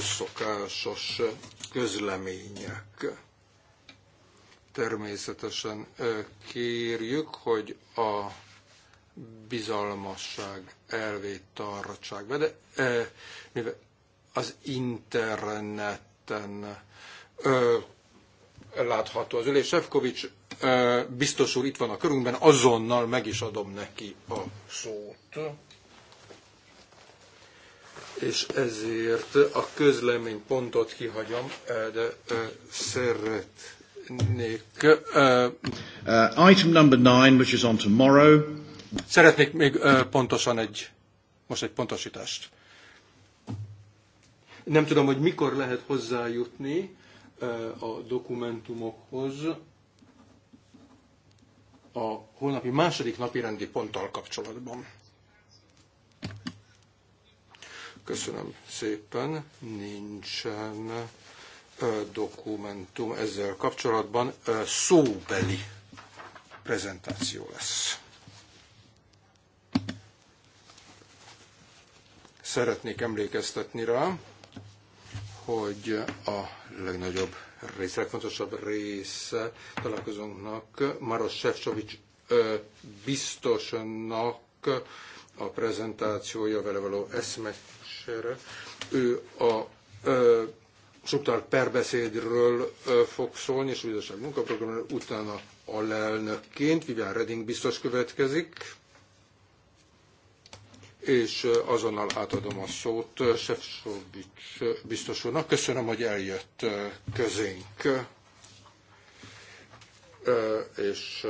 szokásos közlemények. Természetesen kérjük, hogy a bizalmasság elvét tartsák be, de mivel az interneten látható az ülés, Sefkovics biztos úr itt van a körünkben, azonnal meg is adom neki a szót és ezért a közlemény pontot kihagyom, eh, de eh, szeretnék. Uh, item number nine, which is on tomorrow. Szeretnék még pontosan egy, most egy pontosítást. Nem tudom, hogy mikor lehet hozzájutni a dokumentumokhoz a holnapi második napi rendi ponttal kapcsolatban. Köszönöm szépen. Nincsen dokumentum ezzel kapcsolatban. Szóbeli prezentáció lesz. Szeretnék emlékeztetni rá, hogy a legnagyobb része, legfontosabb része találkozónknak Maros Sefcsovics biztosnak a prezentációja, vele való eszmet kérdésére. Ő a ö, struktúrált perbeszédről ö, fog szólni, és a bizottság munkaprogramról utána alelnökként. Vivian Redding biztos következik, és azonnal átadom a szót Sefcovics biztos úrnak. Köszönöm, hogy eljött közénk és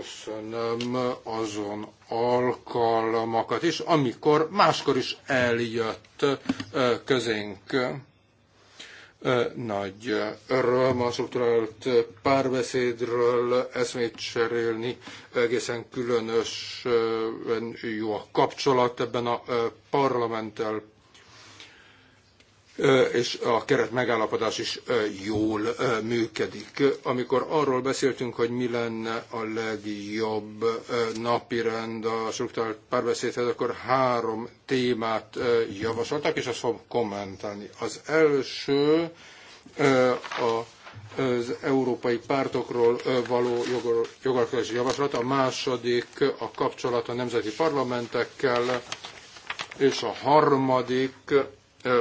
Köszönöm azon alkalmakat is, amikor máskor is eljött közénk nagy öröm a struktúrált párbeszédről eszmét cserélni. Egészen különösen jó a kapcsolat ebben a parlamenttel, és a keret megállapodás is jól működik. Amikor arról beszéltünk, hogy mi lenne a legjobb napirend a struktúrált párbeszédhez, akkor három témát javasoltak, és azt fogom kommentálni. Az első a az európai pártokról való jogalkotási javaslat, a második a kapcsolat a nemzeti parlamentekkel, és a harmadik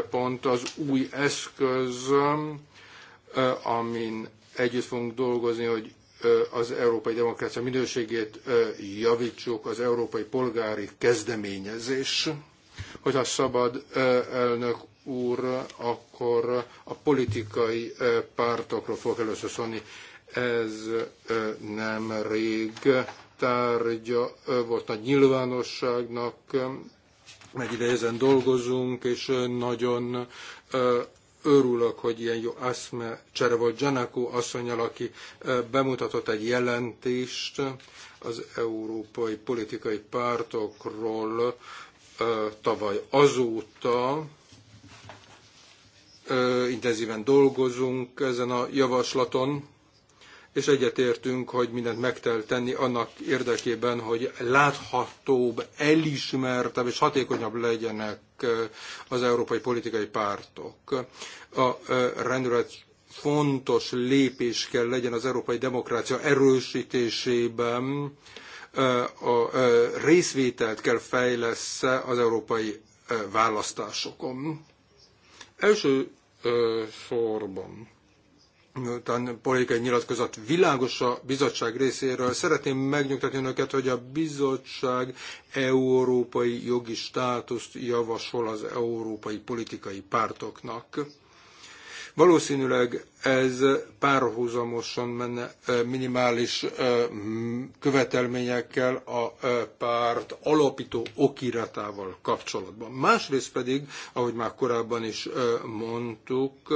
pont az új eszköz, amin együtt fogunk dolgozni, hogy az európai demokrácia minőségét javítsuk, az európai polgári kezdeményezés. Hogyha szabad, elnök úr, akkor a politikai pártokról fogok először szólni. Ez nem rég tárgya volt a nyilvánosságnak, egy ideje ezen dolgozunk, és nagyon örülök, hogy ilyen jó aszme csere volt Janakó asszonyal, aki bemutatott egy jelentést az európai politikai pártokról tavaly azóta, intenzíven dolgozunk ezen a javaslaton, és egyetértünk, hogy mindent meg kell tenni annak érdekében, hogy láthatóbb, elismertebb és hatékonyabb legyenek az európai politikai pártok. A rendület fontos lépés kell legyen az európai demokrácia erősítésében, a részvételt kell fejlesz az európai választásokon. Első sorban miután politikai nyilatkozat világos a bizottság részéről, szeretném megnyugtatni önöket, hogy a bizottság európai jogi státuszt javasol az európai politikai pártoknak. Valószínűleg ez párhuzamosan menne minimális követelményekkel a párt alapító okiratával kapcsolatban. Másrészt pedig, ahogy már korábban is mondtuk,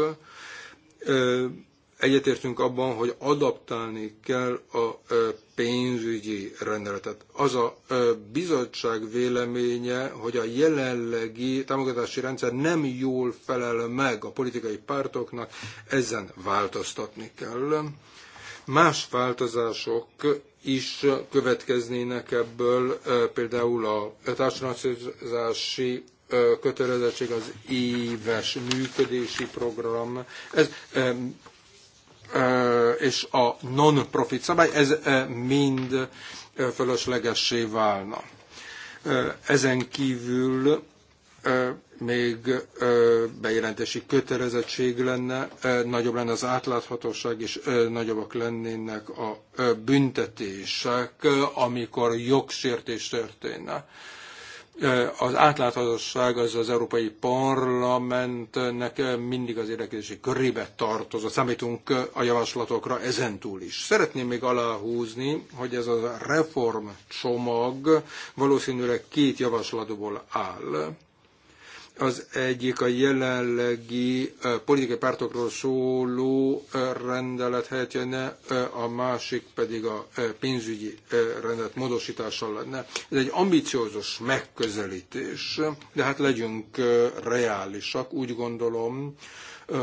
egyetértünk abban, hogy adaptálni kell a pénzügyi rendeletet. Az a bizottság véleménye, hogy a jelenlegi támogatási rendszer nem jól felel meg a politikai pártoknak, ezen változtatni kell. Más változások is következnének ebből, például a társadalmi kötelezettség az éves működési program. Ez és a non-profit szabály, ez mind fölöslegessé válna. Ezen kívül még bejelentési kötelezettség lenne, nagyobb lenne az átláthatóság, és nagyobbak lennének a büntetések, amikor jogsértés történne. Az átláthatóság az az Európai Parlamentnek mindig az érdeklődési körébe tartozott. Számítunk a javaslatokra ezentúl is. Szeretném még aláhúzni, hogy ez a reformcsomag valószínűleg két javaslatból áll az egyik a jelenlegi politikai pártokról szóló rendelet helyett jönne, a másik pedig a pénzügyi rendelet módosítással lenne. Ez egy ambiciózus megközelítés, de hát legyünk reálisak, úgy gondolom,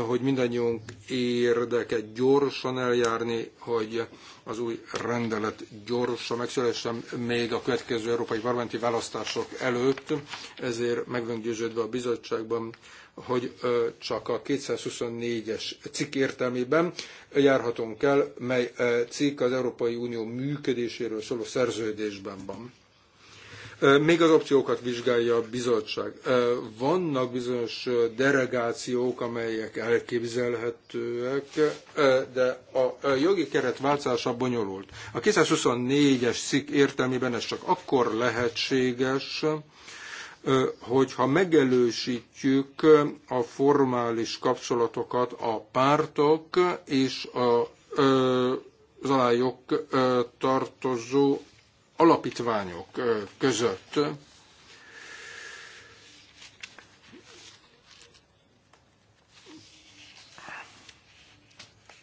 hogy mindannyiunk érdeke gyorsan eljárni, hogy az új rendelet gyorsan megszülessen még a következő európai parlamenti választások előtt, ezért meg győződve a bizottságban, hogy csak a 224-es cikk értelmében járhatunk el, mely cikk az Európai Unió működéséről szóló szerződésben van. Még az opciókat vizsgálja a bizottság. Vannak bizonyos delegációk, amelyek elképzelhetőek, de a jogi keret változása bonyolult. A 224-es szik értelmében ez csak akkor lehetséges, hogyha megelősítjük a formális kapcsolatokat a pártok és a, az alájuk tartozó alapítványok között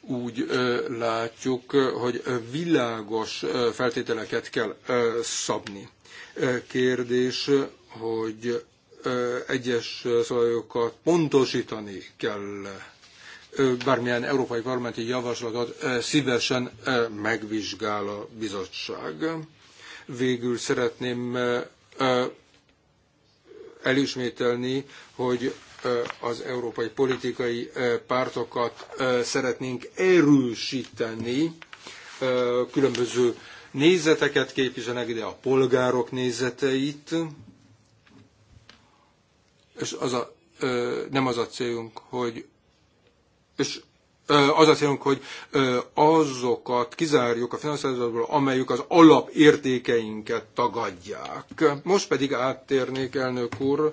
úgy látjuk, hogy világos feltételeket kell szabni. Kérdés, hogy egyes szabályokat pontosítani kell. Bármilyen európai parlamenti javaslatot szívesen megvizsgál a bizottság Végül szeretném elismételni, hogy az európai politikai pártokat szeretnénk erősíteni, különböző nézeteket képviselnek ide, a polgárok nézeteit, és az a, nem az a célunk, hogy és az a célunk, hogy azokat kizárjuk a finanszírozásból, amelyük az alapértékeinket tagadják. Most pedig áttérnék, elnök úr,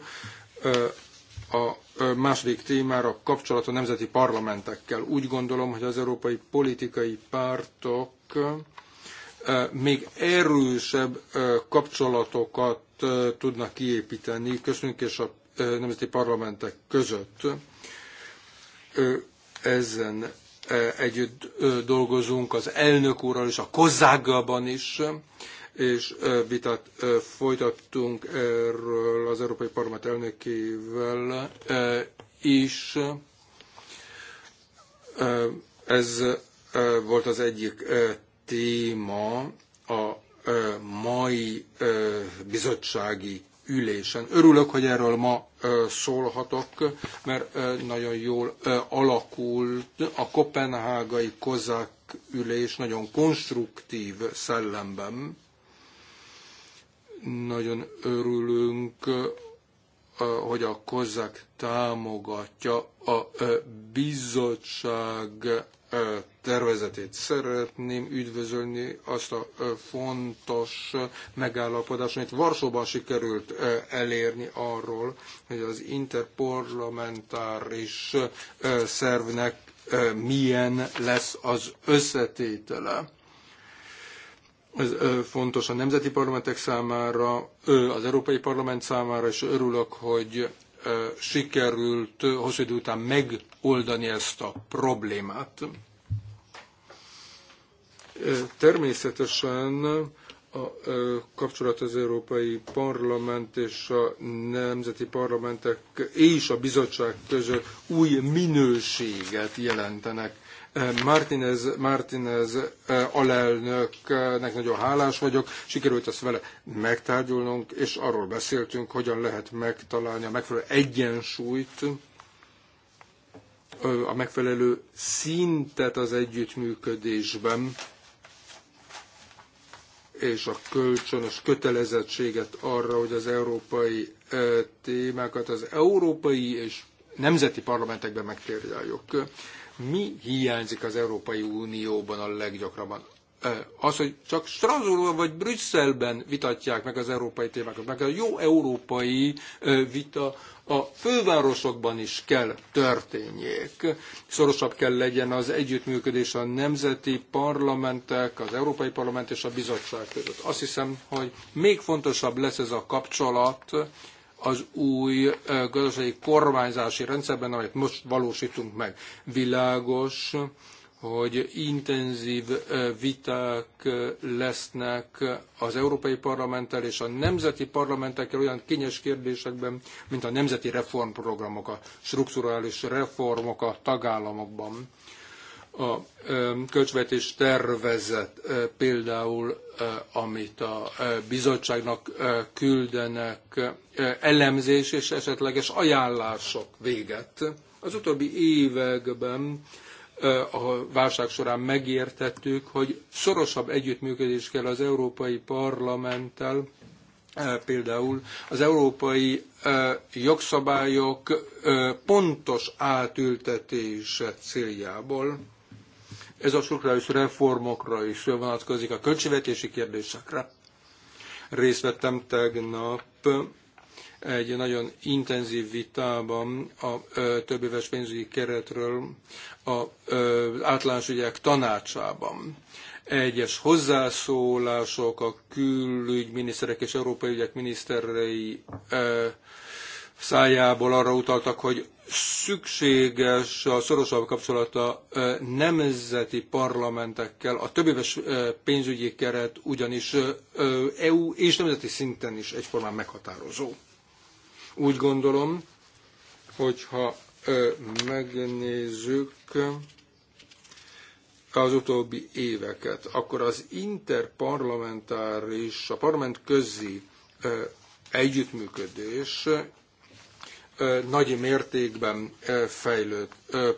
a második témára kapcsolat a nemzeti parlamentekkel. Úgy gondolom, hogy az európai politikai pártok még erősebb kapcsolatokat tudnak kiépíteni köztünk és a nemzeti parlamentek között ezen e, együtt dolgozunk az elnök úrral és a kozággalban is, és vitát folytattunk erről az Európai Parlament elnökével e, is. E, ez volt az egyik téma a mai bizottsági ülésen. Örülök, hogy erről ma szólhatok, mert nagyon jól alakult a kopenhágai kozák ülés, nagyon konstruktív szellemben. Nagyon örülünk, hogy a kozák támogatja a bizottság tervezetét szeretném üdvözölni azt a fontos megállapodást, amit Varsóban sikerült elérni arról, hogy az interparlamentáris szervnek milyen lesz az összetétele. Ez fontos a nemzeti parlamentek számára, az Európai Parlament számára, és örülök, hogy sikerült hosszú idő után megoldani ezt a problémát. Természetesen a kapcsolat az Európai Parlament és a nemzeti parlamentek és a bizottság között új minőséget jelentenek. Martinez, Martinez eh, alelnöknek nagyon hálás vagyok, sikerült ezt vele megtárgyulnunk, és arról beszéltünk, hogyan lehet megtalálni a megfelelő egyensúlyt, a megfelelő szintet az együttműködésben, és a kölcsönös kötelezettséget arra, hogy az európai eh, témákat az európai és nemzeti parlamentekben megtérjáljuk. Mi hiányzik az Európai Unióban a leggyakrabban? Az, hogy csak Strasbourgban vagy Brüsszelben vitatják meg az európai témákat, meg a jó európai vita a fővárosokban is kell történjék. Szorosabb kell legyen az együttműködés a nemzeti parlamentek, az Európai Parlament és a bizottság között. Azt hiszem, hogy még fontosabb lesz ez a kapcsolat az új gazdasági kormányzási rendszerben, amelyet most valósítunk meg. Világos, hogy intenzív viták lesznek az Európai Parlamenttel és a nemzeti parlamentekkel olyan kényes kérdésekben, mint a nemzeti reformprogramok, a strukturális reformok a tagállamokban a költségvetés tervezet például, amit a bizottságnak küldenek, elemzés és esetleges ajánlások véget. Az utóbbi években a válság során megértettük, hogy szorosabb együttműködés kell az Európai Parlamenttel, például az európai jogszabályok pontos átültetése céljából ez a strukturális reformokra is vonatkozik, a költségvetési kérdésekre. Részt vettem tegnap egy nagyon intenzív vitában a több éves pénzügyi keretről az általános ügyek tanácsában. Egyes hozzászólások a külügyminiszterek és európai ügyek miniszterei szájából arra utaltak, hogy szükséges a szorosabb kapcsolata nemzeti parlamentekkel. A többéves pénzügyi keret ugyanis EU és nemzeti szinten is egyformán meghatározó. Úgy gondolom, hogyha megnézzük az utóbbi éveket, akkor az interparlamentáris, a parlament közi együttműködés nagy mértékben fejlődött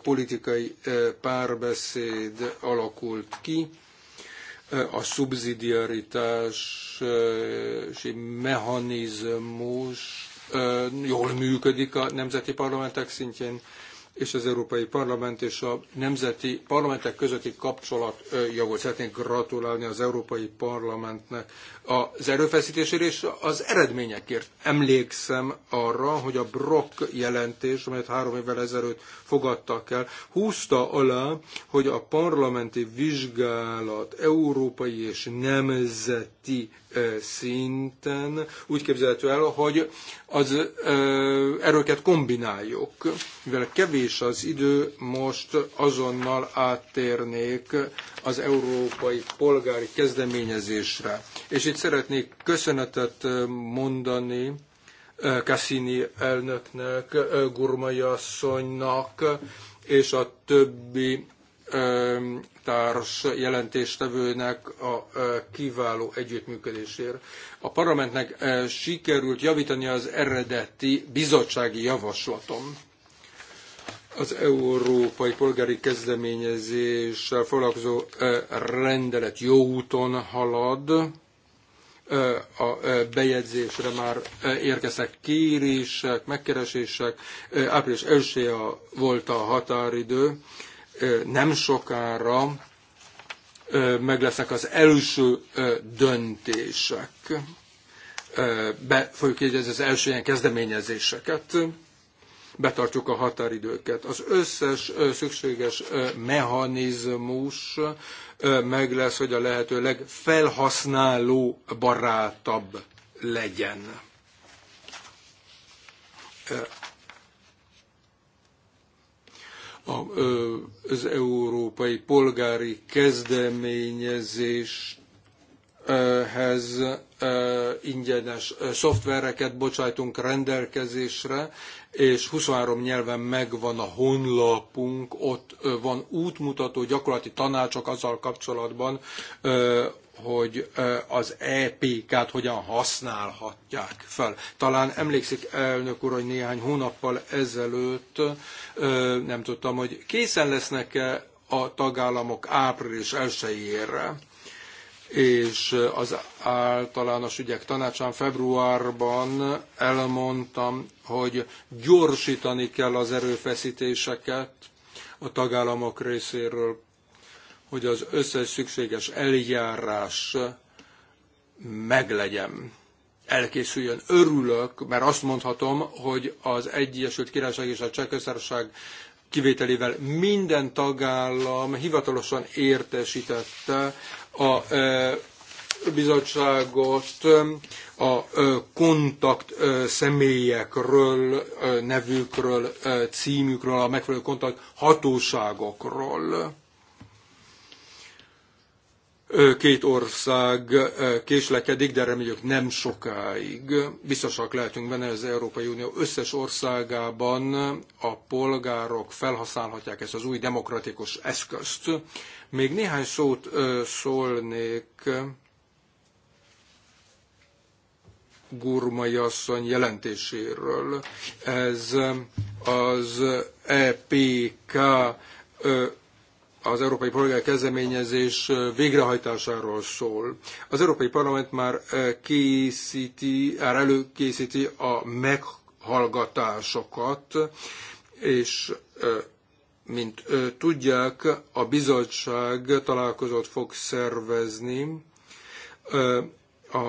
politikai párbeszéd alakult ki, a szubszidiaritási mechanizmus jól működik a nemzeti parlamentek szintjén, és az Európai Parlament és a nemzeti parlamentek közötti kapcsolat javult. Szeretnénk gratulálni az Európai Parlamentnek az erőfeszítésére és az eredményekért. Emlékszem arra, hogy a Brock jelentés, amelyet három évvel ezelőtt fogadtak el, húzta alá, hogy a parlamenti vizsgálat európai és nemzeti szinten úgy képzelhető el, hogy az erőket kombináljuk, mivel kevés is az idő, most azonnal áttérnék az európai polgári kezdeményezésre. És itt szeretnék köszönetet mondani Cassini elnöknek, Gurmai asszonynak és a többi társ jelentéstevőnek a kiváló együttműködésért. A parlamentnek sikerült javítani az eredeti bizottsági javaslaton az európai polgári kezdeményezéssel foglalkozó rendelet jó úton halad. A bejegyzésre már érkeztek kérések, megkeresések. Április 1 -e volt a határidő. Nem sokára meg lesznek az első döntések. Be fogjuk jegyezni az első ilyen kezdeményezéseket betartjuk a határidőket. Az összes szükséges mechanizmus meg lesz, hogy a lehető legfelhasználó barátabb legyen. az európai polgári kezdeményezést ehhez ingyenes szoftvereket bocsájtunk rendelkezésre, és 23 nyelven megvan a honlapunk, ott van útmutató, gyakorlati tanácsok azzal kapcsolatban, hogy az EPK-t hogyan használhatják fel. Talán emlékszik elnök úr, hogy néhány hónappal ezelőtt nem tudtam, hogy készen lesznek-e a tagállamok április 1 és az általános ügyek tanácsán februárban elmondtam, hogy gyorsítani kell az erőfeszítéseket a tagállamok részéről, hogy az összes szükséges eljárás meglegyen, elkészüljön. Örülök, mert azt mondhatom, hogy az Egyesült Királyság és a Csehköztársaság kivételével minden tagállam hivatalosan értesítette a bizottságot a kontakt személyekről, nevükről, címükről, a megfelelő kontakt hatóságokról. Két ország késlekedik, de reméljük nem sokáig. Biztosak lehetünk benne, hogy az Európai Unió összes országában a polgárok felhasználhatják ezt az új demokratikus eszközt. Még néhány szót szólnék Gurmai asszony jelentéséről. Ez az EPK az Európai Polgár Kezdeményezés végrehajtásáról szól. Az Európai Parlament már készíti, már előkészíti a meghallgatásokat, és mint tudják, a bizottság találkozót fog szervezni a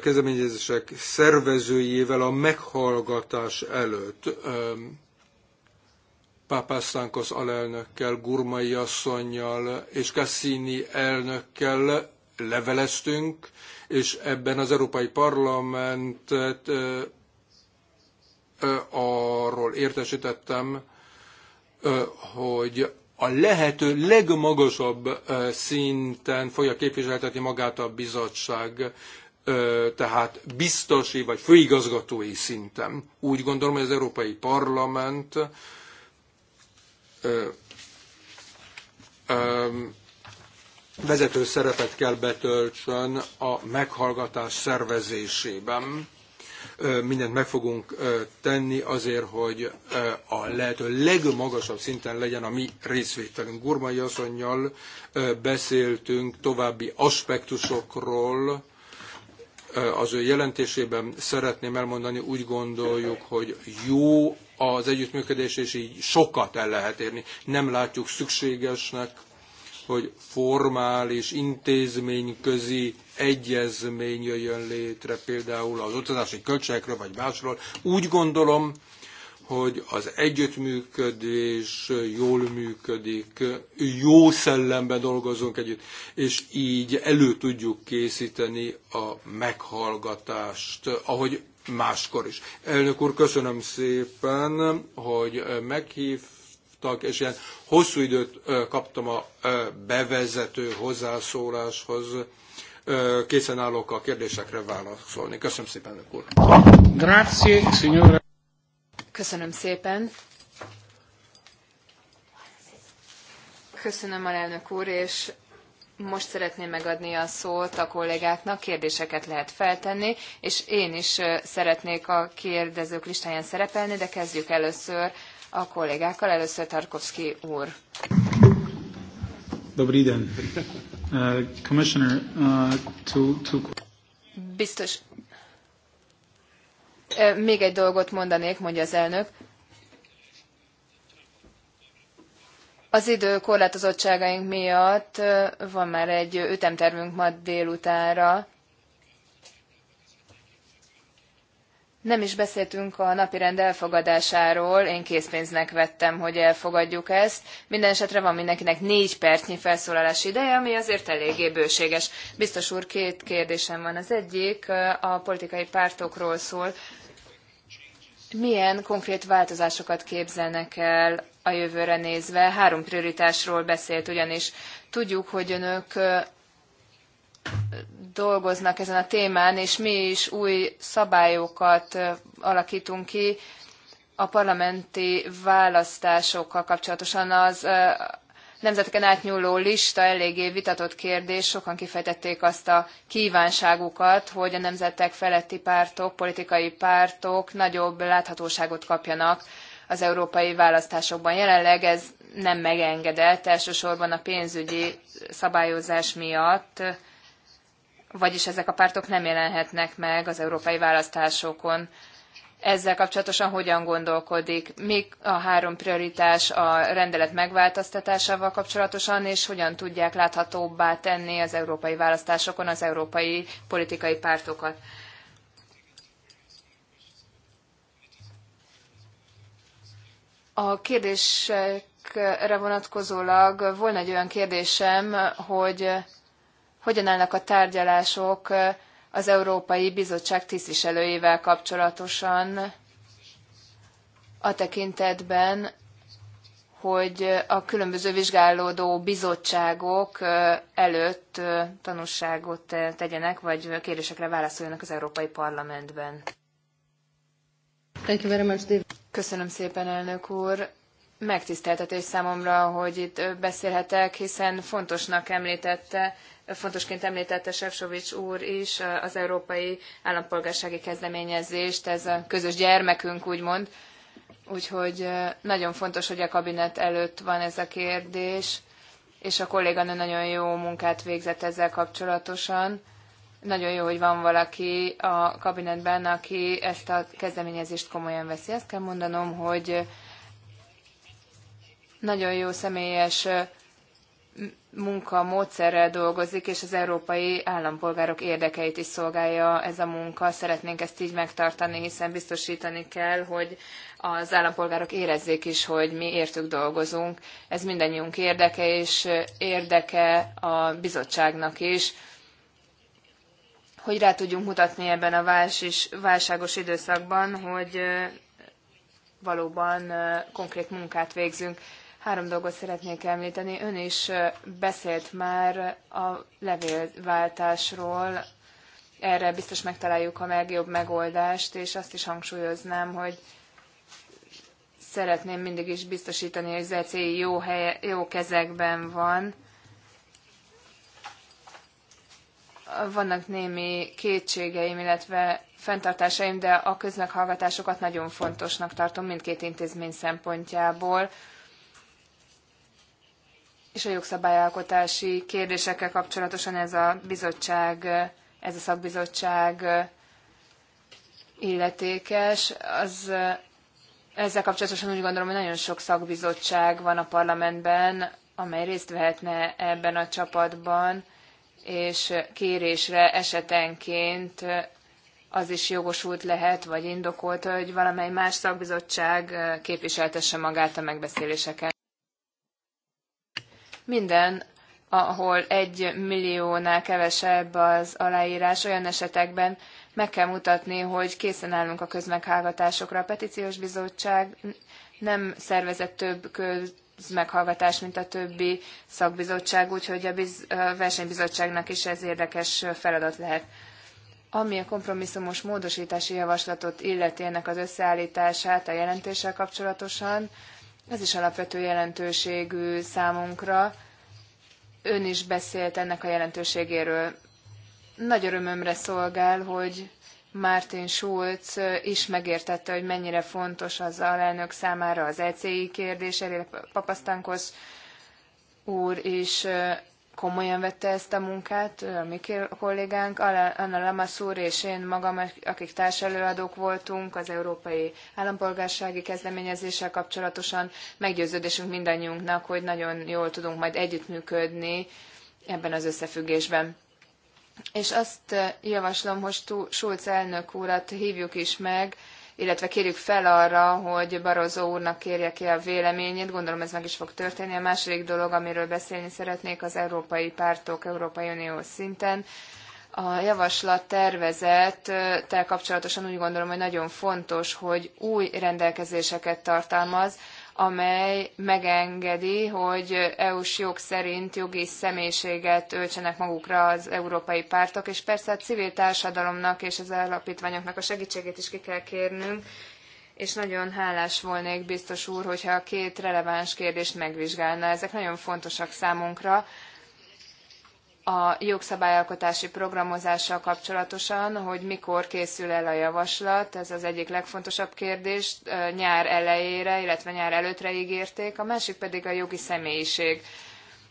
kezdeményezések szervezőjével a meghallgatás előtt Pápásztánkosz alelnökkel, Gurmai asszonynal és Cassini elnökkel leveleztünk, és ebben az Európai Parlamentet arról értesítettem, hogy a lehető legmagasabb szinten fogja képviseltetni magát a bizottság, tehát biztosi vagy főigazgatói szinten. Úgy gondolom, hogy az Európai Parlament ö, ö, vezető szerepet kell betöltsön a meghallgatás szervezésében. Mindent meg fogunk tenni azért, hogy a lehető legmagasabb szinten legyen a mi részvételünk. Gurmai asszonynal beszéltünk további aspektusokról, az ő jelentésében szeretném elmondani, úgy gondoljuk, hogy jó az együttműködés, és így sokat el lehet érni. Nem látjuk szükségesnek, hogy formális intézményközi egyezmény jöjjön létre, például az utazási költségekről vagy másról. Úgy gondolom, hogy az együttműködés jól működik, jó szellemben dolgozunk együtt, és így elő tudjuk készíteni a meghallgatást, ahogy máskor is. Elnök úr, köszönöm szépen, hogy meghívtak, és ilyen hosszú időt kaptam a bevezető hozzászóláshoz. Készen állok a kérdésekre válaszolni. Köszönöm szépen, elnök úr. Grazie, signora. Köszönöm szépen. Köszönöm, a elnök úr, és most szeretném megadni a szót a kollégáknak, kérdéseket lehet feltenni, és én is szeretnék a kérdezők listáján szerepelni, de kezdjük először a kollégákkal. Először Tarkovsky úr. Dobrý den. commissioner, Biztos. Még egy dolgot mondanék, mondja az elnök. Az idő korlátozottságaink miatt van már egy ütemtervünk ma délutára. Nem is beszéltünk a rend elfogadásáról, én készpénznek vettem, hogy elfogadjuk ezt. Minden esetre van mindenkinek négy percnyi felszólalás ideje, ami azért eléggé bőséges. Biztos úr, két kérdésem van. Az egyik a politikai pártokról szól milyen konkrét változásokat képzelnek el a jövőre nézve? Három prioritásról beszélt ugyanis. Tudjuk, hogy önök dolgoznak ezen a témán, és mi is új szabályokat alakítunk ki a parlamenti választásokkal kapcsolatosan az nemzeteken átnyúló lista eléggé vitatott kérdés, sokan kifejtették azt a kívánságukat, hogy a nemzetek feletti pártok, politikai pártok nagyobb láthatóságot kapjanak az európai választásokban. Jelenleg ez nem megengedett, elsősorban a pénzügyi szabályozás miatt, vagyis ezek a pártok nem jelenhetnek meg az európai választásokon ezzel kapcsolatosan hogyan gondolkodik, még a három prioritás a rendelet megváltoztatásával kapcsolatosan, és hogyan tudják láthatóbbá tenni az európai választásokon az európai politikai pártokat. A kérdésekre vonatkozólag volna egy olyan kérdésem, hogy hogyan állnak a tárgyalások az Európai Bizottság tisztviselőjével kapcsolatosan a tekintetben, hogy a különböző vizsgálódó bizottságok előtt tanúságot tegyenek, vagy kérdésekre válaszoljanak az Európai Parlamentben. Thank you very much, Köszönöm szépen, elnök úr. Megtiszteltetés számomra, hogy itt beszélhetek, hiszen fontosnak említette fontosként említette Sefcovics úr is az európai állampolgársági kezdeményezést, ez a közös gyermekünk úgymond, úgyhogy nagyon fontos, hogy a kabinet előtt van ez a kérdés, és a kolléganő nagyon jó munkát végzett ezzel kapcsolatosan. Nagyon jó, hogy van valaki a kabinetben, aki ezt a kezdeményezést komolyan veszi. Ezt kell mondanom, hogy nagyon jó személyes munkamódszerrel dolgozik, és az európai állampolgárok érdekeit is szolgálja ez a munka. Szeretnénk ezt így megtartani, hiszen biztosítani kell, hogy az állampolgárok érezzék is, hogy mi értük dolgozunk. Ez mindannyiunk érdeke, és érdeke a bizottságnak is, hogy rá tudjunk mutatni ebben a válságos időszakban, hogy valóban konkrét munkát végzünk. Három dolgot szeretnék említeni. Ön is beszélt már a levélváltásról, erre biztos megtaláljuk a legjobb megoldást, és azt is hangsúlyoznám, hogy szeretném mindig is biztosítani, hogy ZC e jó, helye, jó kezekben van. Vannak némi kétségeim, illetve fenntartásaim, de a közmeghallgatásokat nagyon fontosnak tartom mindkét intézmény szempontjából és a jogszabályalkotási kérdésekkel kapcsolatosan ez a bizottság, ez a szakbizottság illetékes. Az, ezzel kapcsolatosan úgy gondolom, hogy nagyon sok szakbizottság van a parlamentben, amely részt vehetne ebben a csapatban, és kérésre esetenként az is jogosult lehet, vagy indokolt, hogy valamely más szakbizottság képviseltesse magát a megbeszéléseken. Minden, ahol egy milliónál kevesebb az aláírás, olyan esetekben meg kell mutatni, hogy készen állunk a közmeghallgatásokra. A petíciós bizottság nem szervezett több közmeghallgatást, mint a többi szakbizottság, úgyhogy a, biz- a versenybizottságnak is ez érdekes feladat lehet. Ami a kompromisszumos módosítási javaslatot illeti ennek az összeállítását a jelentéssel kapcsolatosan, ez is alapvető jelentőségű számunkra. Ön is beszélt ennek a jelentőségéről. Nagy örömömre szolgál, hogy Martin Schulz is megértette, hogy mennyire fontos az alelnök számára az ECI kérdés, Papasztankosz úr is komolyan vette ezt a munkát, a mi kollégánk, Anna Lamassur és én magam, akik társelőadók voltunk az európai állampolgársági kezdeményezéssel kapcsolatosan, meggyőződésünk mindannyiunknak, hogy nagyon jól tudunk majd együttműködni ebben az összefüggésben. És azt javaslom, hogy Schulz elnök úrat hívjuk is meg, illetve kérjük fel arra, hogy Barozó úrnak kérje ki a véleményét. Gondolom ez meg is fog történni. A második dolog, amiről beszélni szeretnék, az európai pártok Európai Unió szinten. A javaslat tervezettel kapcsolatosan úgy gondolom, hogy nagyon fontos, hogy új rendelkezéseket tartalmaz, amely megengedi, hogy EU-s jog szerint jogi személyiséget öltsenek magukra az európai pártok, és persze a civil társadalomnak és az alapítványoknak a segítségét is ki kell kérnünk, és nagyon hálás volnék biztos úr, hogyha a két releváns kérdést megvizsgálna. Ezek nagyon fontosak számunkra a jogszabályalkotási programozással kapcsolatosan, hogy mikor készül el a javaslat, ez az egyik legfontosabb kérdés, nyár elejére, illetve nyár előttre ígérték, a másik pedig a jogi személyiség.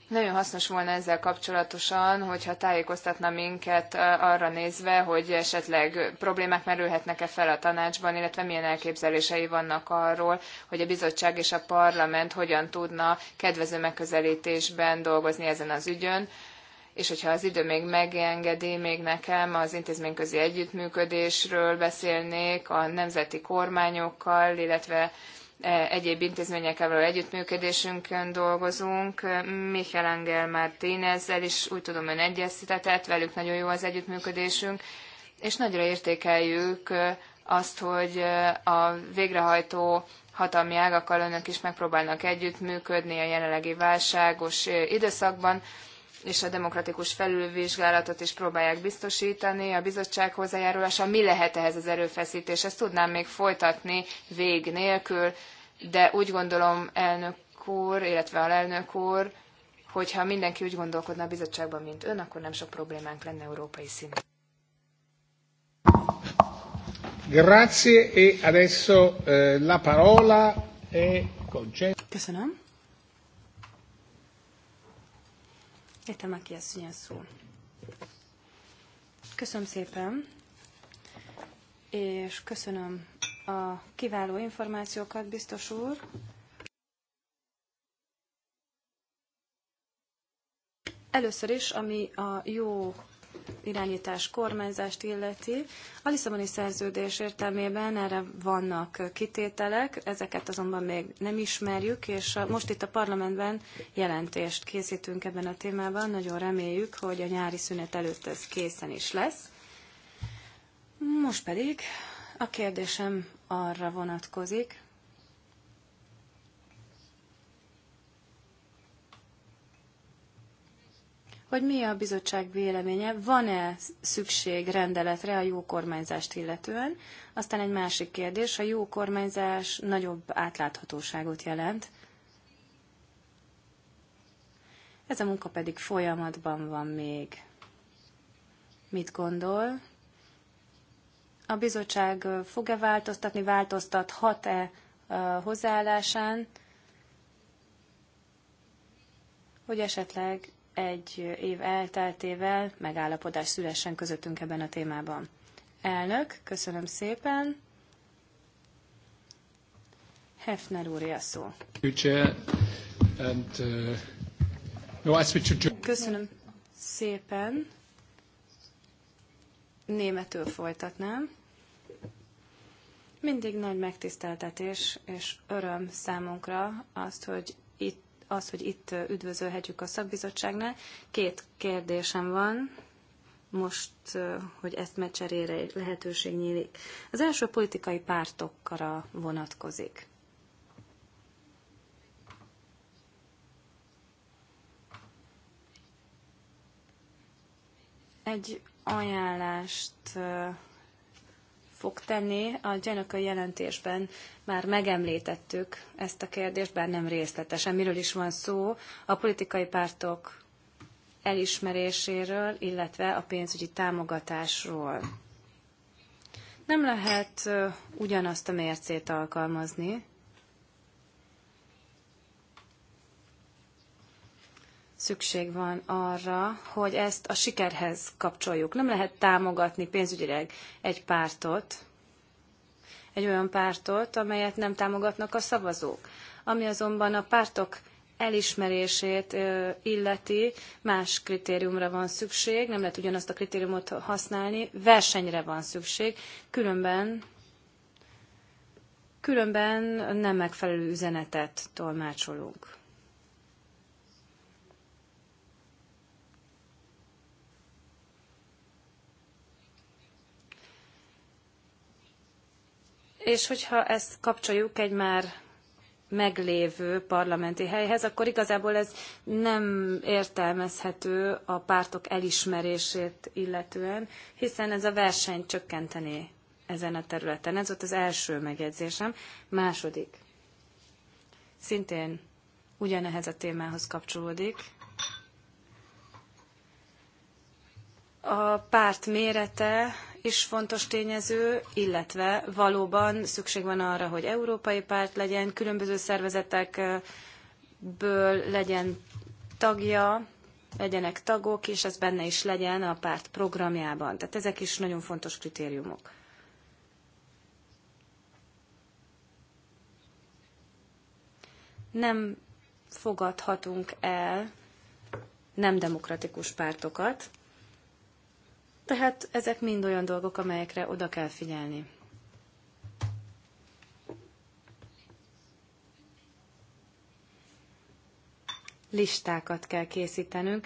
Nagyon hasznos volna ezzel kapcsolatosan, hogyha tájékoztatna minket arra nézve, hogy esetleg problémák merülhetnek-e fel a tanácsban, illetve milyen elképzelései vannak arról, hogy a bizottság és a parlament hogyan tudna kedvező megközelítésben dolgozni ezen az ügyön és hogyha az idő még megengedi, még nekem az intézményközi együttműködésről beszélnék a nemzeti kormányokkal, illetve e, egyéb intézményekkel való együttműködésünkön dolgozunk. Michel Angel Martínezzel is úgy tudom ön egyeztetett, velük nagyon jó az együttműködésünk, és nagyra értékeljük azt, hogy a végrehajtó hatalmi ágakkal önök is megpróbálnak együttműködni a jelenlegi válságos időszakban és a demokratikus felülvizsgálatot is próbálják biztosítani, a bizottság hozzájárulása. Mi lehet ehhez az erőfeszítés? Ezt tudnám még folytatni vég nélkül, de úgy gondolom, elnök úr, illetve a elnök úr, hogyha mindenki úgy gondolkodna a bizottságban, mint ön, akkor nem sok problémánk lenne európai szinten. Grazie e adesso eh, la parola è concessa. Köszönöm. Értem, aki ezt ugyan szó. Köszönöm szépen, és köszönöm a kiváló információkat, biztos úr. Először is, ami a jó irányítás kormányzást illeti. A Lisszaboni szerződés értelmében erre vannak kitételek, ezeket azonban még nem ismerjük, és most itt a parlamentben jelentést készítünk ebben a témában. Nagyon reméljük, hogy a nyári szünet előtt ez készen is lesz. Most pedig a kérdésem arra vonatkozik, hogy mi a bizottság véleménye, van-e szükség rendeletre a jó kormányzást illetően. Aztán egy másik kérdés, a jó kormányzás nagyobb átláthatóságot jelent. Ez a munka pedig folyamatban van még. Mit gondol? A bizottság fog-e változtatni, változtathat-e hozzáállásán, hogy esetleg egy év elteltével megállapodás szülessen közöttünk ebben a témában. Elnök, köszönöm szépen. Hefner úr, a szó. Uh, köszönöm szépen. Németül folytatnám. Mindig nagy megtiszteltetés és öröm számunkra azt, hogy az, hogy itt üdvözölhetjük a szakbizottságnál. Két kérdésem van most, hogy ezt mecserére lehetőség nyílik. Az első politikai pártokra vonatkozik. Egy ajánlást fog tenni. A Gyanaka jelentésben már megemlítettük ezt a kérdést, bár nem részletesen. Miről is van szó? A politikai pártok elismeréséről, illetve a pénzügyi támogatásról. Nem lehet ugyanazt a mércét alkalmazni, szükség van arra, hogy ezt a sikerhez kapcsoljuk. Nem lehet támogatni pénzügyileg egy pártot, egy olyan pártot, amelyet nem támogatnak a szavazók. Ami azonban a pártok elismerését illeti, más kritériumra van szükség, nem lehet ugyanazt a kritériumot használni, versenyre van szükség, különben különben nem megfelelő üzenetet tolmácsolunk. és hogyha ezt kapcsoljuk egy már meglévő parlamenti helyhez, akkor igazából ez nem értelmezhető a pártok elismerését illetően, hiszen ez a verseny csökkenteni ezen a területen. Ez volt az első megjegyzésem. Második. Szintén ugyanehez a témához kapcsolódik. A párt mérete is fontos tényező, illetve valóban szükség van arra, hogy európai párt legyen, különböző szervezetekből legyen tagja, legyenek tagok, és ez benne is legyen a párt programjában. Tehát ezek is nagyon fontos kritériumok. Nem fogadhatunk el nem demokratikus pártokat, tehát ezek mind olyan dolgok, amelyekre oda kell figyelni. Listákat kell készítenünk.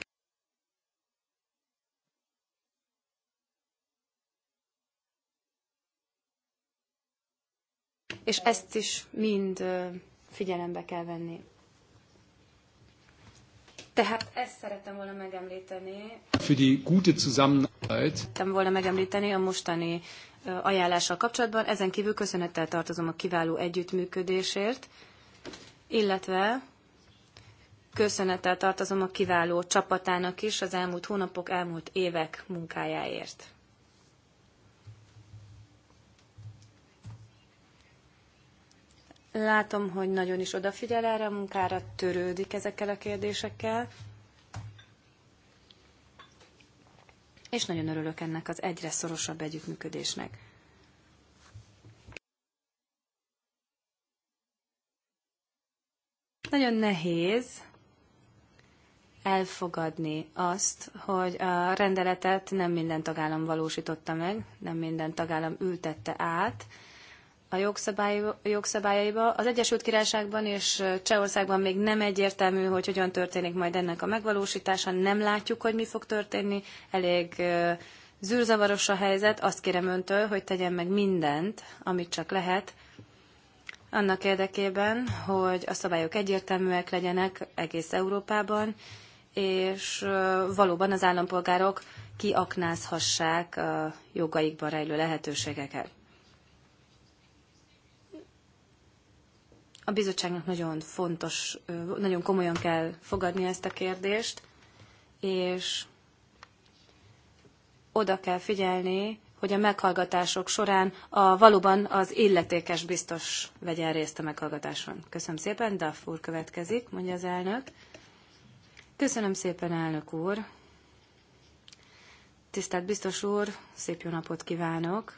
És ezt is mind figyelembe kell venni. Tehát ezt szerettem volna megemlíteni. Für die gute Zusammenarbeit. Szerettem volna megemlíteni a mostani ajánlással kapcsolatban. Ezen kívül köszönettel tartozom a kiváló együttműködésért, illetve köszönettel tartozom a kiváló csapatának is az elmúlt hónapok, elmúlt évek munkájáért. Látom, hogy nagyon is odafigyel erre a munkára, törődik ezekkel a kérdésekkel. És nagyon örülök ennek az egyre szorosabb együttműködésnek. Nagyon nehéz elfogadni azt, hogy a rendeletet nem minden tagállam valósította meg, nem minden tagállam ültette át, a jogszabály, jogszabályaiba. Az Egyesült Királyságban és Csehországban még nem egyértelmű, hogy hogyan történik majd ennek a megvalósítása. Nem látjuk, hogy mi fog történni. Elég zűrzavaros a helyzet. Azt kérem öntől, hogy tegyen meg mindent, amit csak lehet, annak érdekében, hogy a szabályok egyértelműek legyenek egész Európában, és valóban az állampolgárok kiaknázhassák a jogaikban rejlő lehetőségeket. A bizottságnak nagyon fontos, nagyon komolyan kell fogadni ezt a kérdést, és oda kell figyelni, hogy a meghallgatások során a, valóban az illetékes biztos vegyen részt a meghallgatáson. Köszönöm szépen, Duff úr következik, mondja az elnök. Köszönöm szépen, elnök úr. Tisztelt biztos úr, szép jó napot kívánok.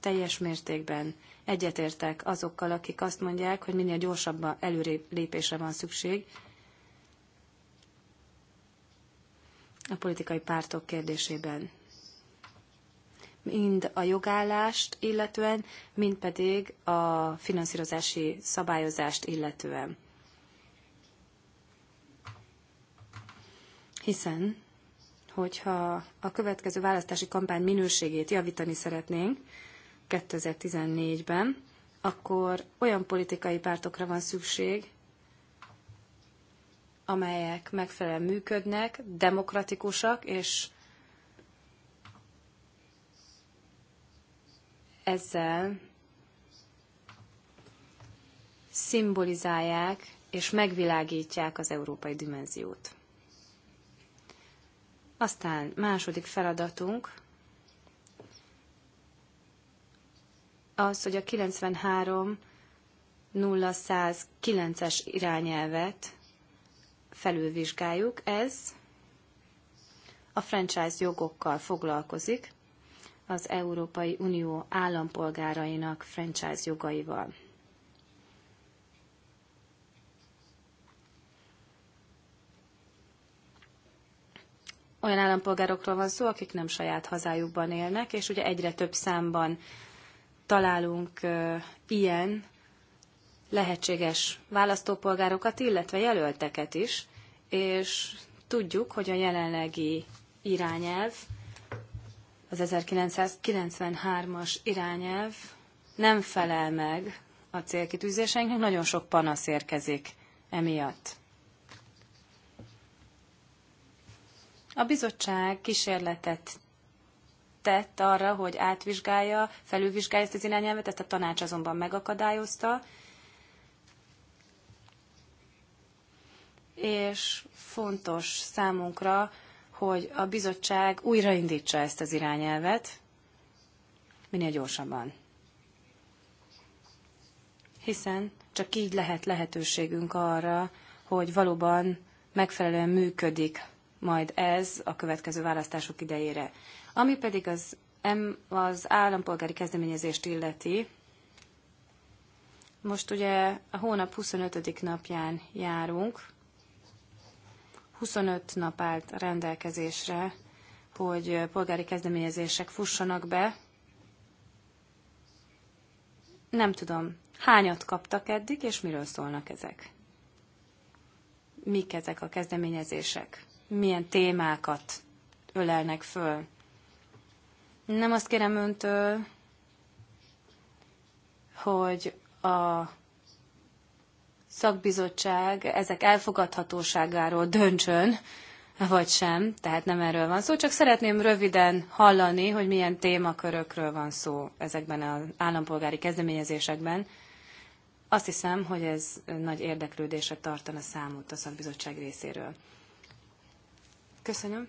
Teljes mértékben Egyetértek azokkal, akik azt mondják, hogy minél gyorsabban előrépésre van szükség a politikai pártok kérdésében. Mind a jogállást illetően, mind pedig a finanszírozási szabályozást illetően. Hiszen hogyha a következő választási kampány minőségét javítani szeretnénk, 2014-ben, akkor olyan politikai pártokra van szükség, amelyek megfelelően működnek, demokratikusak, és ezzel szimbolizálják és megvilágítják az európai dimenziót. Aztán második feladatunk az, hogy a 93 0109-es irányelvet felülvizsgáljuk. Ez a franchise jogokkal foglalkozik, az Európai Unió állampolgárainak franchise jogaival. Olyan állampolgárokról van szó, akik nem saját hazájukban élnek, és ugye egyre több számban találunk ilyen lehetséges választópolgárokat, illetve jelölteket is, és tudjuk, hogy a jelenlegi irányelv, az 1993-as irányelv nem felel meg a célkitűzéseinknek, nagyon sok panasz érkezik emiatt. A bizottság kísérletet tett arra, hogy átvizsgálja, felülvizsgálja ezt az irányelvet, ezt a tanács azonban megakadályozta, és fontos számunkra, hogy a bizottság újraindítsa ezt az irányelvet minél gyorsabban. Hiszen csak így lehet lehetőségünk arra, hogy valóban megfelelően működik majd ez a következő választások idejére. Ami pedig az, M, az állampolgári kezdeményezést illeti, most ugye a hónap 25. napján járunk, 25 nap állt rendelkezésre, hogy polgári kezdeményezések fussanak be. Nem tudom, hányat kaptak eddig, és miről szólnak ezek? Mik ezek a kezdeményezések? Milyen témákat ölelnek föl? Nem azt kérem öntől, hogy a szakbizottság ezek elfogadhatóságáról döntsön, vagy sem, tehát nem erről van szó, csak szeretném röviden hallani, hogy milyen témakörökről van szó ezekben az állampolgári kezdeményezésekben. Azt hiszem, hogy ez nagy érdeklődésre tartana számot a szakbizottság részéről. Köszönöm.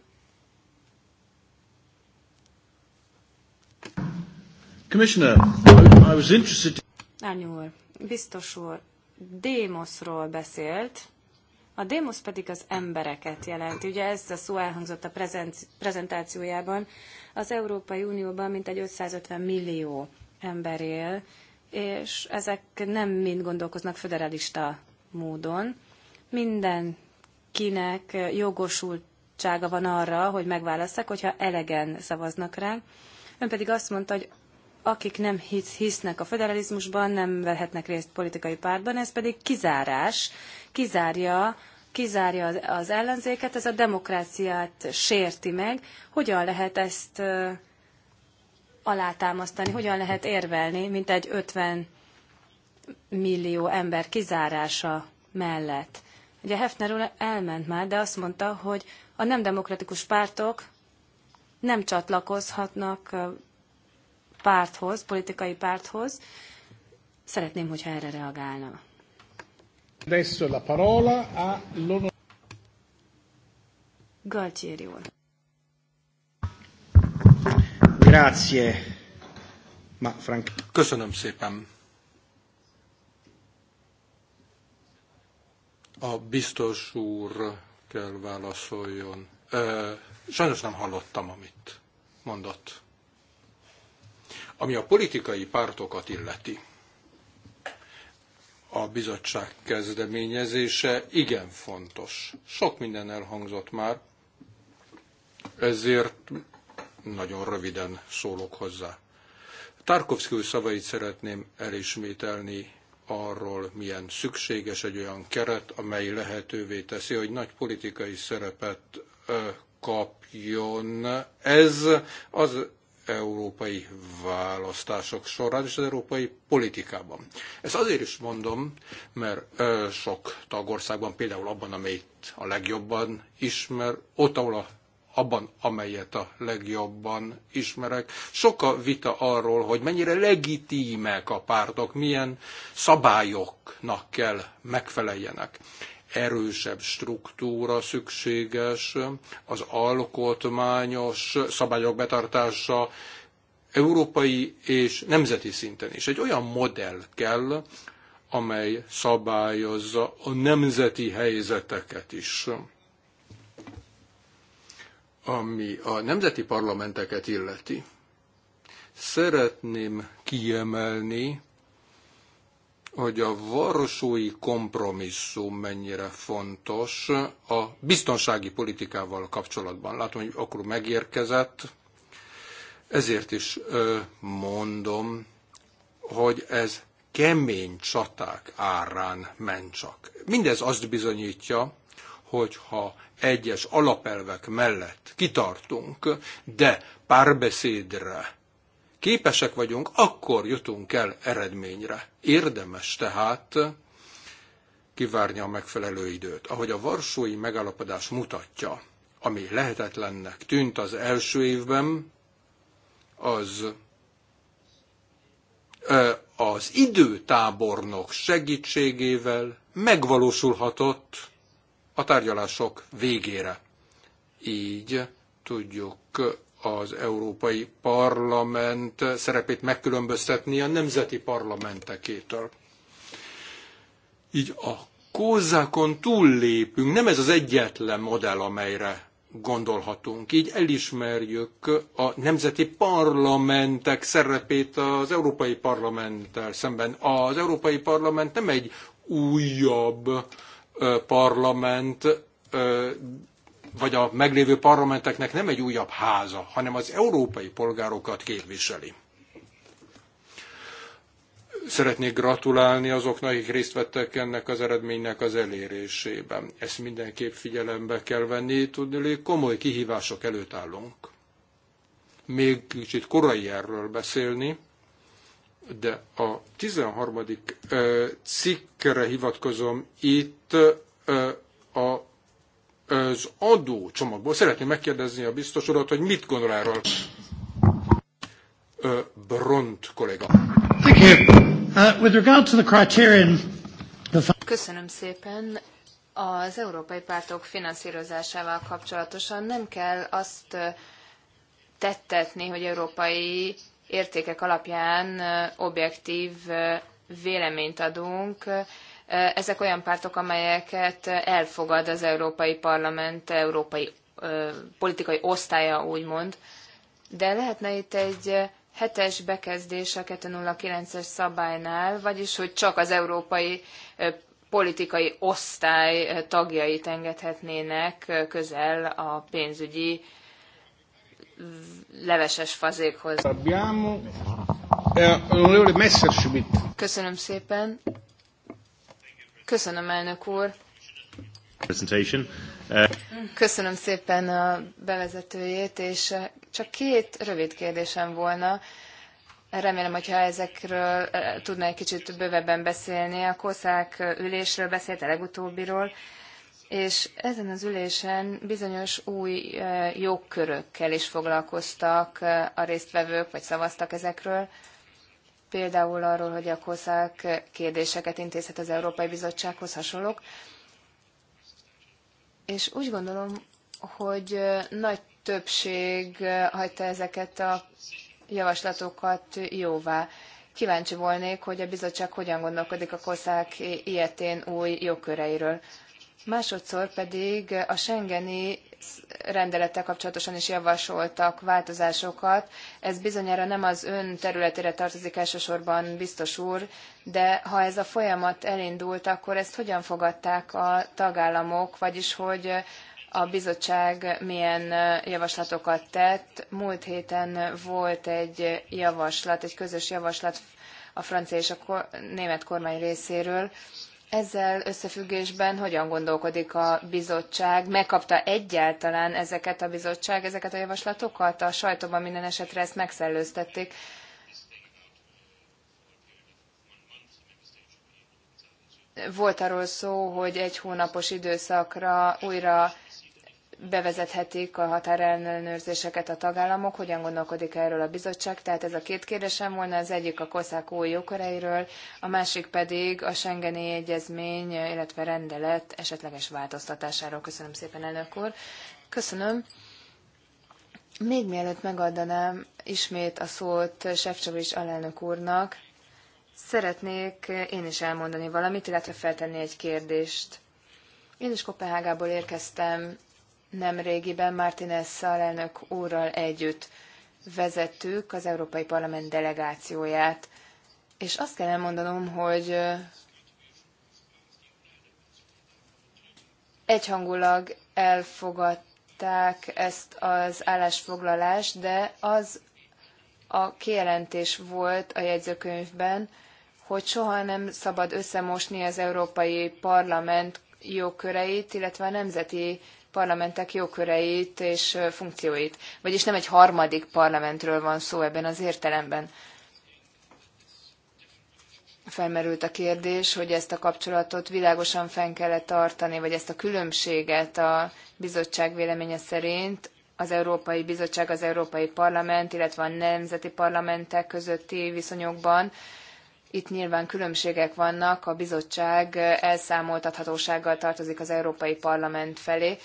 Commissioner, I was interested... úr, biztos úr, Démoszról beszélt, a démosz pedig az embereket jelenti. Ugye ez a szó elhangzott a prezentációjában. Az Európai Unióban mintegy 550 millió ember él, és ezek nem mind gondolkoznak föderalista módon. Mindenkinek jogosultsága van arra, hogy megválasszák, hogyha elegen szavaznak ránk. Ön pedig azt mondta, hogy akik nem hisz, hisznek a federalizmusban, nem vehetnek részt politikai pártban, ez pedig kizárás, kizárja kizárja az, az ellenzéket, ez a demokráciát sérti meg. Hogyan lehet ezt ö, alátámasztani, hogyan lehet érvelni, mint egy 50 millió ember kizárása mellett? Ugye Hefner úr elment már, de azt mondta, hogy a nem demokratikus pártok nem csatlakozhatnak párthoz, politikai párthoz. Szeretném, hogyha erre reagálna. Adesso la parola a Galtieri úr. Grazie. Ma, Frank... Köszönöm szépen. A biztos úr kell válaszoljon. Sajnos nem hallottam, amit mondott. Ami a politikai pártokat illeti, a bizottság kezdeményezése igen fontos. Sok minden elhangzott már, ezért nagyon röviden szólok hozzá. Tarkovsky szavait szeretném elismételni arról, milyen szükséges egy olyan keret, amely lehetővé teszi, hogy nagy politikai szerepet kapjon. Ez az európai választások során és az európai politikában. Ezt azért is mondom, mert sok tagországban, például abban, amelyet a legjobban ismer, ott, ahol a abban, amelyet a legjobban ismerek. Sok a vita arról, hogy mennyire legitímek a pártok, milyen szabályoknak kell megfeleljenek erősebb struktúra szükséges, az alkotmányos szabályok betartása európai és nemzeti szinten is. Egy olyan modell kell, amely szabályozza a nemzeti helyzeteket is. Ami a nemzeti parlamenteket illeti, szeretném kiemelni hogy a varsói kompromisszum mennyire fontos a biztonsági politikával kapcsolatban. Látom, hogy akkor megérkezett, ezért is mondom, hogy ez kemény csaták árán ment csak. Mindez azt bizonyítja, hogy ha egyes alapelvek mellett kitartunk, de párbeszédre képesek vagyunk, akkor jutunk el eredményre. Érdemes tehát kivárni a megfelelő időt. Ahogy a varsói megállapodás mutatja, ami lehetetlennek tűnt az első évben, az az időtábornok segítségével megvalósulhatott a tárgyalások végére. Így tudjuk az Európai Parlament szerepét megkülönböztetni a nemzeti parlamentekétől. Így a kózákon túllépünk, nem ez az egyetlen modell, amelyre gondolhatunk. Így elismerjük a nemzeti parlamentek szerepét az Európai Parlamenttel szemben. Az Európai Parlament nem egy újabb parlament, vagy a meglévő parlamenteknek nem egy újabb háza, hanem az európai polgárokat képviseli. Szeretnék gratulálni azoknak, akik részt vettek ennek az eredménynek az elérésében. Ezt mindenképp figyelembe kell venni, tudni, komoly kihívások előtt állunk. Még kicsit korai erről beszélni, de a 13. cikkre hivatkozom itt a az adócsomagból. Szeretném megkérdezni a biztos urat, hogy mit gondol erről. Bront kolléga. Thank you. Uh, with regard to the criterion, the... Köszönöm szépen. Az európai pártok finanszírozásával kapcsolatosan nem kell azt tettetni, hogy európai értékek alapján objektív véleményt adunk. Eh, ezek olyan pártok, amelyeket elfogad az Európai Parlament, európai eh, politikai osztálya, úgymond. De lehetne itt egy eh, hetes bekezdés a 209-es szabálynál, vagyis hogy csak az európai politikai osztály tagjait engedhetnének közel a pénzügyi leveses fazékhoz. Köszönöm szépen. Köszönöm, elnök úr. Köszönöm szépen a bevezetőjét, és eh, csak két rövid kérdésem volna. Remélem, hogyha ezekről eh, tudna egy kicsit bővebben beszélni. A koszák eh, ülésről beszélt a legutóbbiról, és ezen az ülésen bizonyos új jogkörökkel is foglalkoztak a résztvevők, vagy szavaztak ezekről például arról, hogy a kozák kérdéseket intézhet az Európai Bizottsághoz hasonlók. És úgy gondolom, hogy nagy többség hagyta ezeket a javaslatokat jóvá. Kíváncsi volnék, hogy a bizottság hogyan gondolkodik a kozák ilyetén új jogköreiről. Másodszor pedig a Schengeni rendelettel kapcsolatosan is javasoltak változásokat. Ez bizonyára nem az ön területére tartozik elsősorban, biztos úr, de ha ez a folyamat elindult, akkor ezt hogyan fogadták a tagállamok, vagyis hogy a bizottság milyen javaslatokat tett. Múlt héten volt egy javaslat, egy közös javaslat a francia és a német kormány részéről, ezzel összefüggésben hogyan gondolkodik a bizottság? Megkapta egyáltalán ezeket a bizottság, ezeket a javaslatokat? A sajtóban minden esetre ezt megszellőztették. Volt arról szó, hogy egy hónapos időszakra újra bevezethetik a határellenőrzéseket a tagállamok, hogyan gondolkodik erről a bizottság. Tehát ez a két kérdésem volna, az egyik a koszák új jogköreiről, a másik pedig a Schengeni Egyezmény, illetve rendelet esetleges változtatásáról. Köszönöm szépen, elnök úr. Köszönöm. Még mielőtt megadanám ismét a szót Sefcsovics alelnök úrnak, szeretnék én is elmondani valamit, illetve feltenni egy kérdést. Én is Kopenhágából érkeztem nemrégiben Martinez alelnök úrral együtt vezettük az Európai Parlament delegációját. És azt kell elmondanom, hogy egyhangulag elfogadták ezt az állásfoglalást, de az a kijelentés volt a jegyzőkönyvben, hogy soha nem szabad összemosni az Európai Parlament jogköreit, illetve a nemzeti parlamentek jogköreit és funkcióit. Vagyis nem egy harmadik parlamentről van szó ebben az értelemben. Felmerült a kérdés, hogy ezt a kapcsolatot világosan fenn e tartani, vagy ezt a különbséget a bizottság véleménye szerint az Európai Bizottság, az Európai Parlament, illetve a nemzeti parlamentek közötti viszonyokban. Itt nyilván különbségek vannak, a bizottság elszámoltathatósággal tartozik az Európai Parlament felé,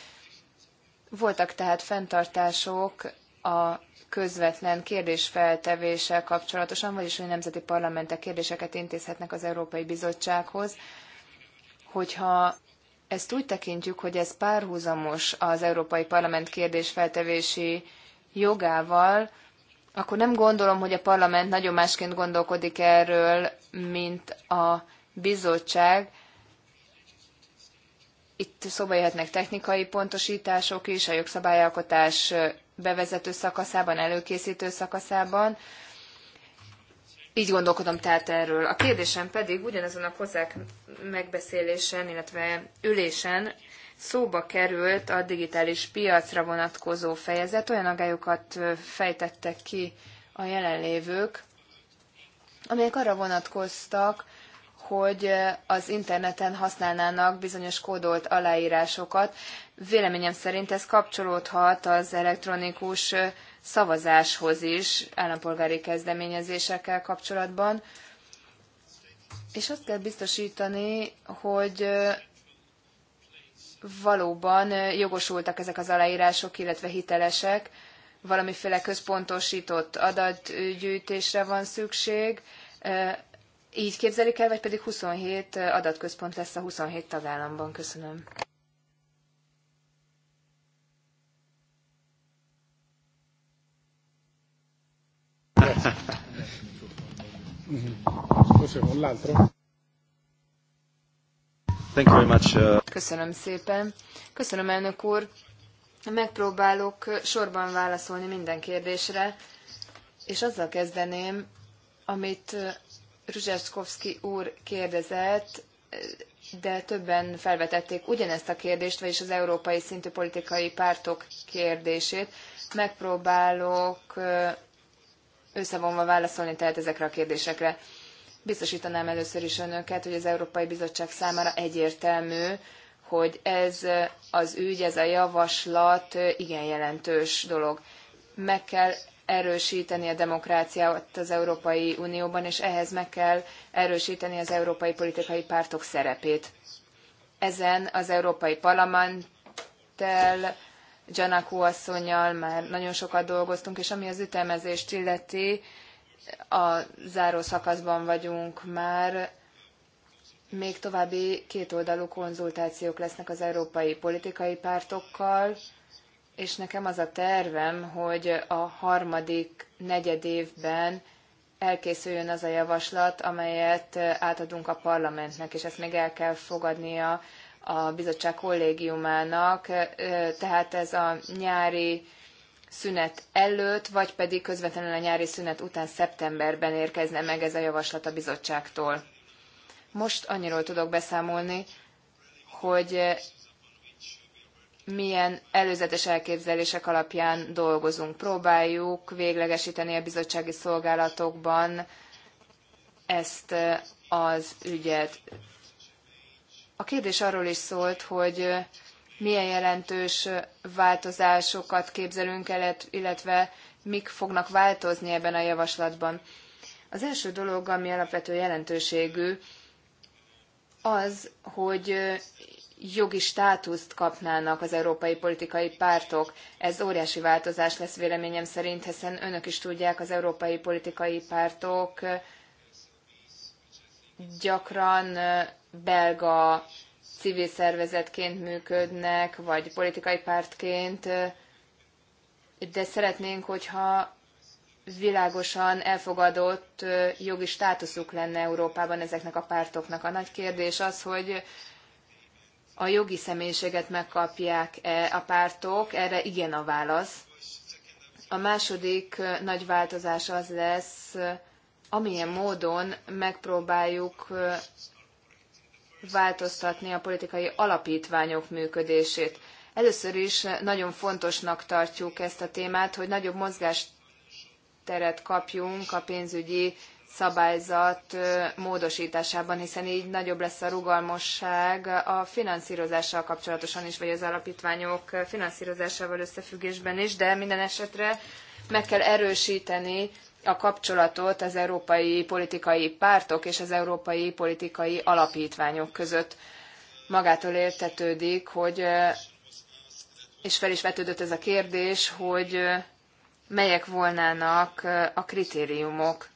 voltak tehát fenntartások a közvetlen kérdésfeltevéssel kapcsolatosan, vagyis hogy nemzeti parlamentek kérdéseket intézhetnek az Európai Bizottsághoz, hogyha ezt úgy tekintjük, hogy ez párhuzamos az Európai Parlament kérdésfeltevési jogával, akkor nem gondolom, hogy a parlament nagyon másként gondolkodik erről, mint a bizottság, itt szóba jöhetnek technikai pontosítások is a jogszabályalkotás bevezető szakaszában, előkészítő szakaszában. Így gondolkodom tehát erről. A kérdésem pedig ugyanazon a kozák megbeszélésen, illetve ülésen szóba került a digitális piacra vonatkozó fejezet. Olyan agályokat fejtettek ki a jelenlévők, amelyek arra vonatkoztak, hogy az interneten használnának bizonyos kódolt aláírásokat. Véleményem szerint ez kapcsolódhat az elektronikus szavazáshoz is állampolgári kezdeményezésekkel kapcsolatban. És azt kell biztosítani, hogy valóban jogosultak ezek az aláírások, illetve hitelesek, valamiféle központosított adatgyűjtésre van szükség, így képzelik el, vagy pedig 27 adatközpont lesz a 27 tagállamban? Köszönöm. Thank you very much. Uh, Köszönöm szépen. Köszönöm, elnök úr. Megpróbálok sorban válaszolni minden kérdésre, és azzal kezdeném, amit Ruzseskovszki úr kérdezett, de többen felvetették ugyanezt a kérdést, vagyis az európai szintű politikai pártok kérdését. Megpróbálok összevonva válaszolni tehát ezekre a kérdésekre. Biztosítanám először is önöket, hogy az Európai Bizottság számára egyértelmű, hogy ez az ügy, ez a javaslat igen jelentős dolog. Meg kell erősíteni a demokráciát az Európai Unióban, és ehhez meg kell erősíteni az európai politikai pártok szerepét. Ezen az Európai Parlamenttel, Gyanakó asszonyjal már nagyon sokat dolgoztunk, és ami az ütemezést illeti, a záró szakaszban vagyunk már, még további kétoldalú konzultációk lesznek az európai politikai pártokkal, és nekem az a tervem, hogy a harmadik negyed évben elkészüljön az a javaslat, amelyet eh, átadunk a parlamentnek, és ezt még el kell fogadnia a bizottság kollégiumának, eh, tehát ez a nyári szünet előtt, vagy pedig közvetlenül a nyári szünet után szeptemberben érkezne meg ez a javaslat a bizottságtól. Most annyiról tudok beszámolni, hogy eh, milyen előzetes elképzelések alapján dolgozunk. Próbáljuk véglegesíteni a bizottsági szolgálatokban ezt eh, az ügyet. A kérdés arról is szólt, hogy eh, milyen jelentős eh, változásokat képzelünk el, illetve mik fognak változni ebben a javaslatban. Az első dolog, ami alapvető jelentőségű, az, hogy jogi státuszt kapnának az európai politikai pártok. Ez óriási változás lesz véleményem szerint, hiszen önök is tudják, az európai politikai pártok gyakran belga civil szervezetként működnek, vagy politikai pártként, de szeretnénk, hogyha világosan elfogadott jogi státuszuk lenne Európában ezeknek a pártoknak. A nagy kérdés az, hogy a jogi személyiséget megkapják-e a pártok, erre igen a válasz. A második nagy változás az lesz, amilyen módon megpróbáljuk változtatni a politikai alapítványok működését. Először is nagyon fontosnak tartjuk ezt a témát, hogy nagyobb mozgásteret kapjunk a pénzügyi szabályzat módosításában, hiszen így nagyobb lesz a rugalmasság a finanszírozással kapcsolatosan is, vagy az alapítványok finanszírozásával összefüggésben is, de minden esetre meg kell erősíteni a kapcsolatot az európai politikai pártok és az európai politikai alapítványok között. Magától értetődik, hogy, és fel is vetődött ez a kérdés, hogy melyek volnának a kritériumok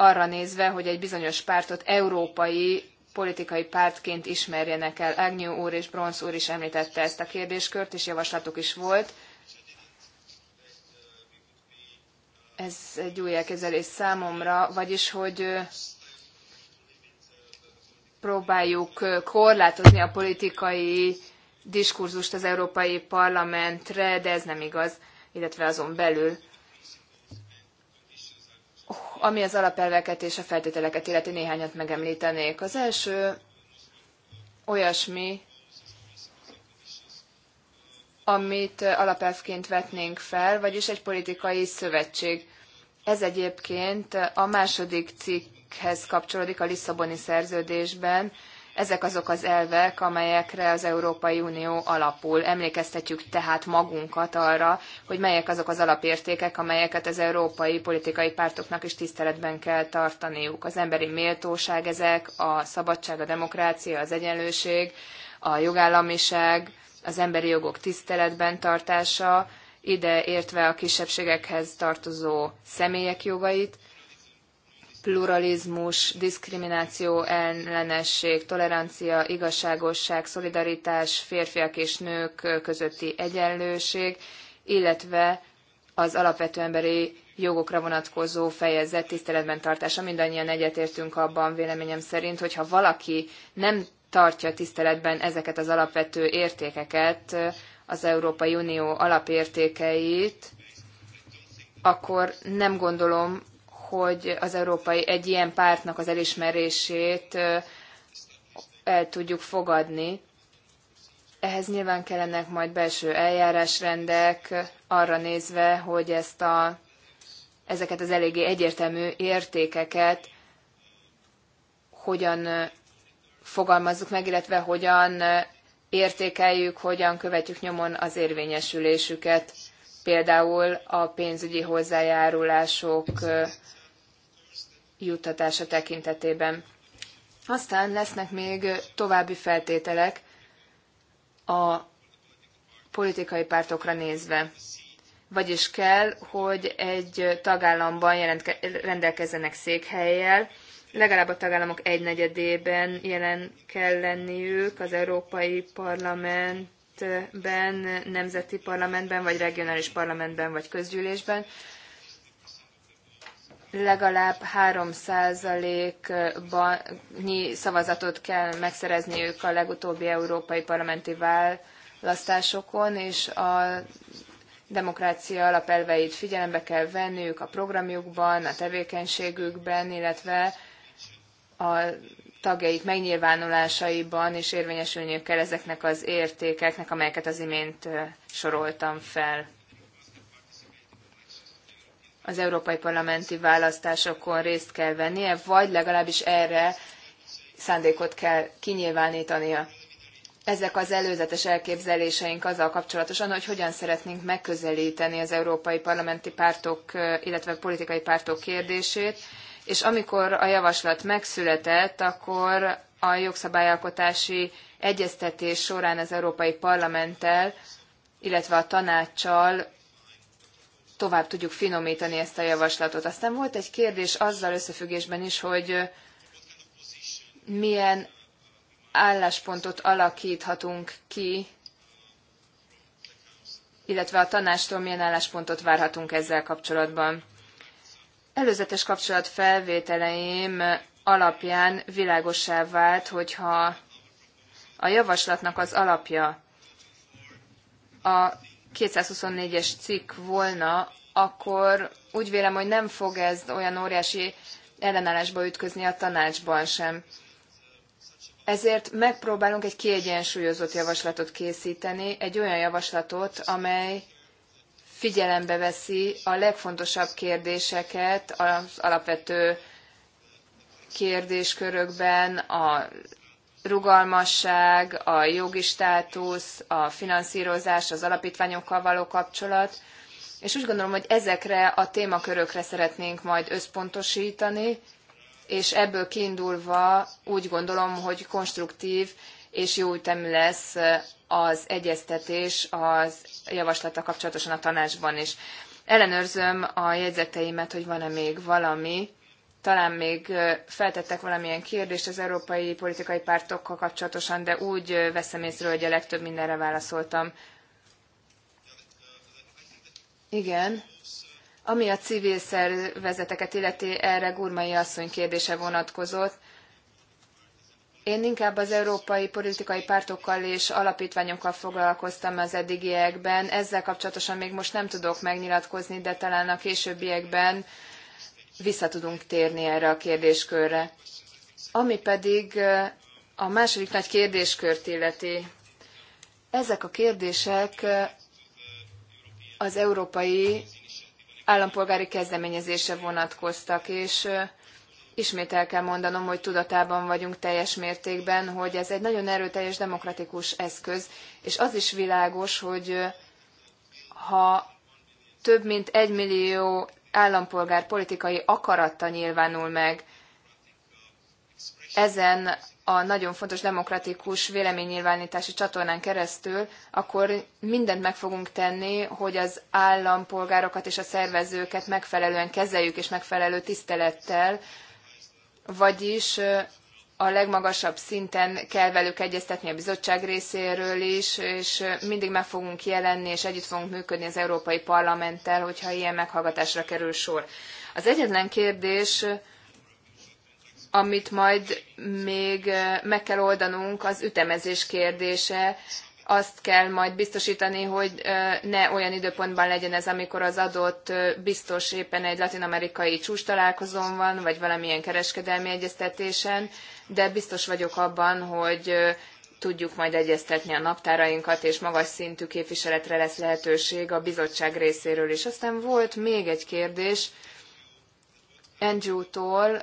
arra nézve, hogy egy bizonyos pártot európai politikai pártként ismerjenek el. Agnew úr és Bronz úr is említette ezt a kérdéskört, és javaslatuk is volt. Ez egy új elkezelés számomra, vagyis, hogy próbáljuk korlátozni a politikai diskurzust az Európai Parlamentre, de ez nem igaz, illetve azon belül ami az alapelveket és a feltételeket illeti néhányat megemlítenék. Az első olyasmi, amit alapelvként vetnénk fel, vagyis egy politikai szövetség. Ez egyébként a második cikkhez kapcsolódik a Lisszaboni szerződésben, ezek azok az elvek, amelyekre az Európai Unió alapul. Emlékeztetjük tehát magunkat arra, hogy melyek azok az alapértékek, amelyeket az európai politikai pártoknak is tiszteletben kell tartaniuk. Az emberi méltóság ezek, a szabadság, a demokrácia, az egyenlőség, a jogállamiság, az emberi jogok tiszteletben tartása, ide értve a kisebbségekhez tartozó személyek jogait, pluralizmus, diszkrimináció, ellenesség, tolerancia, igazságosság, szolidaritás, férfiak és nők közötti egyenlőség, illetve az alapvető emberi jogokra vonatkozó fejezet tiszteletben tartása. Mindannyian egyetértünk abban véleményem szerint, hogy ha valaki nem tartja tiszteletben ezeket az alapvető értékeket, az Európai Unió alapértékeit, akkor nem gondolom, hogy az európai egy ilyen pártnak az elismerését el tudjuk fogadni. Ehhez nyilván kellenek majd belső eljárásrendek arra nézve, hogy ezt a, ezeket az eléggé egyértelmű értékeket hogyan fogalmazzuk meg, illetve hogyan értékeljük, hogyan követjük nyomon az érvényesülésüket. Például a pénzügyi hozzájárulások juttatása tekintetében. Aztán lesznek még további feltételek a politikai pártokra nézve. Vagyis kell, hogy egy tagállamban jelentke, rendelkezzenek székhelyjel, legalább a tagállamok egynegyedében jelen kell lenniük az Európai Parlamentben, Nemzeti Parlamentben, vagy Regionális Parlamentben, vagy Közgyűlésben, legalább 3%-nyi szavazatot kell megszerezniük a legutóbbi európai parlamenti választásokon, és a demokrácia alapelveit figyelembe kell venniük a programjukban, a tevékenységükben, illetve a tagjaik megnyilvánulásaiban, és érvényesülniük kell ezeknek az értékeknek, amelyeket az imént soroltam fel az európai parlamenti választásokon részt kell vennie, vagy legalábbis erre szándékot kell kinyilvánítania. Ezek az előzetes elképzeléseink azzal kapcsolatosan, hogy hogyan szeretnénk megközelíteni az európai parlamenti pártok, illetve politikai pártok kérdését, és amikor a javaslat megszületett, akkor a jogszabályalkotási egyeztetés során az Európai Parlamenttel, illetve a tanácssal tovább tudjuk finomítani ezt a javaslatot. Aztán volt egy kérdés azzal összefüggésben is, hogy milyen álláspontot alakíthatunk ki, illetve a tanástól milyen álláspontot várhatunk ezzel kapcsolatban. Előzetes kapcsolat felvételeim alapján világosá vált, hogyha a javaslatnak az alapja a 224-es cikk volna, akkor úgy vélem, hogy nem fog ez olyan óriási ellenállásba ütközni a tanácsban sem. Ezért megpróbálunk egy kiegyensúlyozott javaslatot készíteni, egy olyan javaslatot, amely figyelembe veszi a legfontosabb kérdéseket az alapvető kérdéskörökben, a rugalmasság, a jogi státusz, a finanszírozás, az alapítványokkal való kapcsolat, és úgy gondolom, hogy ezekre a témakörökre szeretnénk majd összpontosítani, és ebből kiindulva úgy gondolom, hogy konstruktív és jó ütemű lesz az egyeztetés az javaslata kapcsolatosan a tanácsban is. Ellenőrzöm a jegyzeteimet, hogy van-e még valami, talán még feltettek valamilyen kérdést az európai politikai pártokkal kapcsolatosan, de úgy veszem észre, hogy a legtöbb mindenre válaszoltam. Igen. Ami a civil szervezeteket illeti, erre Gurmai asszony kérdése vonatkozott. Én inkább az európai politikai pártokkal és alapítványokkal foglalkoztam az eddigiekben. Ezzel kapcsolatosan még most nem tudok megnyilatkozni, de talán a későbbiekben vissza tudunk térni erre a kérdéskörre. Ami pedig a második nagy kérdéskört illeti, ezek a kérdések az európai állampolgári kezdeményezése vonatkoztak, és ismét el kell mondanom, hogy tudatában vagyunk teljes mértékben, hogy ez egy nagyon erőteljes demokratikus eszköz, és az is világos, hogy ha több mint egy millió állampolgár politikai akaratta nyilvánul meg ezen a nagyon fontos demokratikus véleménynyilvánítási csatornán keresztül, akkor mindent meg fogunk tenni, hogy az állampolgárokat és a szervezőket megfelelően kezeljük és megfelelő tisztelettel, vagyis a legmagasabb szinten kell velük egyeztetni a bizottság részéről is, és mindig meg fogunk jelenni, és együtt fogunk működni az Európai Parlamenttel, hogyha ilyen meghallgatásra kerül sor. Az egyetlen kérdés, amit majd még meg kell oldanunk, az ütemezés kérdése azt kell majd biztosítani, hogy ne olyan időpontban legyen ez, amikor az adott biztos éppen egy latinamerikai csúcs találkozón van, vagy valamilyen kereskedelmi egyeztetésen, de biztos vagyok abban, hogy tudjuk majd egyeztetni a naptárainkat, és magas szintű képviseletre lesz lehetőség a bizottság részéről is. Aztán volt még egy kérdés Andrew-tól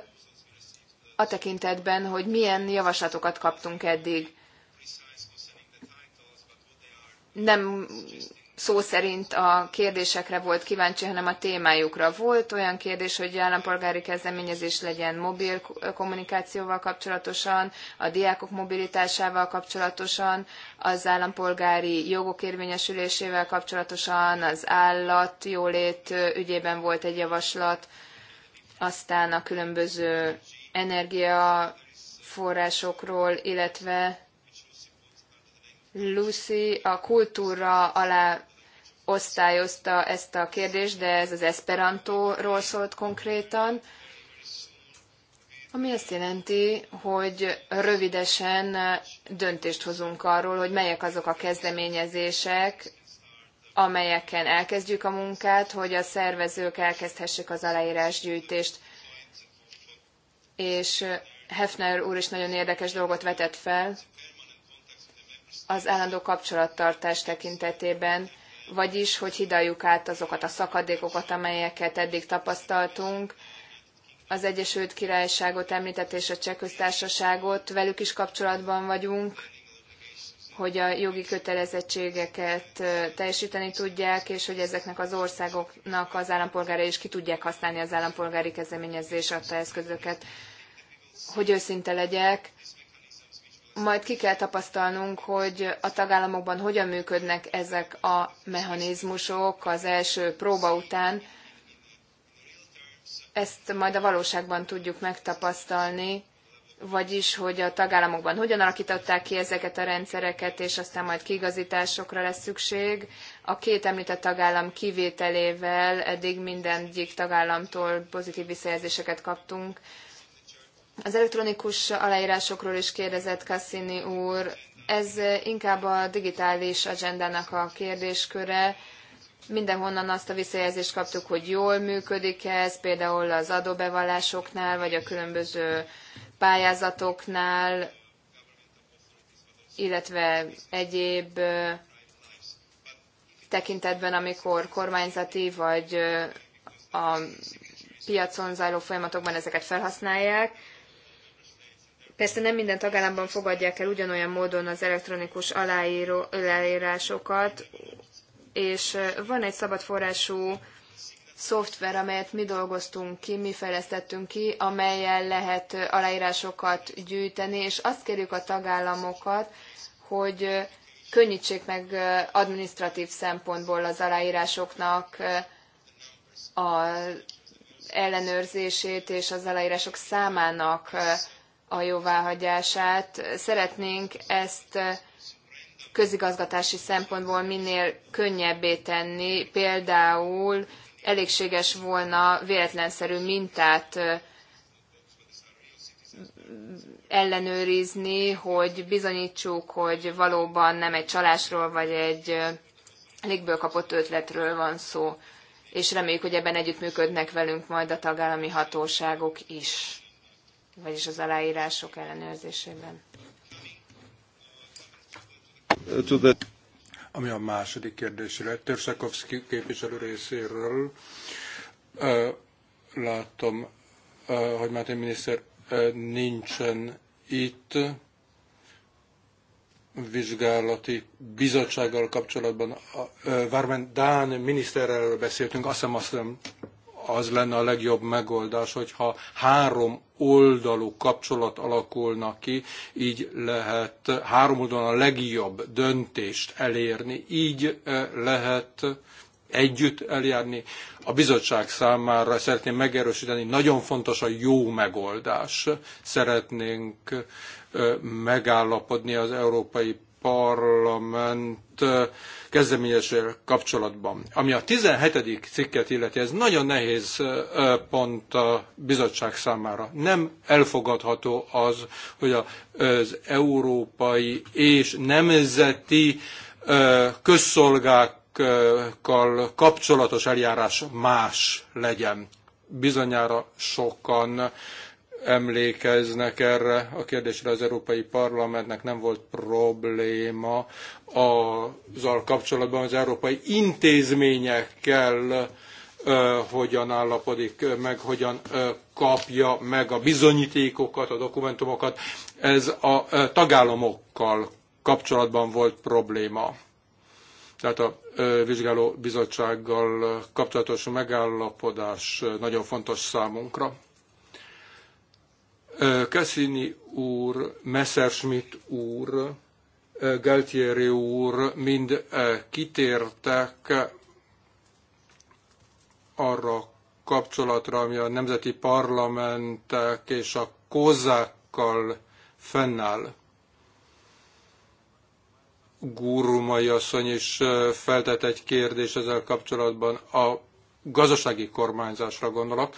a tekintetben, hogy milyen javaslatokat kaptunk eddig nem szó szerint a kérdésekre volt kíváncsi, hanem a témájukra. Volt olyan kérdés, hogy állampolgári kezdeményezés legyen mobil kommunikációval kapcsolatosan, a diákok mobilitásával kapcsolatosan, az állampolgári jogok érvényesülésével kapcsolatosan, az állat jólét ügyében volt egy javaslat, aztán a különböző energiaforrásokról, illetve Lucy a kultúra alá osztályozta ezt a kérdést, de ez az Esperantóról szólt konkrétan, ami azt jelenti, hogy rövidesen döntést hozunk arról, hogy melyek azok a kezdeményezések, amelyeken elkezdjük a munkát, hogy a szervezők elkezdhessék az aláírásgyűjtést. És Hefner úr is nagyon érdekes dolgot vetett fel, az állandó kapcsolattartás tekintetében, vagyis hogy hidaljuk át azokat a szakadékokat, amelyeket eddig tapasztaltunk, az Egyesült Királyságot említett és a Cseh Köztársaságot, velük is kapcsolatban vagyunk, hogy a jogi kötelezettségeket teljesíteni tudják, és hogy ezeknek az országoknak az állampolgárai is ki tudják használni az állampolgári kezdeményezés adta eszközöket. Hogy őszinte legyek, majd ki kell tapasztalnunk, hogy a tagállamokban hogyan működnek ezek a mechanizmusok az első próba után. Ezt majd a valóságban tudjuk megtapasztalni, vagyis, hogy a tagállamokban hogyan alakították ki ezeket a rendszereket, és aztán majd kigazításokra lesz szükség. A két említett tagállam kivételével eddig mindegyik tagállamtól pozitív visszajelzéseket kaptunk az elektronikus aláírásokról is kérdezett Cassini úr. Ez inkább a digitális agendának a kérdésköre. Mindenhonnan azt a visszajelzést kaptuk, hogy jól működik ez, például az adóbevallásoknál, vagy a különböző pályázatoknál, illetve egyéb tekintetben, amikor kormányzati vagy a piacon zajló folyamatokban ezeket felhasználják. Persze nem minden tagállamban fogadják el ugyanolyan módon az elektronikus aláíró, aláírásokat, és van egy szabad forrású szoftver, amelyet mi dolgoztunk ki, mi fejlesztettünk ki, amelyen lehet aláírásokat gyűjteni, és azt kérjük a tagállamokat, hogy könnyítsék meg administratív szempontból az aláírásoknak a ellenőrzését és az aláírások számának a jóváhagyását. Szeretnénk ezt közigazgatási szempontból minél könnyebbé tenni, például elégséges volna véletlenszerű mintát ellenőrizni, hogy bizonyítsuk, hogy valóban nem egy csalásról vagy egy légből kapott ötletről van szó, és reméljük, hogy ebben együttműködnek velünk majd a tagállami hatóságok is vagyis az aláírások ellenőrzésében. Ami a második kérdésre, Törszakovszki képviselő részéről látom, hogy Máté miniszter nincsen itt vizsgálati bizottsággal kapcsolatban. Vármen Dán miniszterrel beszéltünk, azt hiszem, azt hiszem az lenne a legjobb megoldás, hogyha három oldalú kapcsolat alakulna ki, így lehet három oldalon a legjobb döntést elérni, így eh, lehet együtt eljárni. A bizottság számára szeretném megerősíteni, nagyon fontos a jó megoldás. Szeretnénk eh, megállapodni az Európai Parlament kezdeményezésével kapcsolatban. Ami a 17. cikket illeti, ez nagyon nehéz pont a bizottság számára. Nem elfogadható az, hogy az európai és nemzeti közszolgákkal kapcsolatos eljárás más legyen. Bizonyára sokan emlékeznek erre a kérdésre, az Európai Parlamentnek nem volt probléma azzal kapcsolatban, az európai intézményekkel hogyan állapodik meg, hogyan kapja meg a bizonyítékokat, a dokumentumokat. Ez a tagállamokkal kapcsolatban volt probléma. Tehát a vizsgáló bizottsággal kapcsolatos megállapodás nagyon fontos számunkra. Cassini úr, Messerschmitt úr, Galtieri úr mind kitértek arra kapcsolatra, ami a nemzeti parlamentek és a kozákkal fennáll. Gurumai asszony is feltett egy kérdés ezzel kapcsolatban. A gazdasági kormányzásra gondolok.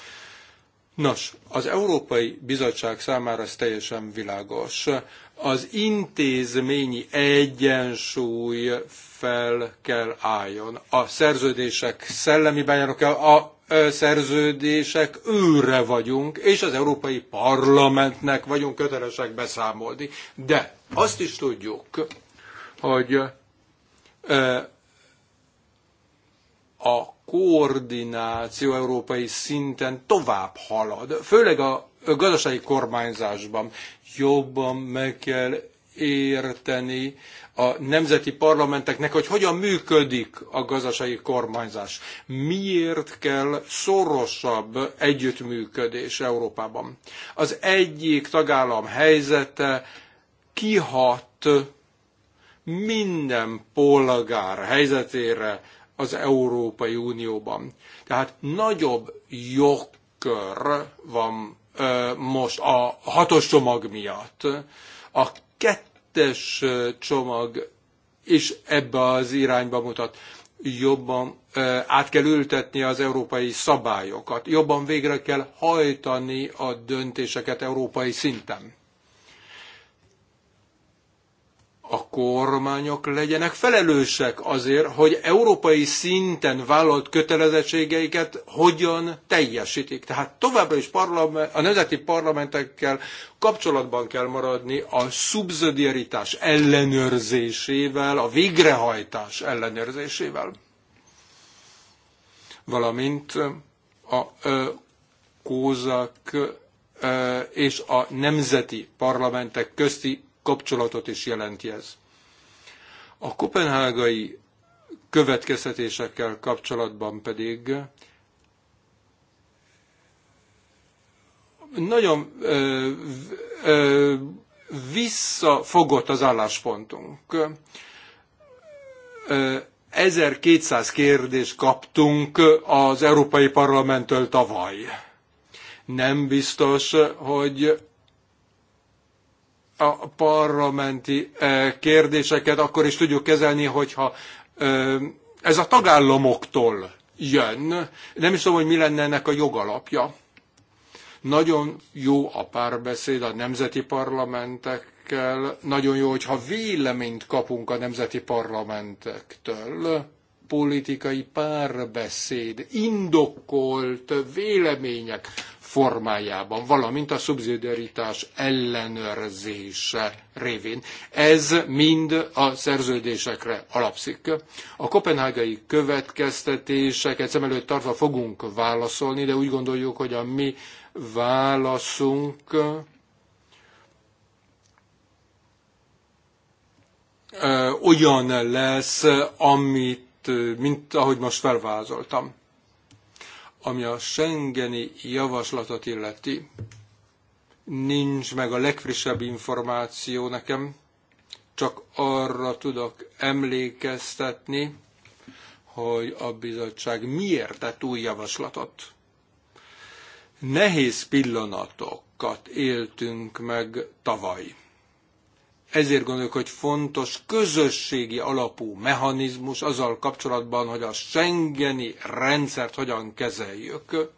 Nos, az Európai Bizottság számára ez teljesen világos. Az intézményi egyensúly fel kell álljon. A szerződések szellemében kell, a szerződések őre vagyunk, és az Európai Parlamentnek vagyunk kötelesek beszámolni. De azt is tudjuk, hogy a koordináció európai szinten tovább halad, főleg a gazdasági kormányzásban. Jobban meg kell érteni a nemzeti parlamenteknek, hogy hogyan működik a gazdasági kormányzás. Miért kell szorosabb együttműködés Európában? Az egyik tagállam helyzete kihat minden polgár helyzetére, az Európai Unióban. Tehát nagyobb jogkör van most a hatos csomag miatt. A kettes csomag is ebbe az irányba mutat. Jobban át kell ültetni az európai szabályokat, jobban végre kell hajtani a döntéseket európai szinten. a kormányok legyenek felelősek azért, hogy európai szinten vállalt kötelezettségeiket hogyan teljesítik. Tehát továbbra is parlament, a nemzeti parlamentekkel kapcsolatban kell maradni a szubszidiaritás ellenőrzésével, a végrehajtás ellenőrzésével, valamint a ö, kózak és a nemzeti parlamentek közti kapcsolatot is jelenti ez. A kopenhágai következtetésekkel kapcsolatban pedig nagyon ö, ö, visszafogott az álláspontunk. 1200 kérdést kaptunk az Európai Parlamenttől tavaly. Nem biztos, hogy a parlamenti eh, kérdéseket akkor is tudjuk kezelni, hogyha eh, ez a tagállamoktól jön. Nem is tudom, hogy mi lenne ennek a jogalapja. Nagyon jó a párbeszéd a nemzeti parlamentekkel, nagyon jó, hogyha véleményt kapunk a nemzeti parlamentektől, politikai párbeszéd, indokolt vélemények, formájában, valamint a szubszidiaritás ellenőrzése révén. Ez mind a szerződésekre alapszik. A kopenhágai következtetéseket szem előtt tartva fogunk válaszolni, de úgy gondoljuk, hogy a mi válaszunk olyan lesz, amit, mint ahogy most felvázoltam. Ami a Schengeni javaslatot illeti, nincs meg a legfrissebb információ nekem, csak arra tudok emlékeztetni, hogy a bizottság miért tett új javaslatot. Nehéz pillanatokat éltünk meg tavaly ezért gondoljuk, hogy fontos közösségi alapú mechanizmus azzal kapcsolatban, hogy a Schengeni rendszert hogyan kezeljük.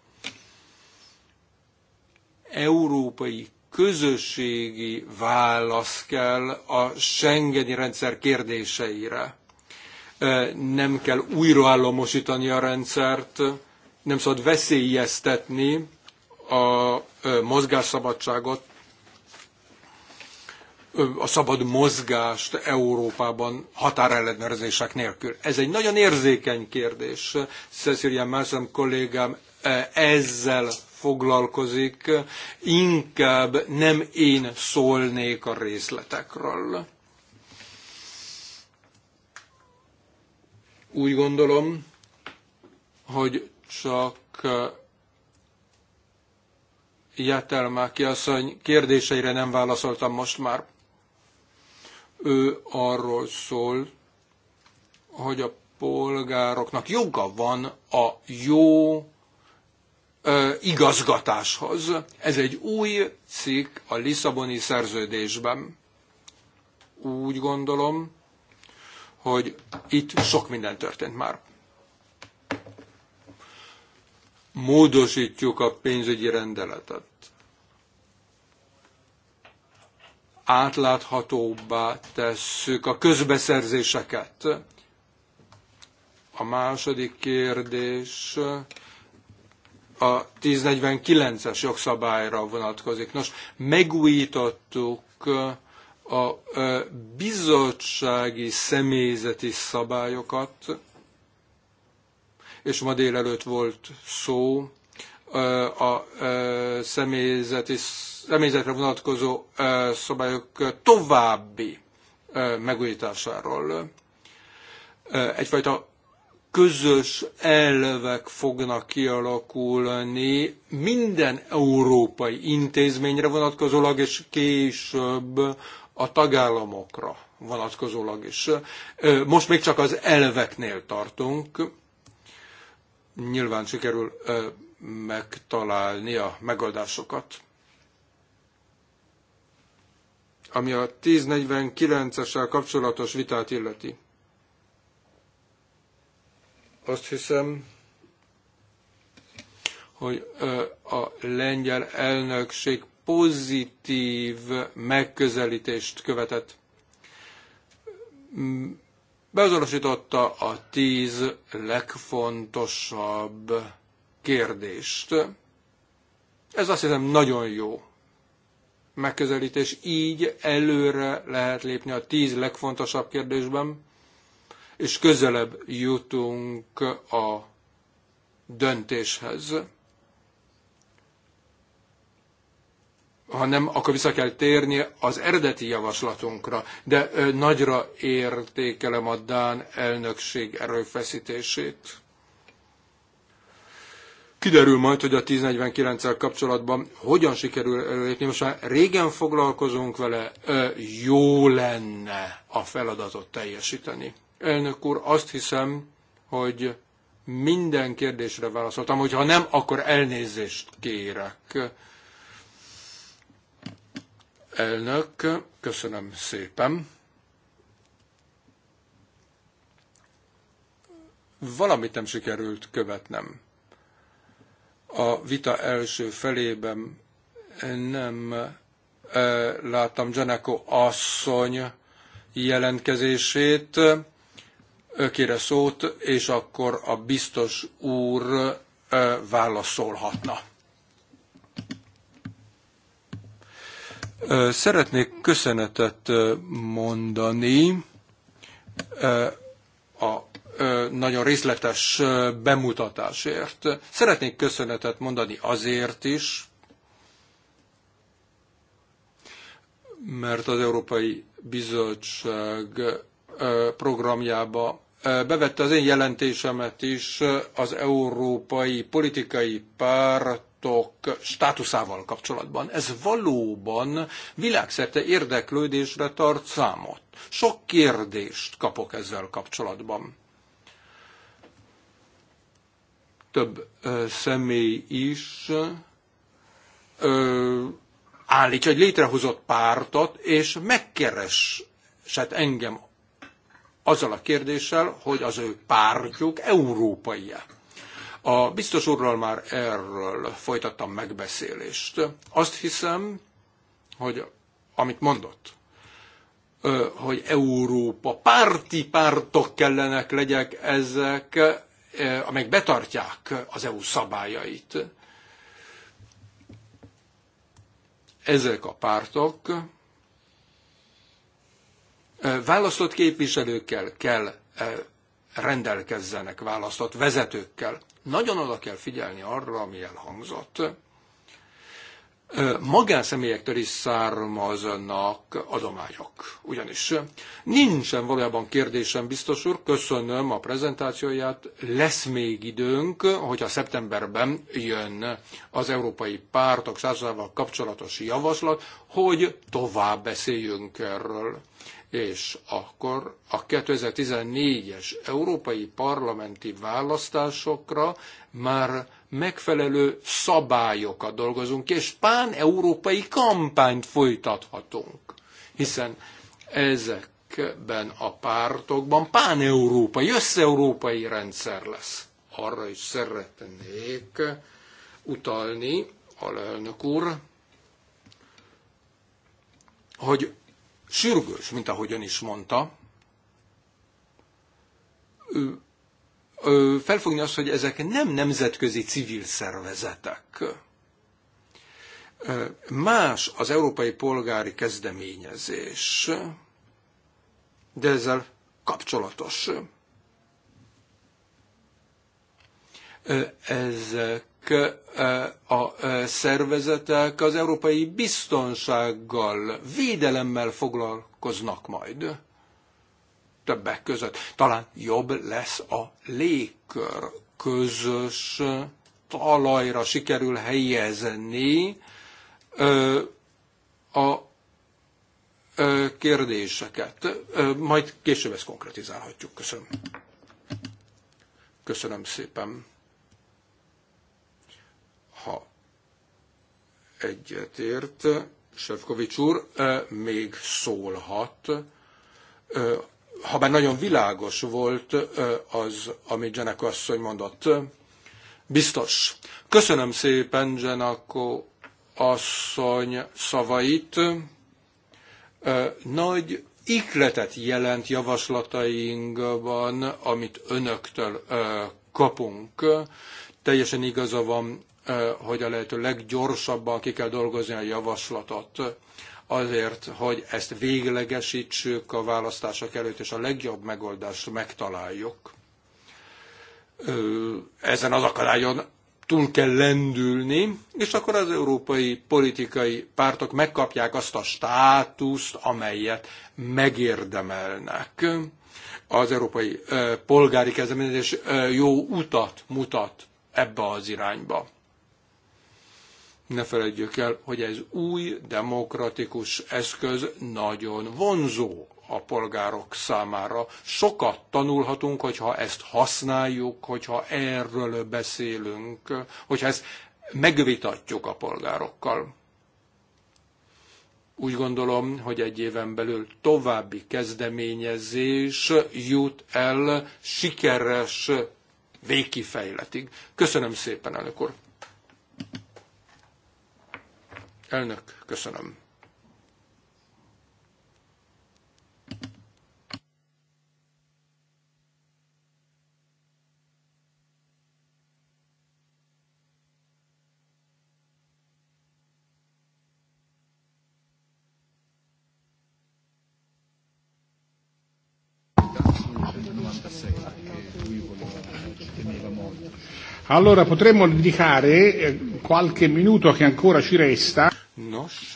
Európai közösségi válasz kell a Schengeni rendszer kérdéseire. Nem kell újraállamosítani a rendszert, nem szabad veszélyeztetni a mozgásszabadságot a szabad mozgást Európában határellenőrzések nélkül. Ez egy nagyon érzékeny kérdés. Cecilia Mászem kollégám e, ezzel foglalkozik, inkább nem én szólnék a részletekről. Úgy gondolom, hogy csak e, Máki asszony kérdéseire nem válaszoltam most már ő arról szól, hogy a polgároknak joga van a jó ö, igazgatáshoz. Ez egy új cikk a Lisszaboni szerződésben. Úgy gondolom, hogy itt sok minden történt már. Módosítjuk a pénzügyi rendeletet. átláthatóbbá tesszük a közbeszerzéseket. A második kérdés a 1049-es jogszabályra vonatkozik. Nos, megújítottuk a bizottsági személyzeti szabályokat, és ma délelőtt volt szó a személyzeti személyzetre vonatkozó szabályok további megújításáról. Egyfajta közös elvek fognak kialakulni minden európai intézményre vonatkozólag, és később a tagállamokra vonatkozólag is. Most még csak az elveknél tartunk. Nyilván sikerül megtalálni a megoldásokat ami a 1049-essel kapcsolatos vitát illeti. Azt hiszem, hogy a lengyel elnökség pozitív megközelítést követett. Mm, beazonosította a tíz legfontosabb kérdést. Ez azt hiszem nagyon jó megközelítés, így előre lehet lépni a tíz legfontosabb kérdésben, és közelebb jutunk a döntéshez. ha nem, akkor vissza kell térni az eredeti javaslatunkra, de nagyra értékelem a Dán elnökség erőfeszítését. Kiderül majd, hogy a 1049-el kapcsolatban hogyan sikerül előlépni. Most már régen foglalkozunk vele, jó lenne a feladatot teljesíteni. Elnök úr, azt hiszem, hogy minden kérdésre válaszoltam, hogy ha nem, akkor elnézést kérek. Elnök, köszönöm szépen. Valamit nem sikerült követnem a vita első felében nem láttam Janeko asszony jelentkezését, kére szót, és akkor a biztos úr válaszolhatna. Szeretnék köszönetet mondani a nagyon részletes bemutatásért. Szeretnék köszönetet mondani azért is, mert az Európai Bizottság programjába bevette az én jelentésemet is az európai politikai pártok státuszával kapcsolatban. Ez valóban világszerte érdeklődésre tart számot. Sok kérdést kapok ezzel kapcsolatban. több személy is ö, állítsa létrehozott pártot, és megkeresett engem azzal a kérdéssel, hogy az ő pártjuk európai -e. A biztos úrral már erről folytattam megbeszélést. Azt hiszem, hogy amit mondott, hogy Európa párti pártok kellenek legyek ezek, Eh, amelyek betartják az EU szabályait. Ezek a pártok eh, választott képviselőkkel kell eh, rendelkezzenek, választott vezetőkkel. Nagyon oda kell figyelni arra, ami elhangzott magánszemélyektől is származnak adományok. Ugyanis nincsen valójában kérdésem, biztos úr, köszönöm a prezentációját, lesz még időnk, hogyha szeptemberben jön az Európai Pártok Százalával kapcsolatos javaslat, hogy tovább beszéljünk erről és akkor a 2014-es európai parlamenti választásokra már megfelelő szabályokat dolgozunk, és pán-európai kampányt folytathatunk, hiszen ezekben a pártokban pán-európai, össze-európai rendszer lesz. Arra is szeretnék utalni, alelnök úr, hogy sürgős, mint ahogy ön is mondta, felfogni azt, hogy ezek nem nemzetközi civil szervezetek. Más az európai polgári kezdeményezés, de ezzel kapcsolatos. Ezek a szervezetek az európai biztonsággal, védelemmel foglalkoznak majd. Többek között. Talán jobb lesz a légkör közös talajra sikerül helyezni a kérdéseket. Majd később ezt konkretizálhatjuk. Köszönöm. Köszönöm szépen. Ha egyetért, Sefkovics úr még szólhat, ha már nagyon világos volt az, amit Zseneko asszony mondott. Biztos. Köszönöm szépen Zsenako asszony szavait. Nagy ikletet jelent javaslatainkban, amit önöktől kapunk. Teljesen igaza van hogy a lehető leggyorsabban ki kell dolgozni a javaslatot azért, hogy ezt véglegesítsük a választások előtt, és a legjobb megoldást megtaláljuk. Ezen az akadályon túl kell lendülni, és akkor az európai politikai pártok megkapják azt a státuszt, amelyet megérdemelnek. Az európai polgári kezdeményezés jó utat mutat ebbe az irányba. Ne felejtjük el, hogy ez új demokratikus eszköz nagyon vonzó a polgárok számára. Sokat tanulhatunk, hogyha ezt használjuk, hogyha erről beszélünk, hogyha ezt megvitatjuk a polgárokkal. Úgy gondolom, hogy egy éven belül további kezdeményezés jut el sikeres végkifejletig. Köszönöm szépen, elnök úr! Elnök, köszönöm. Allora potremmo dedicare eh, qualche minuto che ancora ci resta Nos,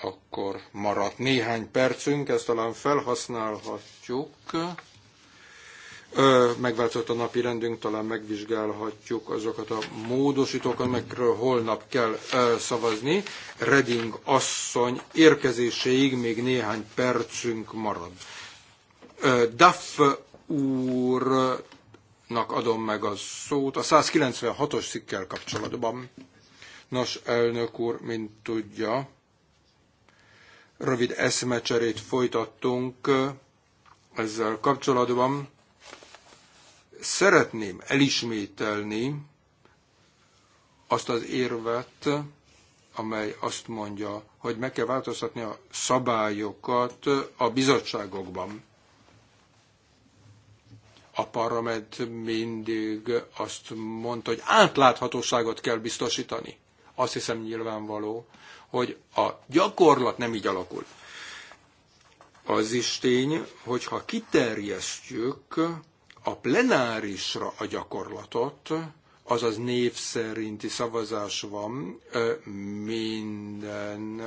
akkor maradt néhány percünk, ezt talán felhasználhatjuk. Megváltozott a napi rendünk, talán megvizsgálhatjuk azokat a módosítókat, amikről holnap kell szavazni. Reding asszony érkezéséig még néhány percünk marad. Duff úrnak adom meg a szót a 196-os szikkel kapcsolatban. Nos, elnök úr, mint tudja, rövid eszmecserét folytattunk ezzel kapcsolatban. Szeretném elismételni azt az érvet, amely azt mondja, hogy meg kell változtatni a szabályokat a bizottságokban. A parlament mindig azt mondta, hogy átláthatóságot kell biztosítani. Azt hiszem nyilvánvaló, hogy a gyakorlat nem így alakul. Az is tény, hogyha kiterjesztjük a plenárisra a gyakorlatot, azaz név szerinti szavazás van minden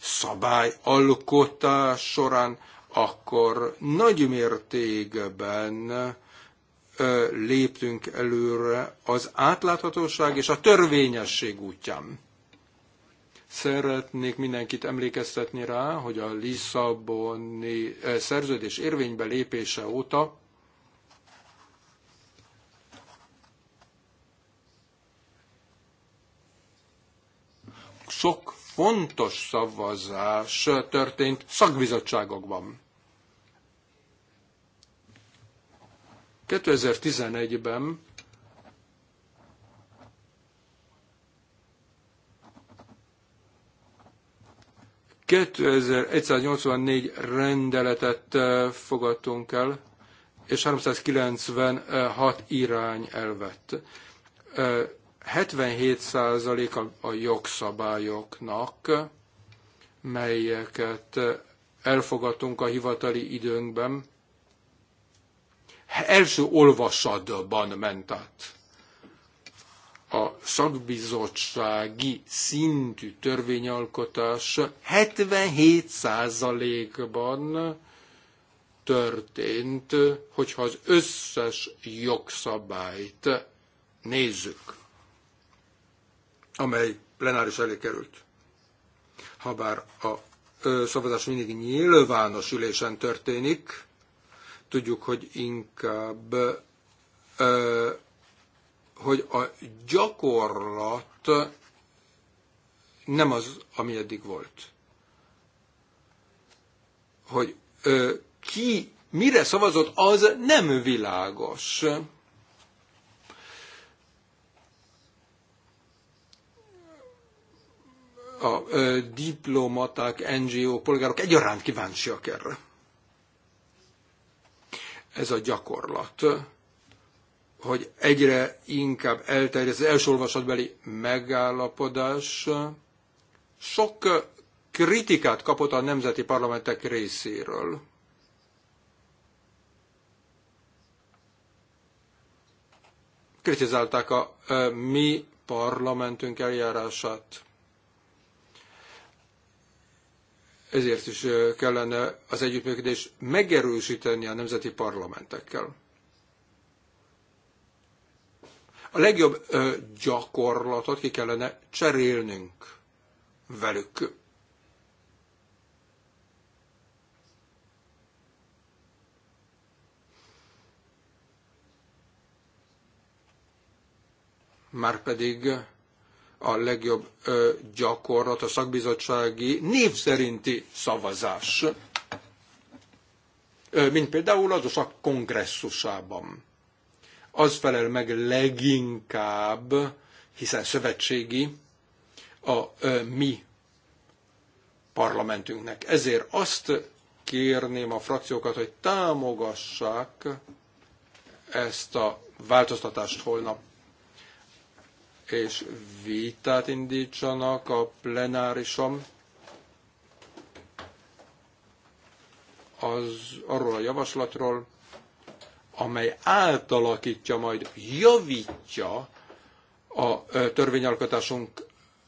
szabályalkotás során, akkor nagy mértékben léptünk előre az átláthatóság és a törvényesség útján. Szeretnék mindenkit emlékeztetni rá, hogy a Lisszaboni szerződés érvénybe lépése óta sok fontos szavazás történt szakbizottságokban. 2011-ben ...2184 rendeletet fogadtunk el, és 396 irányelvet. 77% a jogszabályoknak, melyeket elfogadtunk a hivatali időnkben, első olvasatban ment át. A szakbizottsági szintű törvényalkotás 77%-ban történt, hogyha az összes jogszabályt nézzük, amely plenáris elé került. Habár a szavazás mindig nyilvános ülésen történik, Tudjuk, hogy inkább hogy a gyakorlat nem az, ami eddig volt. Hogy ki mire szavazott, az nem világos. A ö, diplomaták, NGO, polgárok egyaránt kíváncsiak erre ez a gyakorlat, hogy egyre inkább elterjed az első olvasatbeli megállapodás, sok kritikát kapott a nemzeti parlamentek részéről. Kritizálták a mi parlamentünk eljárását. Ezért is kellene az együttműködés megerősíteni a nemzeti parlamentekkel. A legjobb gyakorlatot ki kellene cserélnünk velük. Márpedig a legjobb gyakorlat a szakbizottsági név szerinti szavazás, mint például az a kongresszusában. Az felel meg leginkább, hiszen szövetségi, a mi parlamentünknek. Ezért azt kérném a frakciókat, hogy támogassák ezt a változtatást holnap és vitát indítsanak a plenárisom az arról a javaslatról, amely átalakítja, majd javítja a törvényalkotásunk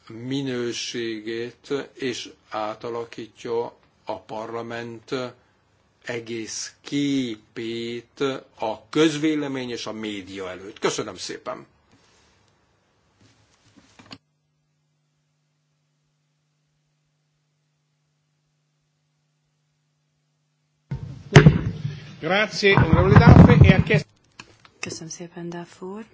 minőségét, és átalakítja a parlament egész képét a közvélemény és a média előtt. Köszönöm szépen! Grazie, onorevole Daffe, e chiesto... Köszönöm szépen, Duff úr.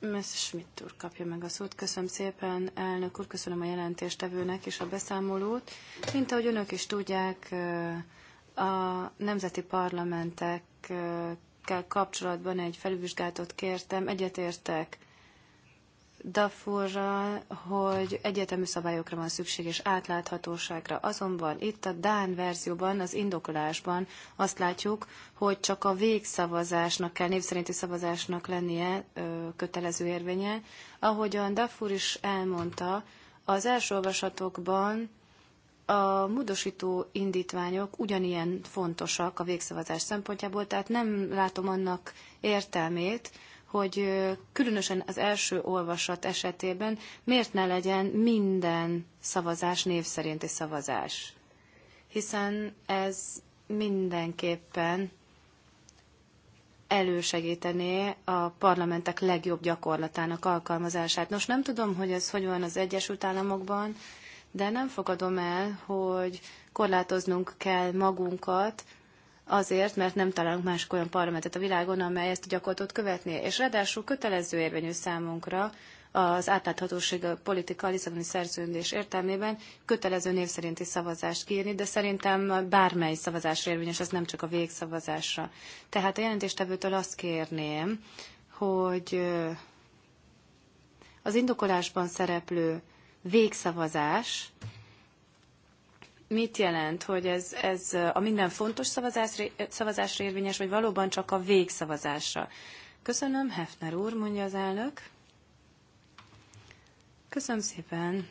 Messerschmitt úr kapja meg a szót. Köszönöm szépen, elnök úr, köszönöm a jelentéstevőnek és a beszámolót. Mint ahogy önök is tudják, a nemzeti parlamentekkel kapcsolatban egy felülvizsgálatot kértem, egyetértek Dafurral, hogy egyetemű szabályokra van szükség és átláthatóságra. Azonban itt a Dán verzióban, az indokolásban azt látjuk, hogy csak a végszavazásnak kell, népszerinti szavazásnak lennie ö, kötelező érvénye. Ahogyan Dafur is elmondta, az első olvasatokban a módosító indítványok ugyanilyen fontosak a végszavazás szempontjából, tehát nem látom annak értelmét, hogy különösen az első olvasat esetében miért ne legyen minden szavazás név szerinti szavazás. Hiszen ez mindenképpen elősegítené a parlamentek legjobb gyakorlatának alkalmazását. Nos, nem tudom, hogy ez hogy van az Egyesült Államokban, de nem fogadom el, hogy korlátoznunk kell magunkat azért, mert nem találunk más olyan parlamentet a világon, amely ezt a gyakorlatot követné. És ráadásul kötelező érvényű számunkra az átláthatóság a politika a Lisszaboni szerződés értelmében kötelező név szerinti szavazást kérni, de szerintem bármely szavazásra érvényes, ez nem csak a végszavazásra. Tehát a jelentéstevőtől azt kérném, hogy az indokolásban szereplő végszavazás mit jelent, hogy ez, ez a minden fontos szavazásra, szavazásra érvényes, vagy valóban csak a végszavazásra? Köszönöm, Hefner úr, mondja az elnök. Köszönöm szépen,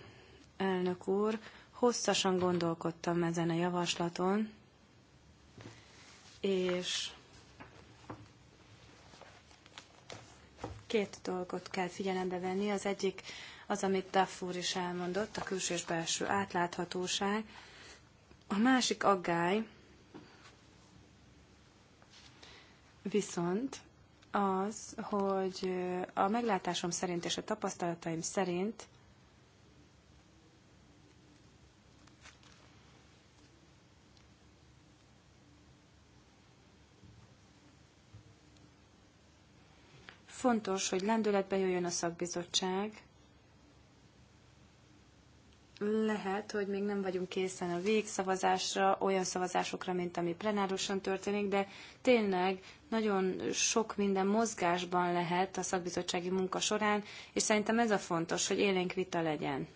elnök úr. Hosszasan gondolkodtam ezen a javaslaton, és két dolgot kell figyelembe venni. Az egyik az, amit Duff úr is elmondott, a külső és belső átláthatóság, a másik aggály viszont az, hogy a meglátásom szerint és a tapasztalataim szerint fontos, hogy lendületbe jöjjön a szakbizottság, lehet, hogy még nem vagyunk készen a végszavazásra, olyan szavazásokra, mint ami plenárosan történik, de tényleg nagyon sok minden mozgásban lehet a szakbizottsági munka során, és szerintem ez a fontos, hogy élénk vita legyen.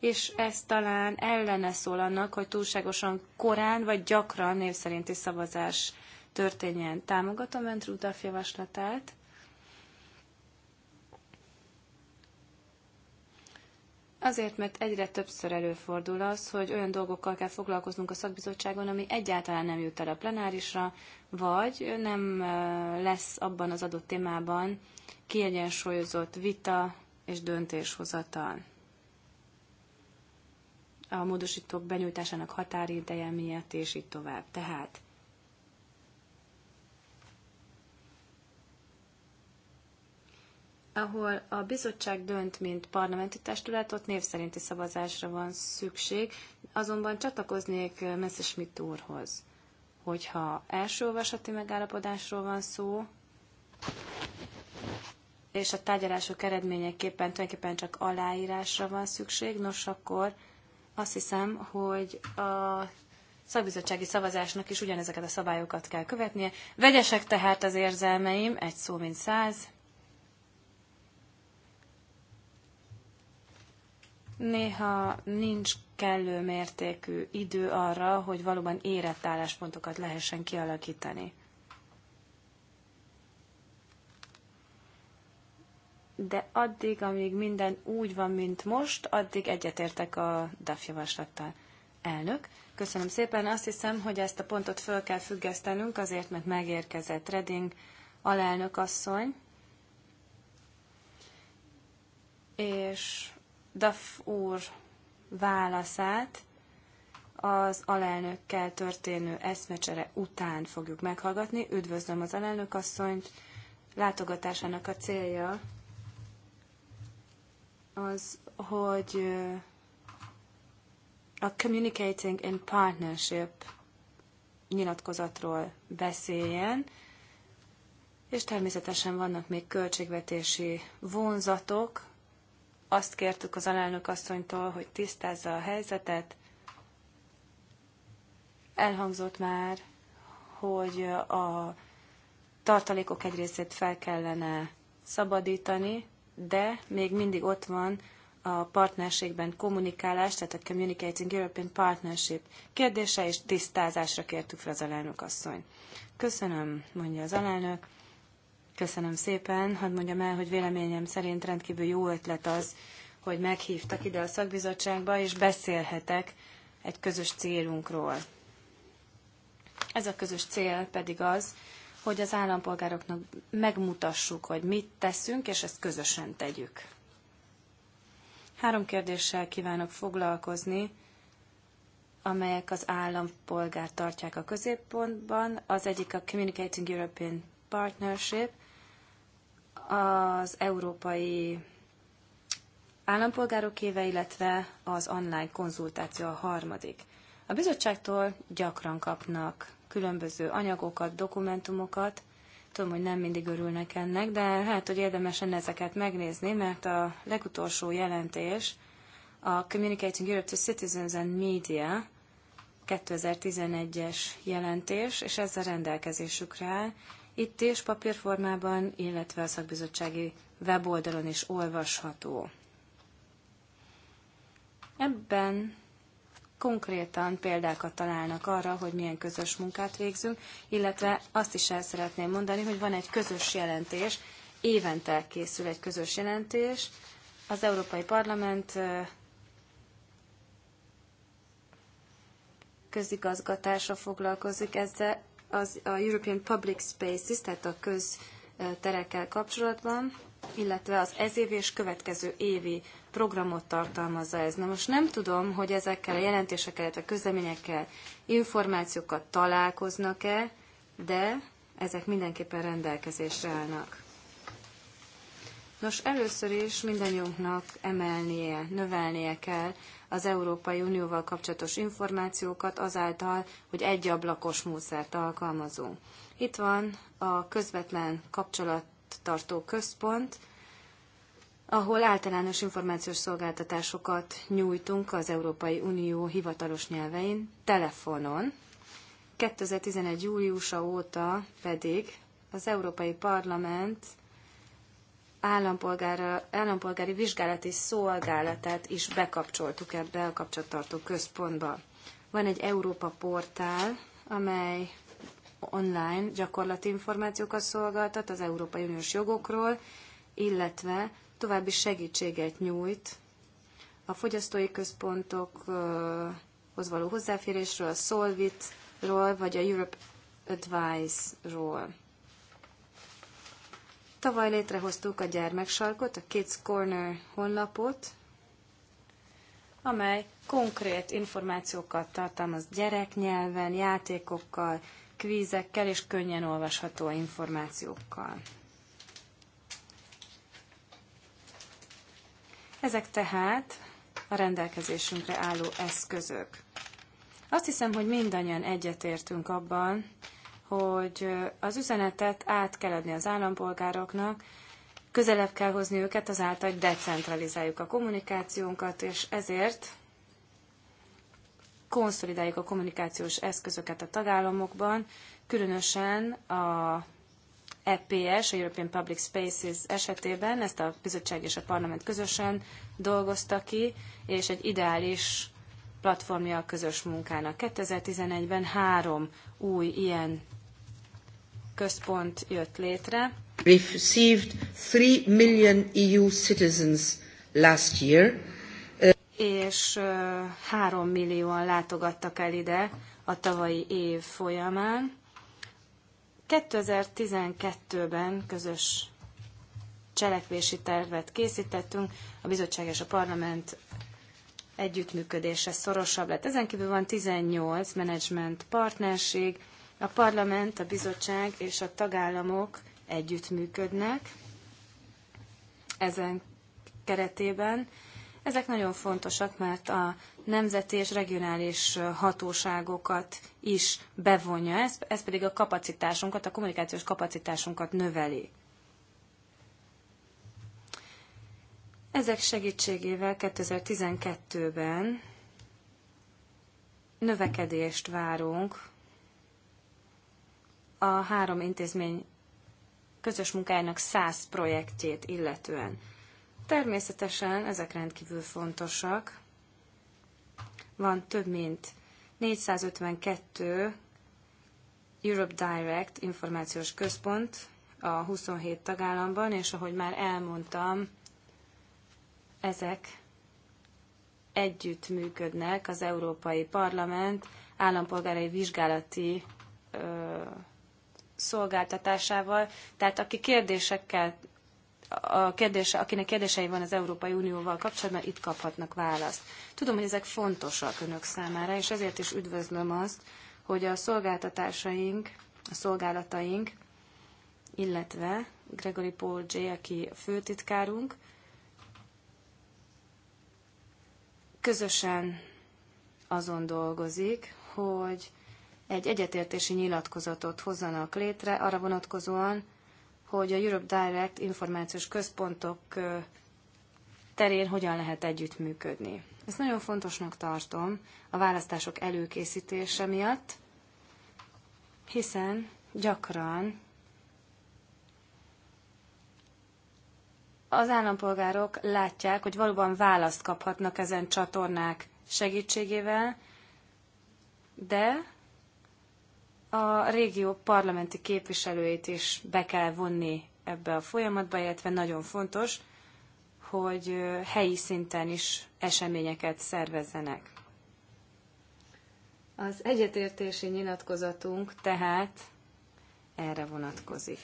és ez talán ellene szól annak, hogy túlságosan korán vagy gyakran név szerinti szavazás történjen. Támogatom Öntrúdaf javaslatát, Azért, mert egyre többször előfordul az, hogy olyan dolgokkal kell foglalkoznunk a szakbizottságon, ami egyáltalán nem jut el a plenárisra, vagy nem lesz abban az adott témában kiegyensúlyozott vita és döntéshozatal. A módosítók benyújtásának határideje miatt, és így tovább. Tehát ahol a bizottság dönt, mint parlamenti testület, ott név szerinti szavazásra van szükség, azonban csatlakoznék Messerschmitt úrhoz, hogyha első olvasati megállapodásról van szó, és a tárgyalások eredményeképpen tulajdonképpen csak aláírásra van szükség, nos akkor azt hiszem, hogy a szakbizottsági szavazásnak is ugyanezeket a szabályokat kell követnie. Vegyesek tehát az érzelmeim, egy szó mint száz, néha nincs kellő mértékű idő arra, hogy valóban érett álláspontokat lehessen kialakítani. De addig, amíg minden úgy van, mint most, addig egyetértek a DAF javaslattal. Elnök, köszönöm szépen. Azt hiszem, hogy ezt a pontot föl kell függesztenünk, azért, mert megérkezett Reding alelnök asszony. És Duff úr válaszát az alelnökkel történő eszmecsere után fogjuk meghallgatni. Üdvözlöm az alelnök asszonyt. Látogatásának a célja az, hogy uh, a Communicating in Partnership nyilatkozatról beszéljen, és természetesen vannak még költségvetési vonzatok, azt kértük az alelnök asszonytól, hogy tisztázza a helyzetet. Elhangzott már, hogy a tartalékok egy részét fel kellene szabadítani, de még mindig ott van a partnerségben kommunikálás, tehát a Communicating European Partnership kérdése és tisztázásra kértük fel az alelnök asszony. Köszönöm, mondja az alelnök. Köszönöm szépen. Hadd mondjam el, hogy véleményem szerint rendkívül jó ötlet az, hogy meghívtak ide a szakbizottságba, és beszélhetek egy közös célunkról. Ez a közös cél pedig az, hogy az állampolgároknak megmutassuk, hogy mit teszünk, és ezt közösen tegyük. Három kérdéssel kívánok foglalkozni, amelyek az állampolgár tartják a középpontban. Az egyik a Communicating European Partnership, az európai állampolgárok éve, illetve az online konzultáció a harmadik. A bizottságtól gyakran kapnak különböző anyagokat, dokumentumokat. Tudom, hogy nem mindig örülnek ennek, de hát, hogy érdemesen ezeket megnézni, mert a legutolsó jelentés a Communicating Europe to Citizens and Media 2011-es jelentés, és ezzel rendelkezésükre áll, itt is papírformában, illetve a szakbizottsági weboldalon is olvasható. Ebben konkrétan példákat találnak arra, hogy milyen közös munkát végzünk, illetve azt is el szeretném mondani, hogy van egy közös jelentés, évente készül egy közös jelentés, az Európai Parlament közigazgatása foglalkozik ezzel, az, a European Public Spaces, tehát a közterekkel kapcsolatban, illetve az ez év és következő évi programot tartalmazza ez. Na most nem tudom, hogy ezekkel a jelentésekkel, illetve közleményekkel, információkat találkoznak-e, de ezek mindenképpen rendelkezésre állnak. Nos, először is mindannyiunknak emelnie, növelnie kell az Európai Unióval kapcsolatos információkat azáltal, hogy egy ablakos módszert alkalmazunk. Itt van a közvetlen kapcsolattartó központ, ahol általános információs szolgáltatásokat nyújtunk az Európai Unió hivatalos nyelvein, telefonon. 2011. júliusa óta pedig az Európai Parlament állampolgári vizsgálati szolgálatát is bekapcsoltuk ebbe a kapcsolattartó központba. Van egy Európa portál, amely online gyakorlati információkat szolgáltat az Európai Uniós jogokról, illetve további segítséget nyújt a fogyasztói központokhoz való hozzáférésről, a Solvit-ról, vagy a Europe Advice-ról. Tavaly létrehoztuk a gyermeksarkot, a Kids Corner honlapot, amely konkrét információkat tartalmaz gyereknyelven, játékokkal, kvízekkel és könnyen olvasható információkkal. Ezek tehát a rendelkezésünkre álló eszközök. Azt hiszem, hogy mindannyian egyetértünk abban, hogy az üzenetet át kell adni az állampolgároknak, közelebb kell hozni őket azáltal, hogy decentralizáljuk a kommunikációnkat, és ezért konszolidáljuk a kommunikációs eszközöket a tagállamokban, különösen a EPS, a European Public Spaces esetében, ezt a bizottság és a parlament közösen dolgozta ki, és egy ideális platformja a közös munkának. 2011-ben három új ilyen központ jött létre. We received 3 million EU citizens last year. És 3 millióan látogattak el ide a tavalyi év folyamán. 2012-ben közös cselekvési tervet készítettünk, a bizottság és a parlament együttműködése szorosabb lett. Ezen kívül van 18 menedzsment partnerség, a parlament, a bizottság és a tagállamok együttműködnek ezen keretében. Ezek nagyon fontosak, mert a nemzeti és regionális hatóságokat is bevonja, ez, ez pedig a kapacitásunkat, a kommunikációs kapacitásunkat növeli. Ezek segítségével 2012-ben növekedést várunk a három intézmény közös munkájának száz projektjét illetően. Természetesen ezek rendkívül fontosak. Van több mint 452 Europe Direct információs központ a 27 tagállamban, és ahogy már elmondtam, ezek együtt működnek az Európai Parlament állampolgárai vizsgálati ö, szolgáltatásával, tehát aki kérdésekkel, a kérdése, akinek kérdései van az Európai Unióval kapcsolatban, itt kaphatnak választ. Tudom, hogy ezek fontosak önök számára, és ezért is üdvözlöm azt, hogy a szolgáltatásaink, a szolgálataink, illetve Gregory Paul J., aki a főtitkárunk, közösen azon dolgozik, hogy egy egyetértési nyilatkozatot hozzanak létre arra vonatkozóan, hogy a Europe Direct információs központok terén hogyan lehet együttműködni. Ezt nagyon fontosnak tartom a választások előkészítése miatt, hiszen gyakran az állampolgárok látják, hogy valóban választ kaphatnak ezen csatornák segítségével, de a régió parlamenti képviselőit is be kell vonni ebbe a folyamatba, illetve nagyon fontos, hogy helyi szinten is eseményeket szervezzenek. Az egyetértési nyilatkozatunk tehát erre vonatkozik.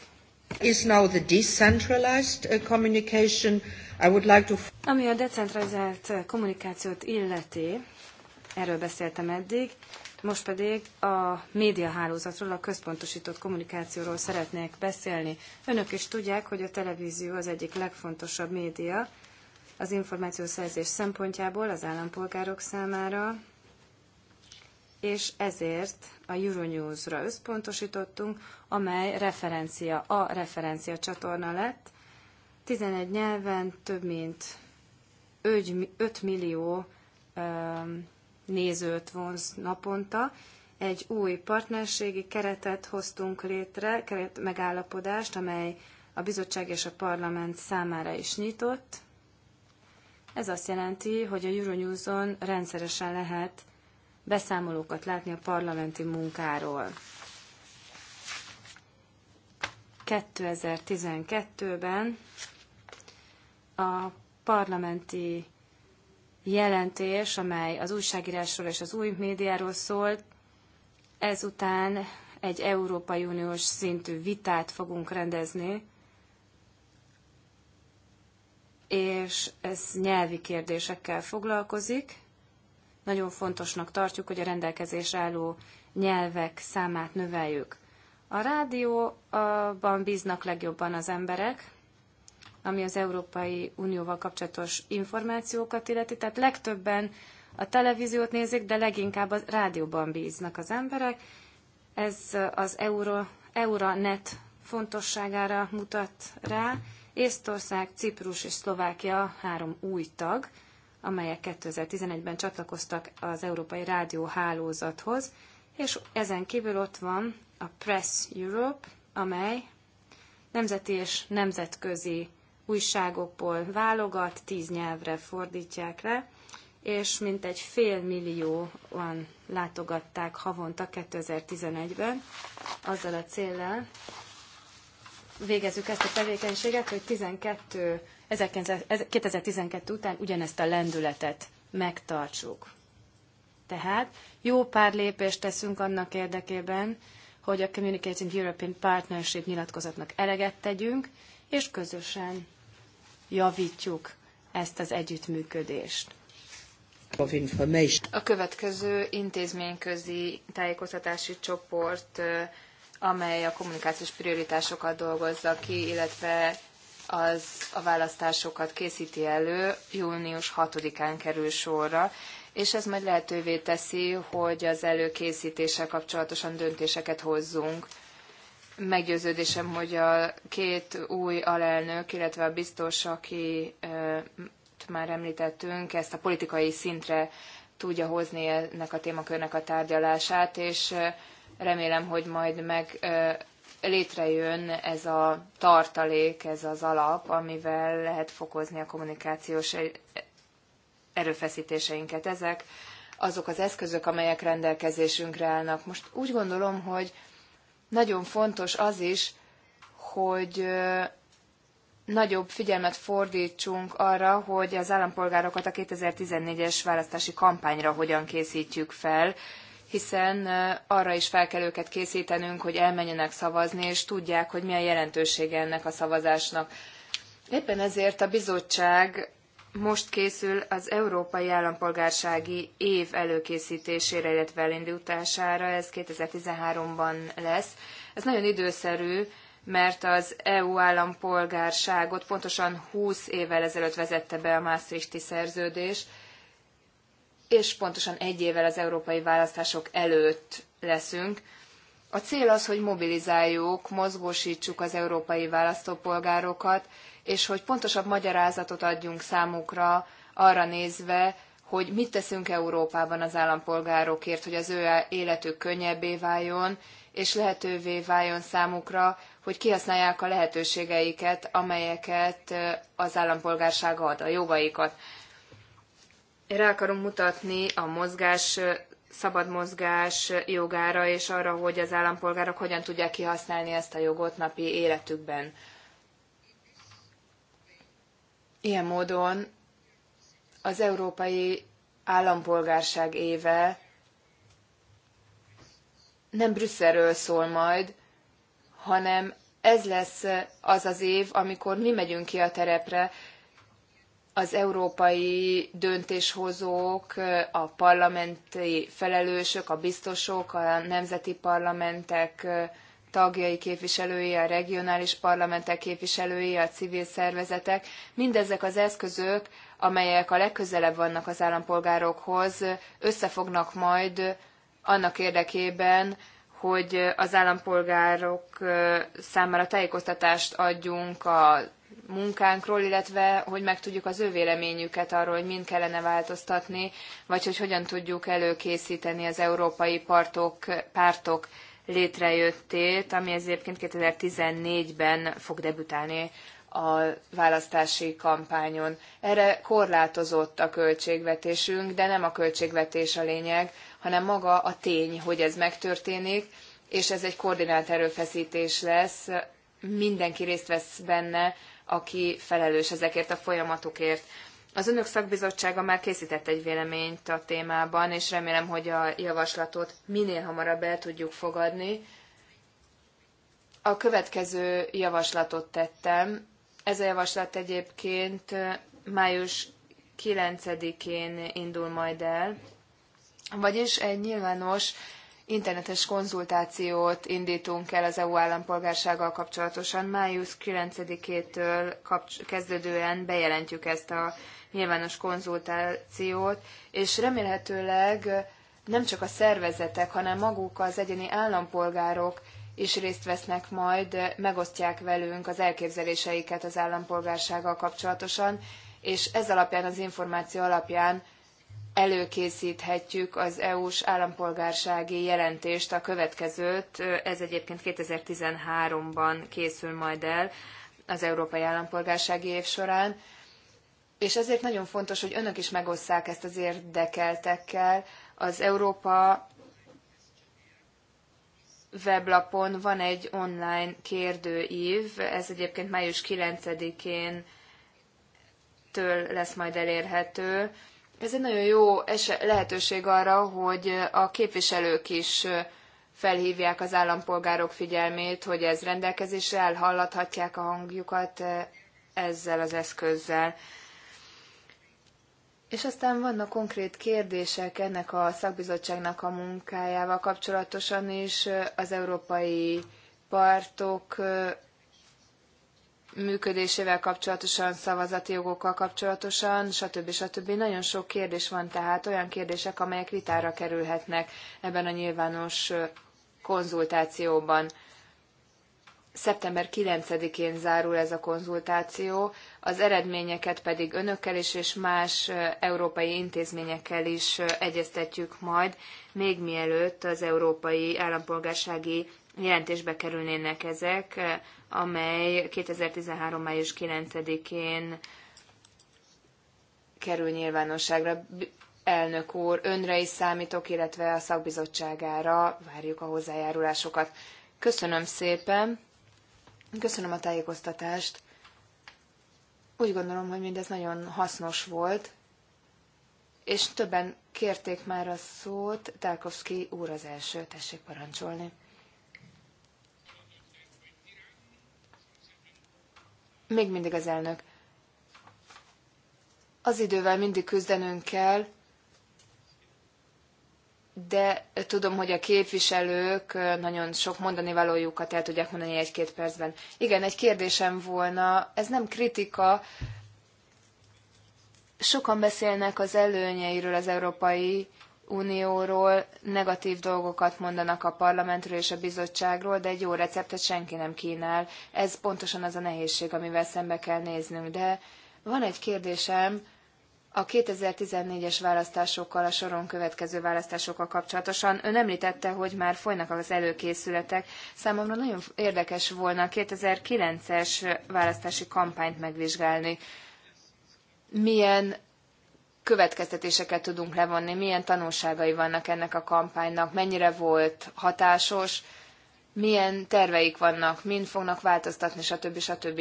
Is now the decentralized uh, communication. I would like to... Ami a decentralizált kommunikációt illeti, erről beszéltem eddig, most pedig a médiahálózatról, a központosított kommunikációról szeretnék beszélni. Önök is tudják, hogy a televízió az egyik legfontosabb média az információszerzés szempontjából az állampolgárok számára, és ezért a Euronews-ra összpontosítottunk, amely referencia, a referencia csatorna lett. 11 nyelven több mint 5 millió um, nézőt vonz naponta. Egy új partnerségi keretet hoztunk létre, keret megállapodást, amely a bizottság és a parlament számára is nyitott. Ez azt jelenti, hogy a Euronews-on rendszeresen lehet beszámolókat látni a parlamenti munkáról. 2012-ben a parlamenti jelentés, amely az újságírásról és az új médiáról szólt. Ezután egy Európai Uniós szintű vitát fogunk rendezni, és ez nyelvi kérdésekkel foglalkozik. Nagyon fontosnak tartjuk, hogy a rendelkezés álló nyelvek számát növeljük. A rádióban bíznak legjobban az emberek, ami az Európai Unióval kapcsolatos információkat illeti. Tehát legtöbben a televíziót nézik, de leginkább a rádióban bíznak az emberek. Ez az Euro, Euronet fontosságára mutat rá. Észtország, Ciprus és Szlovákia három új tag, amelyek 2011-ben csatlakoztak az Európai Rádió hálózathoz, és ezen kívül ott van a Press Europe, amely nemzeti és nemzetközi újságokból válogat, tíz nyelvre fordítják le, és mintegy fél millióan látogatták havonta 2011-ben, azzal a céllal, végezzük ezt a tevékenységet, hogy 12, 2012 után ugyanezt a lendületet megtartsuk. Tehát jó pár lépést teszünk annak érdekében, hogy a Communicating European Partnership nyilatkozatnak eleget tegyünk, és közösen javítjuk ezt az együttműködést. A következő intézményközi tájékoztatási csoport, amely a kommunikációs prioritásokat dolgozza ki, illetve az a választásokat készíti elő, június 6-án kerül sorra, és ez majd lehetővé teszi, hogy az előkészítéssel kapcsolatosan döntéseket hozzunk. Meggyőződésem, hogy a két új alelnök, illetve a biztos, aki már említettünk, ezt a politikai szintre tudja hozni ennek a témakörnek a tárgyalását, és remélem, hogy majd meg létrejön ez a tartalék, ez az alap, amivel lehet fokozni a kommunikációs e-, erőfeszítéseinket. Ezek azok az eszközök, amelyek rendelkezésünkre állnak. Most úgy gondolom, hogy nagyon fontos az is, hogy nagyobb figyelmet fordítsunk arra, hogy az állampolgárokat a 2014-es választási kampányra hogyan készítjük fel, hiszen arra is fel kell őket készítenünk, hogy elmenjenek szavazni, és tudják, hogy milyen jelentősége ennek a szavazásnak. Éppen ezért a bizottság most készül az Európai Állampolgársági Év előkészítésére, illetve elindítására, ez 2013-ban lesz. Ez nagyon időszerű, mert az EU állampolgárságot pontosan 20 évvel ezelőtt vezette be a Maastrichti szerződés, és pontosan egy évvel az európai választások előtt leszünk. A cél az, hogy mobilizáljuk, mozgósítsuk az európai választópolgárokat, és hogy pontosabb magyarázatot adjunk számukra arra nézve, hogy mit teszünk Európában az állampolgárokért, hogy az ő életük könnyebbé váljon, és lehetővé váljon számukra, hogy kihasználják a lehetőségeiket, amelyeket az állampolgárság ad, a jogaikat. Rá akarunk mutatni a mozgás, szabad mozgás jogára, és arra, hogy az állampolgárok hogyan tudják kihasználni ezt a jogot napi életükben. Ilyen módon az Európai Állampolgárság éve nem Brüsszelről szól majd, hanem ez lesz az az év, amikor mi megyünk ki a terepre, az európai döntéshozók, a parlamenti felelősök, a biztosok, a nemzeti parlamentek tagjai képviselői, a regionális parlamentek képviselői, a civil szervezetek, mindezek az eszközök, amelyek a legközelebb vannak az állampolgárokhoz, összefognak majd annak érdekében, hogy az állampolgárok számára tájékoztatást adjunk a munkánkról, illetve hogy megtudjuk az ő véleményüket arról, hogy mind kellene változtatni, vagy hogy hogyan tudjuk előkészíteni az európai partok, pártok létrejöttét, ami ez egyébként 2014-ben fog debütálni a választási kampányon. Erre korlátozott a költségvetésünk, de nem a költségvetés a lényeg, hanem maga a tény, hogy ez megtörténik, és ez egy koordinált erőfeszítés lesz. Mindenki részt vesz benne, aki felelős ezekért a folyamatokért. Az önök szakbizottsága már készített egy véleményt a témában, és remélem, hogy a javaslatot minél hamarabb el tudjuk fogadni. A következő javaslatot tettem. Ez a javaslat egyébként május 9-én indul majd el, vagyis egy nyilvános internetes konzultációt indítunk el az EU állampolgársággal kapcsolatosan. Május 9-től kezdődően bejelentjük ezt a nyilvános konzultációt, és remélhetőleg nem csak a szervezetek, hanem maguk az egyéni állampolgárok is részt vesznek majd, megosztják velünk az elképzeléseiket az állampolgársággal kapcsolatosan, és ez alapján, az információ alapján előkészíthetjük az EU-s állampolgársági jelentést, a következőt, ez egyébként 2013-ban készül majd el az Európai Állampolgársági Év során és ezért nagyon fontos, hogy önök is megosszák ezt az érdekeltekkel. Az Európa weblapon van egy online kérdőív, ez egyébként május 9-én től lesz majd elérhető. Ez egy nagyon jó lehetőség arra, hogy a képviselők is felhívják az állampolgárok figyelmét, hogy ez rendelkezésre áll, hallathatják a hangjukat ezzel az eszközzel. És aztán vannak konkrét kérdések ennek a szakbizottságnak a munkájával kapcsolatosan is, az európai partok működésével kapcsolatosan, szavazati jogokkal kapcsolatosan, stb. stb. Nagyon sok kérdés van tehát, olyan kérdések, amelyek vitára kerülhetnek ebben a nyilvános konzultációban. Szeptember 9-én zárul ez a konzultáció, az eredményeket pedig önökkel is és más európai intézményekkel is egyeztetjük majd, még mielőtt az európai állampolgársági jelentésbe kerülnének ezek, amely 2013. május 9-én kerül nyilvánosságra. Elnök úr, önre is számítok, illetve a szakbizottságára várjuk a hozzájárulásokat. Köszönöm szépen! Köszönöm a tájékoztatást. Úgy gondolom, hogy mindez nagyon hasznos volt, és többen kérték már a szót. Tálkovszki úr az első, tessék parancsolni. Még mindig az elnök. Az idővel mindig küzdenünk kell, de tudom, hogy a képviselők nagyon sok mondani valójukat el tudják mondani egy-két percben. Igen, egy kérdésem volna, ez nem kritika, sokan beszélnek az előnyeiről az Európai Unióról, negatív dolgokat mondanak a parlamentről és a bizottságról, de egy jó receptet senki nem kínál. Ez pontosan az a nehézség, amivel szembe kell néznünk. De van egy kérdésem, a 2014-es választásokkal, a soron következő választásokkal kapcsolatosan ön említette, hogy már folynak az előkészületek. Számomra nagyon érdekes volna a 2009-es választási kampányt megvizsgálni. Milyen következtetéseket tudunk levonni, milyen tanulságai vannak ennek a kampánynak, mennyire volt hatásos, milyen terveik vannak, mind fognak változtatni, stb. stb.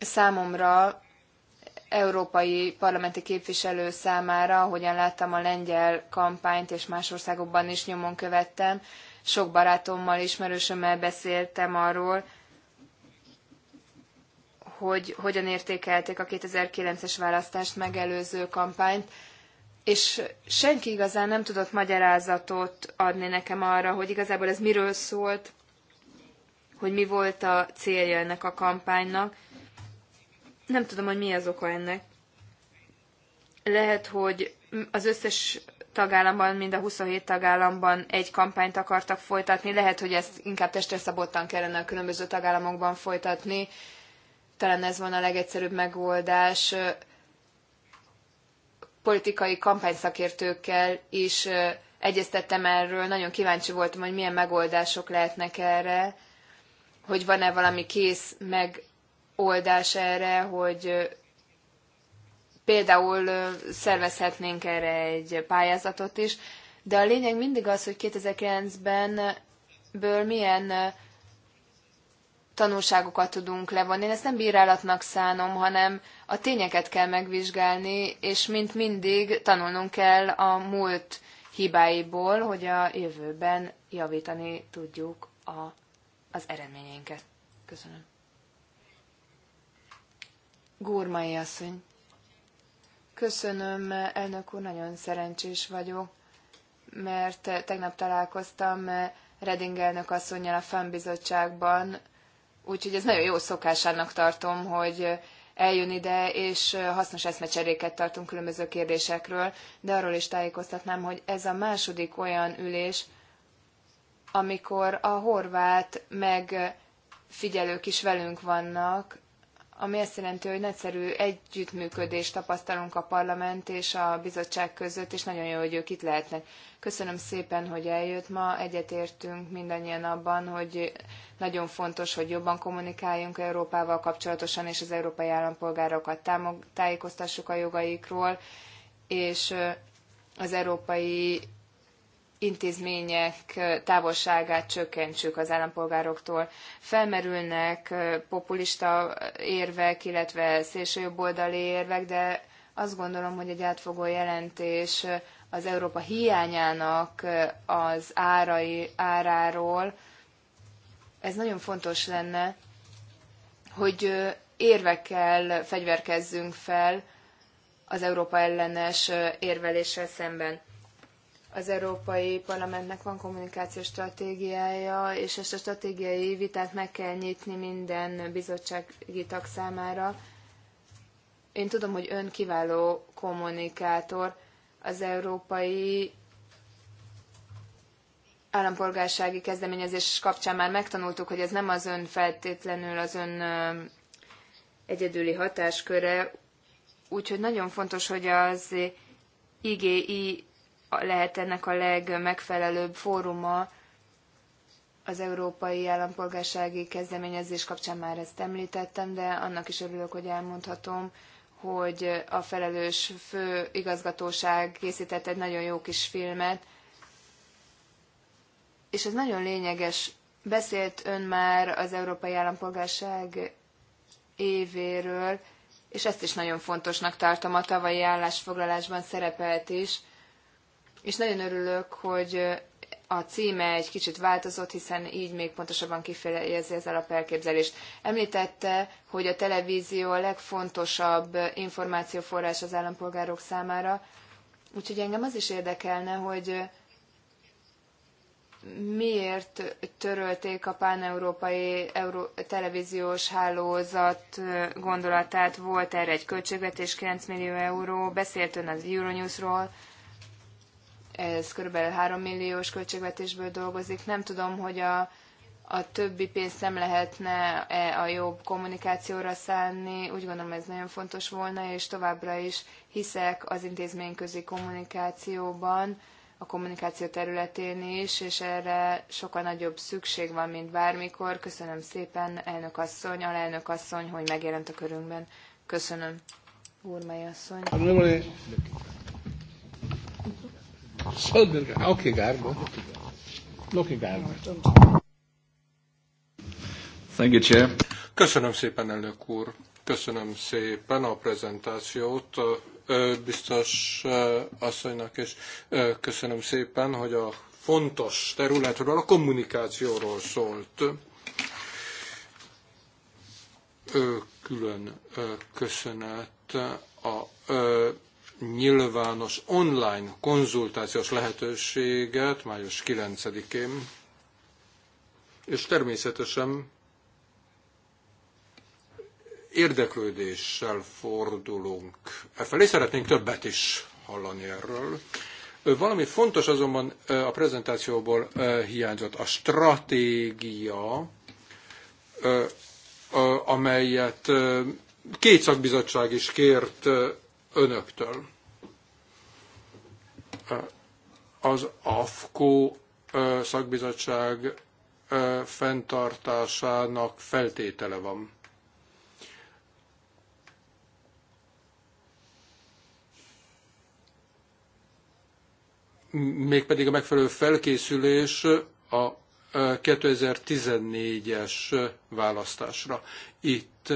Számomra európai parlamenti képviselő számára, ahogyan láttam a lengyel kampányt, és más országokban is nyomon követtem, sok barátommal, ismerősömmel beszéltem arról, hogy hogyan értékelték a 2009-es választást megelőző kampányt, és senki igazán nem tudott magyarázatot adni nekem arra, hogy igazából ez miről szólt, hogy mi volt a célja ennek a kampánynak, nem tudom, hogy mi az oka ennek. Lehet, hogy az összes tagállamban, mind a 27 tagállamban egy kampányt akartak folytatni. Lehet, hogy ezt inkább testre szabottan kellene a különböző tagállamokban folytatni. Talán ez volna a legegyszerűbb megoldás. Politikai kampányszakértőkkel is egyeztettem erről, nagyon kíváncsi voltam, hogy milyen megoldások lehetnek erre, hogy van-e valami kész, meg oldás erre, hogy például szervezhetnénk erre egy pályázatot is, de a lényeg mindig az, hogy 2009-ben ből milyen tanulságokat tudunk levonni. Én ezt nem bírálatnak szánom, hanem a tényeket kell megvizsgálni, és mint mindig tanulnunk kell a múlt hibáiból, hogy a jövőben javítani tudjuk a, az eredményeinket. Köszönöm. Gurmai asszony. Köszönöm, elnök úr, nagyon szerencsés vagyok, mert tegnap találkoztam Reding elnök asszonynal a fennbizottságban, úgyhogy ez nagyon jó szokásának tartom, hogy eljön ide, és hasznos eszmecseréket tartunk különböző kérdésekről, de arról is tájékoztatnám, hogy ez a második olyan ülés, amikor a horvát megfigyelők is velünk vannak, ami azt jelenti, hogy nagyszerű együttműködést tapasztalunk a parlament és a bizottság között, és nagyon jó, hogy ők itt lehetnek. Köszönöm szépen, hogy eljött ma, egyetértünk mindannyian abban, hogy nagyon fontos, hogy jobban kommunikáljunk Európával kapcsolatosan, és az európai állampolgárokat tájékoztassuk a jogaikról, és az európai intézmények távolságát csökkentsük az állampolgároktól. Felmerülnek populista érvek, illetve szélsőjobboldali érvek, de azt gondolom, hogy egy átfogó jelentés az Európa hiányának az árai, áráról, ez nagyon fontos lenne, hogy érvekkel fegyverkezzünk fel az Európa ellenes érveléssel szemben az Európai Parlamentnek van kommunikációs stratégiája, és ezt a stratégiai vitát meg kell nyitni minden bizottsági tag számára. Én tudom, hogy ön kiváló kommunikátor. Az európai állampolgársági kezdeményezés kapcsán már megtanultuk, hogy ez nem az ön feltétlenül az ön egyedüli hatásköre, úgyhogy nagyon fontos, hogy az IGI lehet ennek a legmegfelelőbb fóruma az európai állampolgársági kezdeményezés kapcsán már ezt említettem, de annak is örülök, hogy elmondhatom, hogy a felelős főigazgatóság készített egy nagyon jó kis filmet, és ez nagyon lényeges. Beszélt ön már az európai állampolgárság évéről, és ezt is nagyon fontosnak tartom, a tavalyi állásfoglalásban szerepelt is – és nagyon örülök, hogy a címe egy kicsit változott, hiszen így még pontosabban kifejezi a alapelképzelést. Említette, hogy a televízió a legfontosabb információforrás az állampolgárok számára, úgyhogy engem az is érdekelne, hogy miért törölték a pán-európai euró, televíziós hálózat gondolatát, volt erre egy költségvetés 9 millió euró, beszélt ön az Euronewsról, ez körülbelül 3 milliós költségvetésből dolgozik. Nem tudom, hogy a, a többi pénzt nem lehetne -e a jobb kommunikációra szállni. Úgy gondolom, ez nagyon fontos volna, és továbbra is hiszek az intézményközi kommunikációban, a kommunikáció területén is, és erre sokkal nagyobb szükség van, mint bármikor. Köszönöm szépen, elnök asszony, alelnök asszony, hogy megjelent a körünkben. Köszönöm. Úrmai asszony. Hát Södergaard. oké Garbo. Loki Garbo. Thank you, Chair. Köszönöm szépen, elnök úr. Köszönöm szépen a prezentációt biztos asszonynak, és köszönöm szépen, hogy a fontos területről, a kommunikációról szólt. Külön köszönet a nyilvános online konzultációs lehetőséget május 9-én, és természetesen érdeklődéssel fordulunk e felé, Szeretnénk többet is hallani erről. Valami fontos azonban e, a prezentációból e, hiányzott, a stratégia, amelyet két szakbizottság is kért önöktől. Az AFKO szakbizottság fenntartásának feltétele van. Mégpedig a megfelelő felkészülés a 2014-es választásra. Itt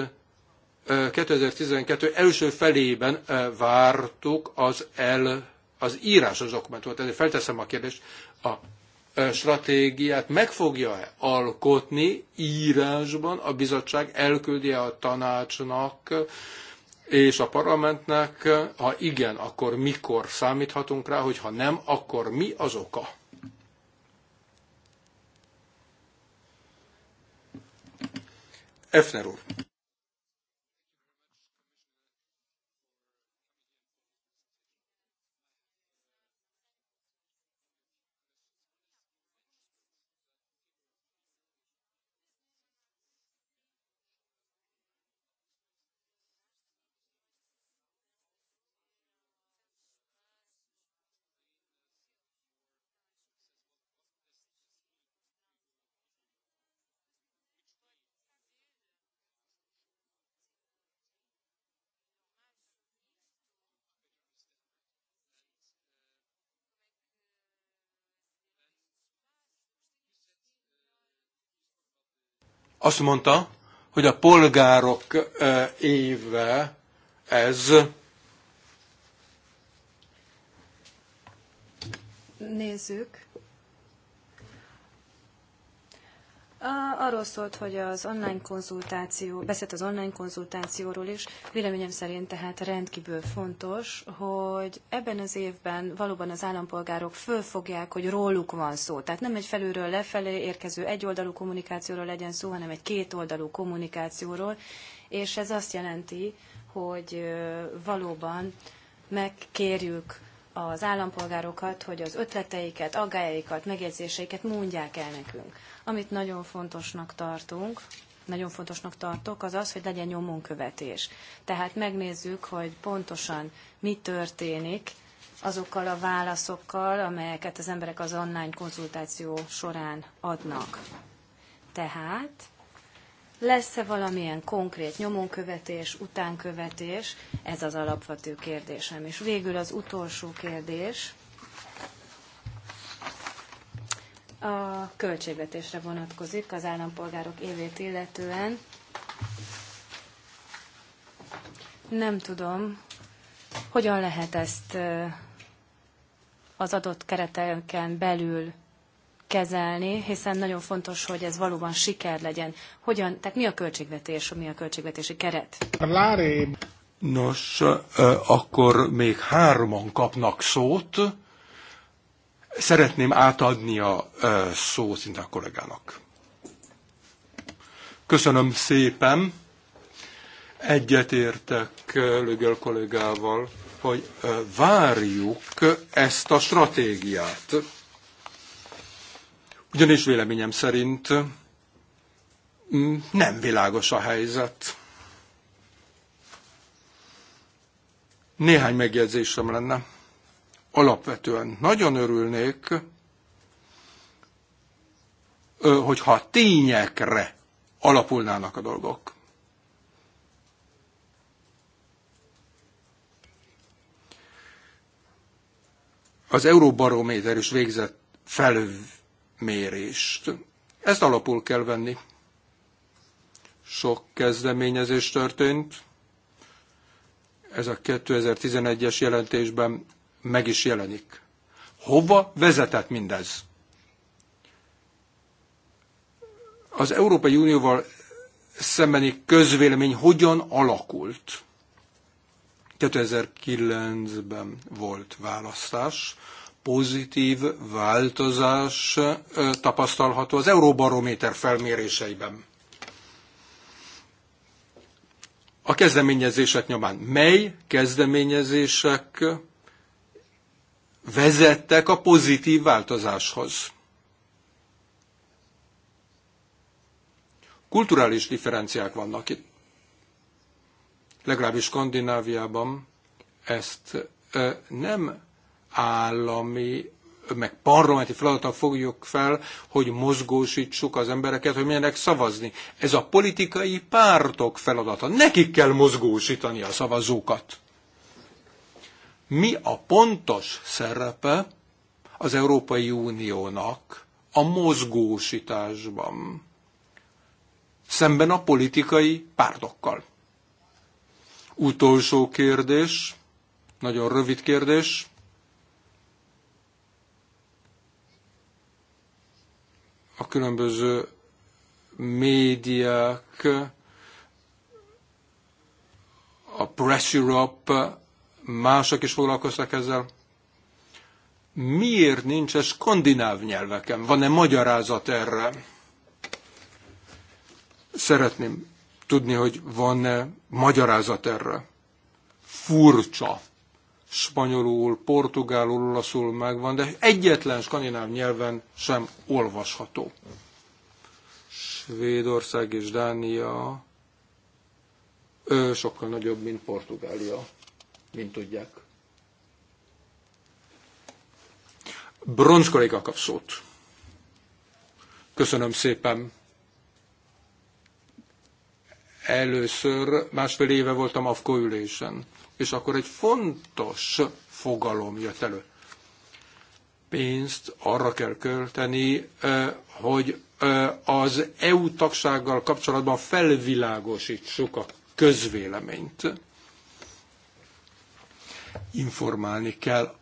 2012 első felében vártuk az, el, az írásos dokumentumot, ezért felteszem a kérdést, a stratégiát meg fogja-e alkotni írásban a bizottság, elküldi -e a tanácsnak és a parlamentnek, ha igen, akkor mikor számíthatunk rá, hogy ha nem, akkor mi az oka? Efner úr. Azt mondta, hogy a polgárok éve ez. Nézzük A, arról szólt, hogy az online konzultáció, beszélt az online konzultációról is, véleményem szerint tehát rendkívül fontos, hogy ebben az évben valóban az állampolgárok fölfogják, hogy róluk van szó. Tehát nem egy felülről lefelé érkező egyoldalú kommunikációról legyen szó, hanem egy kétoldalú kommunikációról, és ez azt jelenti, hogy valóban megkérjük az állampolgárokat, hogy az ötleteiket, aggájaikat, megjegyzéseiket mondják el nekünk. Amit nagyon fontosnak tartunk, nagyon fontosnak tartok, az az, hogy legyen nyomonkövetés. Tehát megnézzük, hogy pontosan mi történik azokkal a válaszokkal, amelyeket az emberek az online konzultáció során adnak. Tehát lesz-e valamilyen konkrét nyomonkövetés, utánkövetés? Ez az alapvető kérdésem. És végül az utolsó kérdés a költségvetésre vonatkozik az állampolgárok évét illetően. Nem tudom, hogyan lehet ezt az adott kereteken belül kezelni, hiszen nagyon fontos, hogy ez valóban siker legyen. Hogyan, tehát mi a költségvetés, mi a költségvetési keret? Nos, akkor még hárman kapnak szót. Szeretném átadni a szót szinte a kollégának. Köszönöm szépen. Egyetértek Lögöl kollégával, hogy várjuk ezt a stratégiát ugyanis véleményem szerint mm, nem világos a helyzet. Néhány megjegyzésem lenne. Alapvetően nagyon örülnék, hogyha tényekre alapulnának a dolgok. Az Euróbarométer is végzett fel mérést. Ezt alapul kell venni. Sok kezdeményezés történt. Ez a 2011-es jelentésben meg is jelenik. Hova vezetett mindez? Az Európai Unióval szembeni közvélemény hogyan alakult? 2009-ben volt választás, pozitív változás tapasztalható az Euróbarométer felméréseiben. A kezdeményezések nyomán mely kezdeményezések vezettek a pozitív változáshoz? Kulturális differenciák vannak itt. Legalábbis Skandináviában ezt nem állami meg parlamenti feladatot fogjuk fel, hogy mozgósítsuk az embereket, hogy milyenek szavazni. Ez a politikai pártok feladata. Nekik kell mozgósítani a szavazókat. Mi a pontos szerepe az Európai Uniónak a mozgósításban szemben a politikai pártokkal? Utolsó kérdés, nagyon rövid kérdés a különböző médiák, a Press Europe, mások is foglalkoztak ezzel. Miért nincs ez skandináv nyelveken? Van-e magyarázat erre? Szeretném tudni, hogy van-e magyarázat erre. Furcsa spanyolul, portugálul, olaszul megvan, de egyetlen skandináv nyelven sem olvasható. Svédország és Dánia Ő sokkal nagyobb, mint Portugália, mint tudják. Bronz kolléga kap szót. Köszönöm szépen. Először másfél éve voltam AFKO ülésen és akkor egy fontos fogalom jött elő. Pénzt arra kell költeni, hogy az EU tagsággal kapcsolatban felvilágosítsuk a közvéleményt. Informálni kell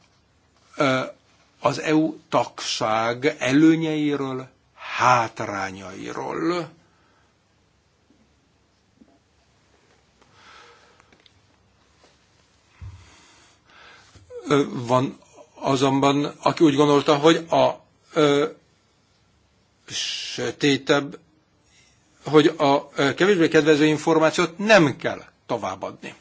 az EU tagság előnyeiről, hátrányairól Van azonban, aki úgy gondolta, hogy a ö, sötétebb, hogy a ö, kevésbé kedvező információt nem kell továbbadni.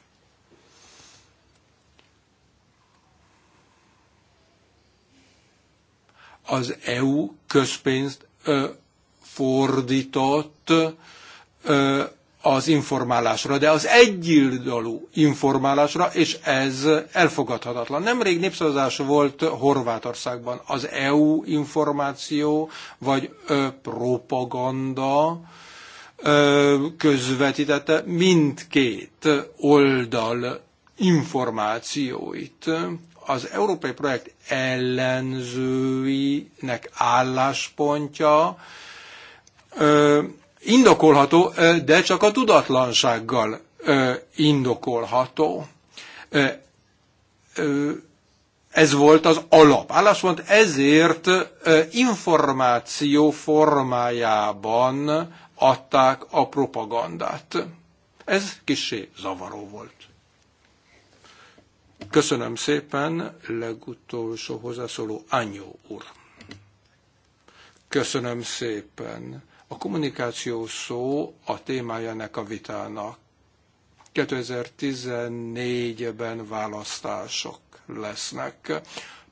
Az EU közpénzt ö, fordított ö, az informálásra, de az egyildalú informálásra, és ez elfogadhatatlan. Nemrég népszavazás volt Horvátországban az EU információ vagy ö, propaganda ö, közvetítette mindkét oldal információit. Az európai projekt ellenzőinek álláspontja ö, indokolható, de csak a tudatlansággal indokolható. Ez volt az alap. alapálláspont, ezért információ formájában adták a propagandát. Ez kisé zavaró volt. Köszönöm szépen, legutolsó hozzászóló Anyó úr. Köszönöm szépen a kommunikáció szó a témája ennek a vitának. 2014-ben választások lesznek.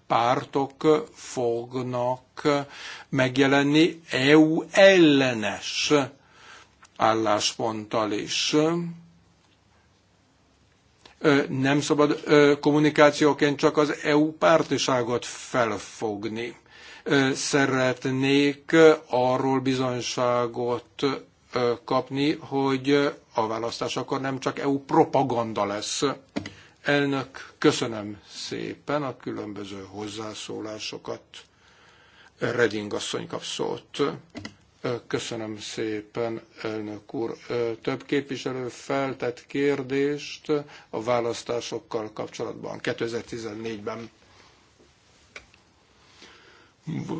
Pártok fognak megjelenni EU ellenes állásponttal is. Nem szabad kommunikációként csak az EU pártiságot felfogni. Szeretnék arról bizonyságot kapni, hogy a választás akkor nem csak EU propaganda lesz. Elnök, köszönöm szépen a különböző hozzászólásokat. Reding asszony kap szót. Köszönöm szépen, elnök úr. Több képviselő feltett kérdést a választásokkal kapcsolatban 2014-ben.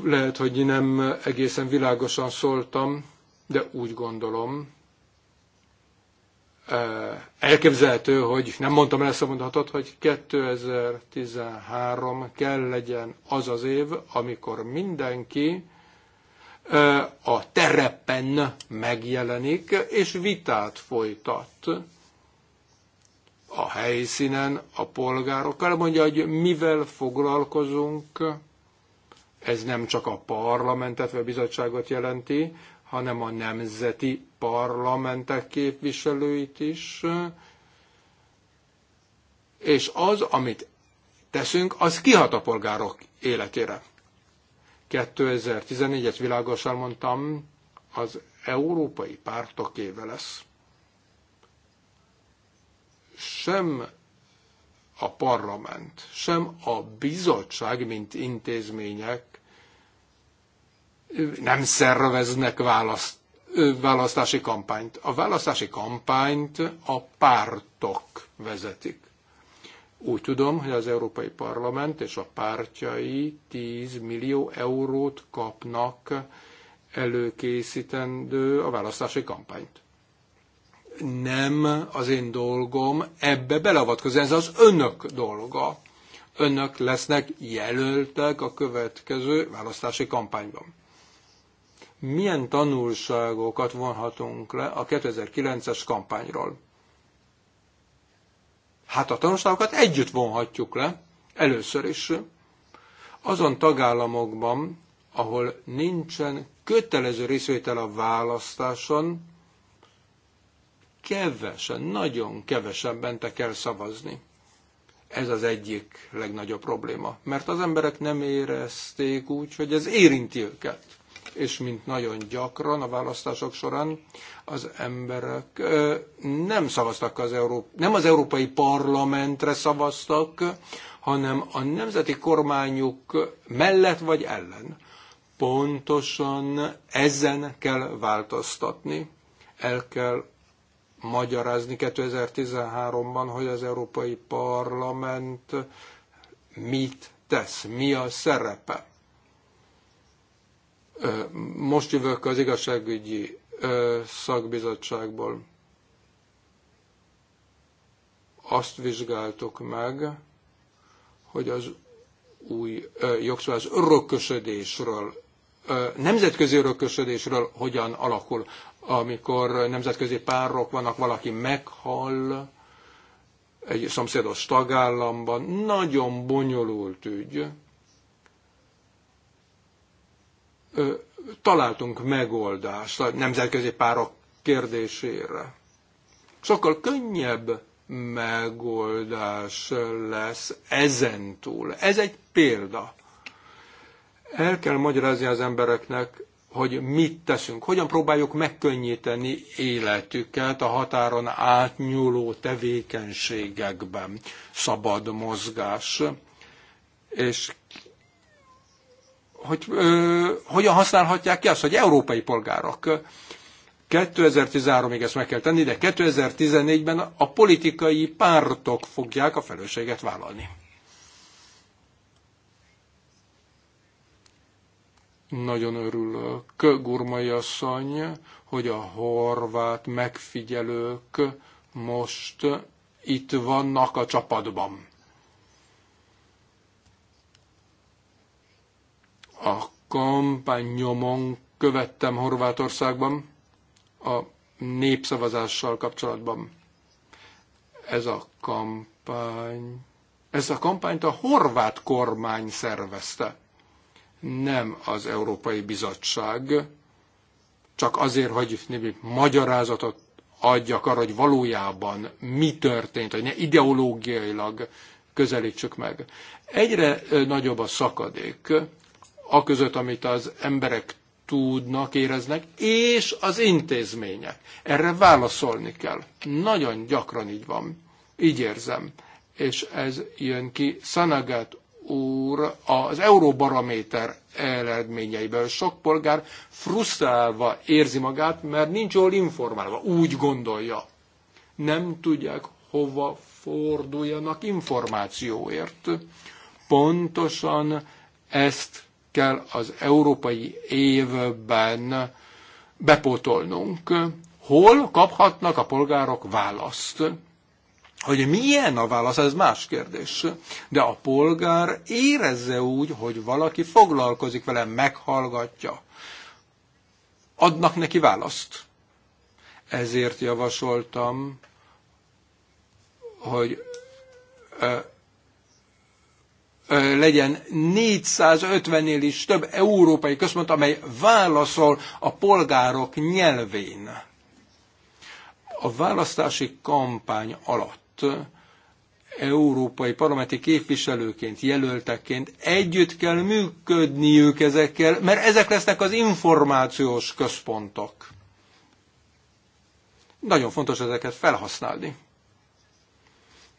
Lehet, hogy nem egészen világosan szóltam, de úgy gondolom, e, elképzelhető, hogy nem mondtam el ezt a mondatot, hogy 2013 kell legyen az az év, amikor mindenki e, a terepen megjelenik, és vitát folytat a helyszínen a polgárokkal, mondja, hogy mivel foglalkozunk ez nem csak a parlamentet vagy a bizottságot jelenti, hanem a nemzeti parlamentek képviselőit is. És az, amit teszünk, az kihat a polgárok életére. 2014-et világosan mondtam, az európai pártokéve lesz. Sem a parlament, sem a bizottság, mint intézmények nem szerveznek választ, választási kampányt. A választási kampányt a pártok vezetik. Úgy tudom, hogy az Európai Parlament és a pártjai 10 millió eurót kapnak előkészítendő a választási kampányt. Nem az én dolgom ebbe beleavatkozni, ez az önök dolga. Önök lesznek jelöltek a következő választási kampányban milyen tanulságokat vonhatunk le a 2009-es kampányról? Hát a tanulságokat együtt vonhatjuk le, először is. Azon tagállamokban, ahol nincsen kötelező részvétel a választáson, kevesen, nagyon kevesebben te kell szavazni. Ez az egyik legnagyobb probléma, mert az emberek nem érezték úgy, hogy ez érinti őket és mint nagyon gyakran a választások során az emberek nem szavaztak az Európa, nem az Európai Parlamentre szavaztak, hanem a nemzeti kormányuk mellett vagy ellen. Pontosan ezen kell változtatni. El kell magyarázni 2013-ban, hogy az Európai Parlament mit tesz, mi a szerepe most jövök az igazságügyi szakbizottságból. Azt vizsgáltuk meg, hogy az új jogszabály az örökösödésről, nemzetközi örökösödésről hogyan alakul, amikor nemzetközi párok vannak, valaki meghal egy szomszédos tagállamban, nagyon bonyolult ügy, találtunk megoldást a nemzetközi párok kérdésére. Sokkal könnyebb megoldás lesz ezentúl. Ez egy példa. El kell magyarázni az embereknek, hogy mit teszünk, hogyan próbáljuk megkönnyíteni életüket a határon átnyúló tevékenységekben. Szabad mozgás, és hogy ö, hogyan használhatják ki azt, hogy európai polgárok 2013-ig ezt meg kell tenni, de 2014-ben a politikai pártok fogják a felelősséget vállalni. Nagyon örülök, Gurmai asszony, hogy a horvát megfigyelők most itt vannak a csapatban. a kampánynyomon követtem Horvátországban a népszavazással kapcsolatban. Ez a kampány, ez a kampányt a horvát kormány szervezte, nem az Európai Bizottság, csak azért, hogy magyarázatot adjak arra, hogy valójában mi történt, hogy ne ideológiailag közelítsük meg. Egyre nagyobb a szakadék aközött, amit az emberek tudnak, éreznek, és az intézmények. Erre válaszolni kell. Nagyon gyakran így van. Így érzem. És ez jön ki Szanagát úr az Euróbarométer eredményeiből. Sok polgár frusztrálva érzi magát, mert nincs jól informálva. Úgy gondolja. Nem tudják, hova forduljanak információért. Pontosan ezt kell az európai évben bepótolnunk. Hol kaphatnak a polgárok választ? Hogy milyen a válasz, ez más kérdés. De a polgár érezze úgy, hogy valaki foglalkozik vele, meghallgatja. Adnak neki választ. Ezért javasoltam, hogy legyen 450-nél is több európai központ, amely válaszol a polgárok nyelvén. A választási kampány alatt európai parlamenti képviselőként, jelöltekként együtt kell működniük ezekkel, mert ezek lesznek az információs központok. Nagyon fontos ezeket felhasználni.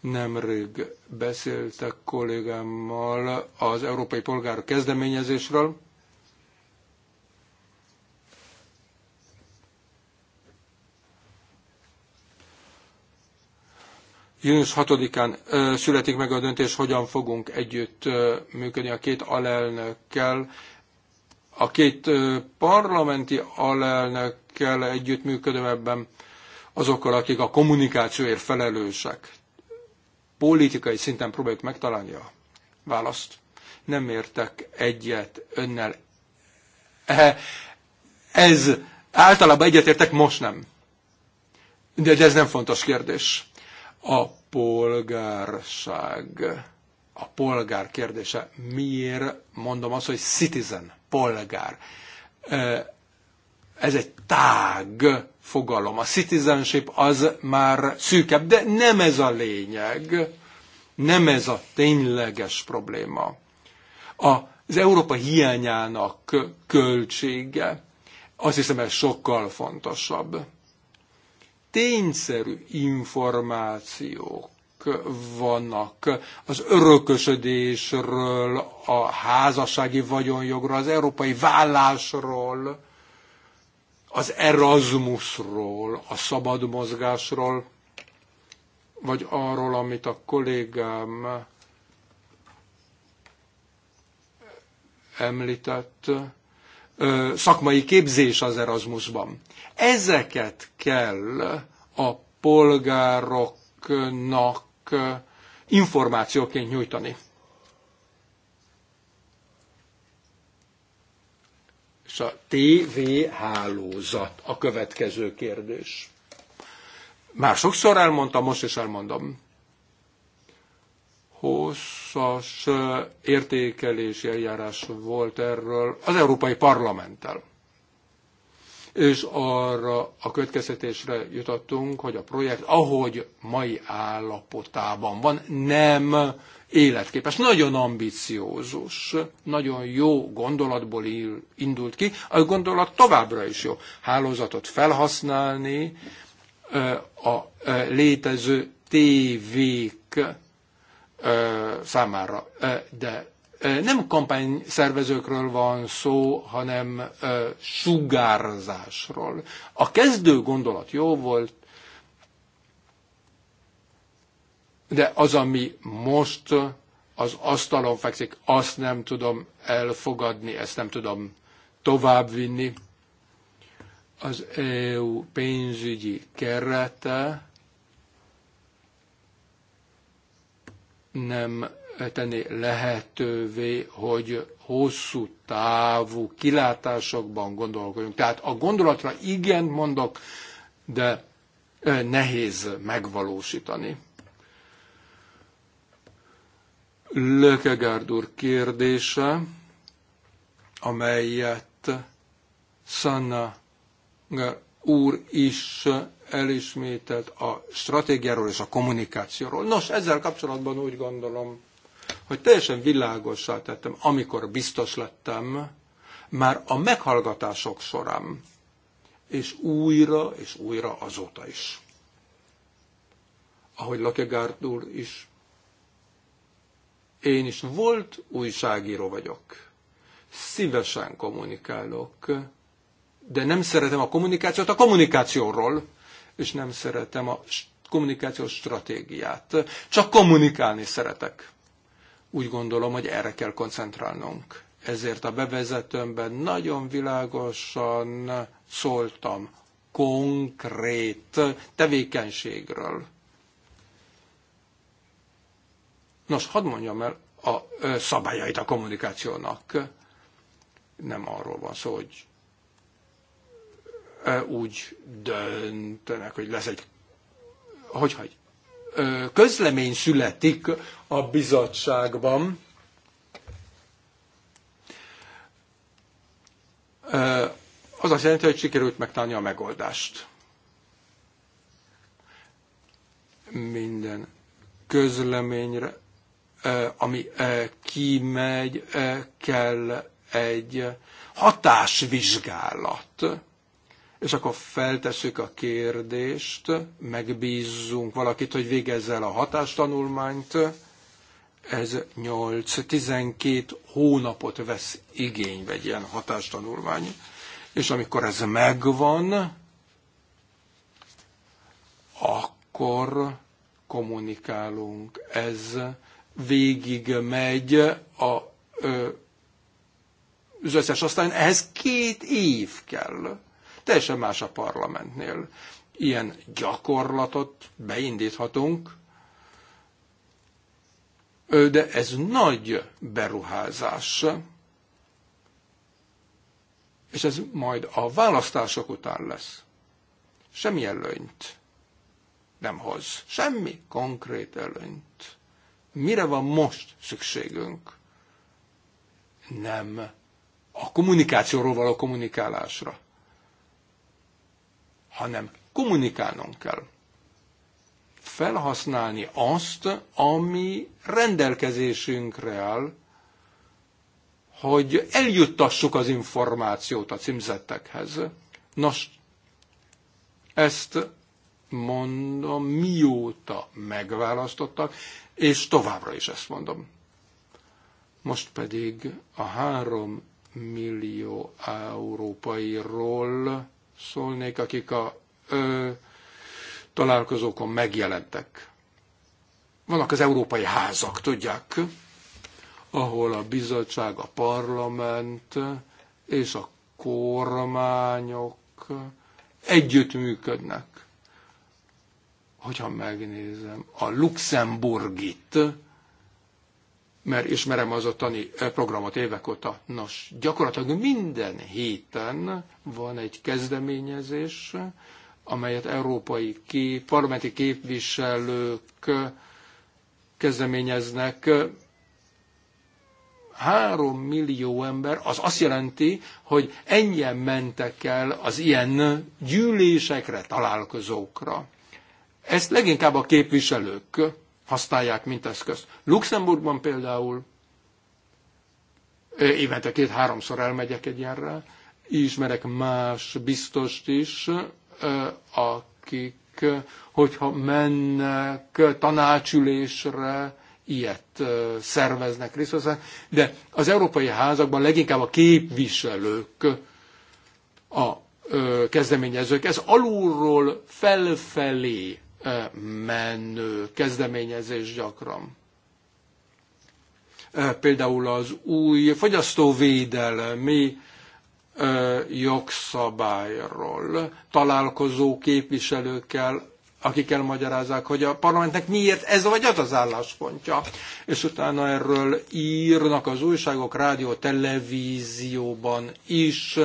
Nemrég beszéltek kollégámmal az Európai Polgárok kezdeményezésről, június 6-án születik meg a döntés, hogyan fogunk együtt működni a két alelnökkel. A két parlamenti alelnökkel együtt működöm ebben azokkal, akik a kommunikációért felelősek politikai szinten próbáljuk megtalálni a választ. Nem értek egyet önnel. Ez általában egyetértek, most nem. De, de ez nem fontos kérdés. A polgárság, a polgár kérdése. Miért mondom azt, hogy citizen, polgár? Ez egy tág fogalom. A citizenship az már szűkebb, de nem ez a lényeg, nem ez a tényleges probléma. Az Európa hiányának költsége, azt hiszem ez sokkal fontosabb. Tényszerű információk vannak az örökösödésről, a házassági vagyonjogról, az európai vállásról, az Erasmusról, a szabad mozgásról, vagy arról, amit a kollégám említett, szakmai képzés az Erasmusban. Ezeket kell a polgároknak információként nyújtani. És a TV hálózat a következő kérdés. Már sokszor elmondtam, most is elmondom. Hosszas értékelési eljárás volt erről az Európai Parlamenttel és arra a következtetésre jutottunk, hogy a projekt, ahogy mai állapotában van, nem életképes, nagyon ambiciózus, nagyon jó gondolatból indult ki, a gondolat továbbra is jó. Hálózatot felhasználni, a létező tévék számára, de nem kampányszervezőkről van szó, hanem sugárzásról. A kezdő gondolat jó volt, de az, ami most az asztalon fekszik, azt nem tudom elfogadni, ezt nem tudom továbbvinni. Az EU pénzügyi kerete nem tenni lehetővé, hogy hosszú távú kilátásokban gondolkodjunk. Tehát a gondolatra igen mondok, de nehéz megvalósítani. Lökegárd úr kérdése, amelyet Sanna úr is elismételt a stratégiáról és a kommunikációról. Nos, ezzel kapcsolatban úgy gondolom, hogy teljesen világossá tettem, amikor biztos lettem, már a meghallgatások során, és újra és újra azóta is. Ahogy Lakegárd úr is. Én is volt újságíró vagyok. Szívesen kommunikálok, de nem szeretem a kommunikációt a kommunikációról, és nem szeretem a kommunikációs stratégiát. Csak kommunikálni szeretek. Úgy gondolom, hogy erre kell koncentrálnunk. Ezért a bevezetőmben nagyon világosan szóltam konkrét tevékenységről. Nos, hadd mondjam el a szabályait a kommunikációnak. Nem arról van szó, hogy úgy döntenek, hogy lesz egy hogy hagy közlemény születik a bizottságban, az azt jelenti, hogy sikerült megtalálni a megoldást. Minden közleményre, ami kimegy, kell egy hatásvizsgálat és akkor feltesszük a kérdést, megbízzunk valakit, hogy végezze el a hatástanulmányt, ez 8-12 hónapot vesz igénybe egy ilyen hatástanulmány, és amikor ez megvan, akkor kommunikálunk. Ez végig megy a, ö, az összes aztán ehhez két év kell Teljesen más a parlamentnél. Ilyen gyakorlatot beindíthatunk, de ez nagy beruházás. És ez majd a választások után lesz. Semmi előnyt nem hoz. Semmi konkrét előnyt. Mire van most szükségünk? Nem a kommunikációról való kommunikálásra hanem kommunikálnunk kell. Felhasználni azt, ami rendelkezésünkre áll, hogy eljuttassuk az információt a címzettekhez. Nos, ezt mondom, mióta megválasztottak, és továbbra is ezt mondom. Most pedig a három millió európairól szólnék, akik a ö, találkozókon megjelentek. Vannak az európai házak, tudják, ahol a bizottság, a parlament és a kormányok együttműködnek. Hogyha megnézem a luxemburgit, mert ismerem az ottani eh, programot évek óta. Nos, gyakorlatilag minden héten van egy kezdeményezés, amelyet európai kép, parlamenti képviselők eh, kezdeményeznek. Három millió ember, az azt jelenti, hogy ennyien mentek el az ilyen gyűlésekre, találkozókra. Ezt leginkább a képviselők használják, mint eszközt. Luxemburgban például évente két-háromszor elmegyek egy ilyenre, ismerek más biztost is, akik, hogyha mennek tanácsülésre, ilyet szerveznek részt de az európai házakban leginkább a képviselők a kezdeményezők. Ez alulról felfelé menő kezdeményezés gyakran. Például az új fogyasztóvédelmi jogszabályról találkozó képviselőkkel, akik elmagyarázzák, hogy a parlamentnek miért ez vagy az az álláspontja, és utána erről írnak az újságok, rádió, televízióban is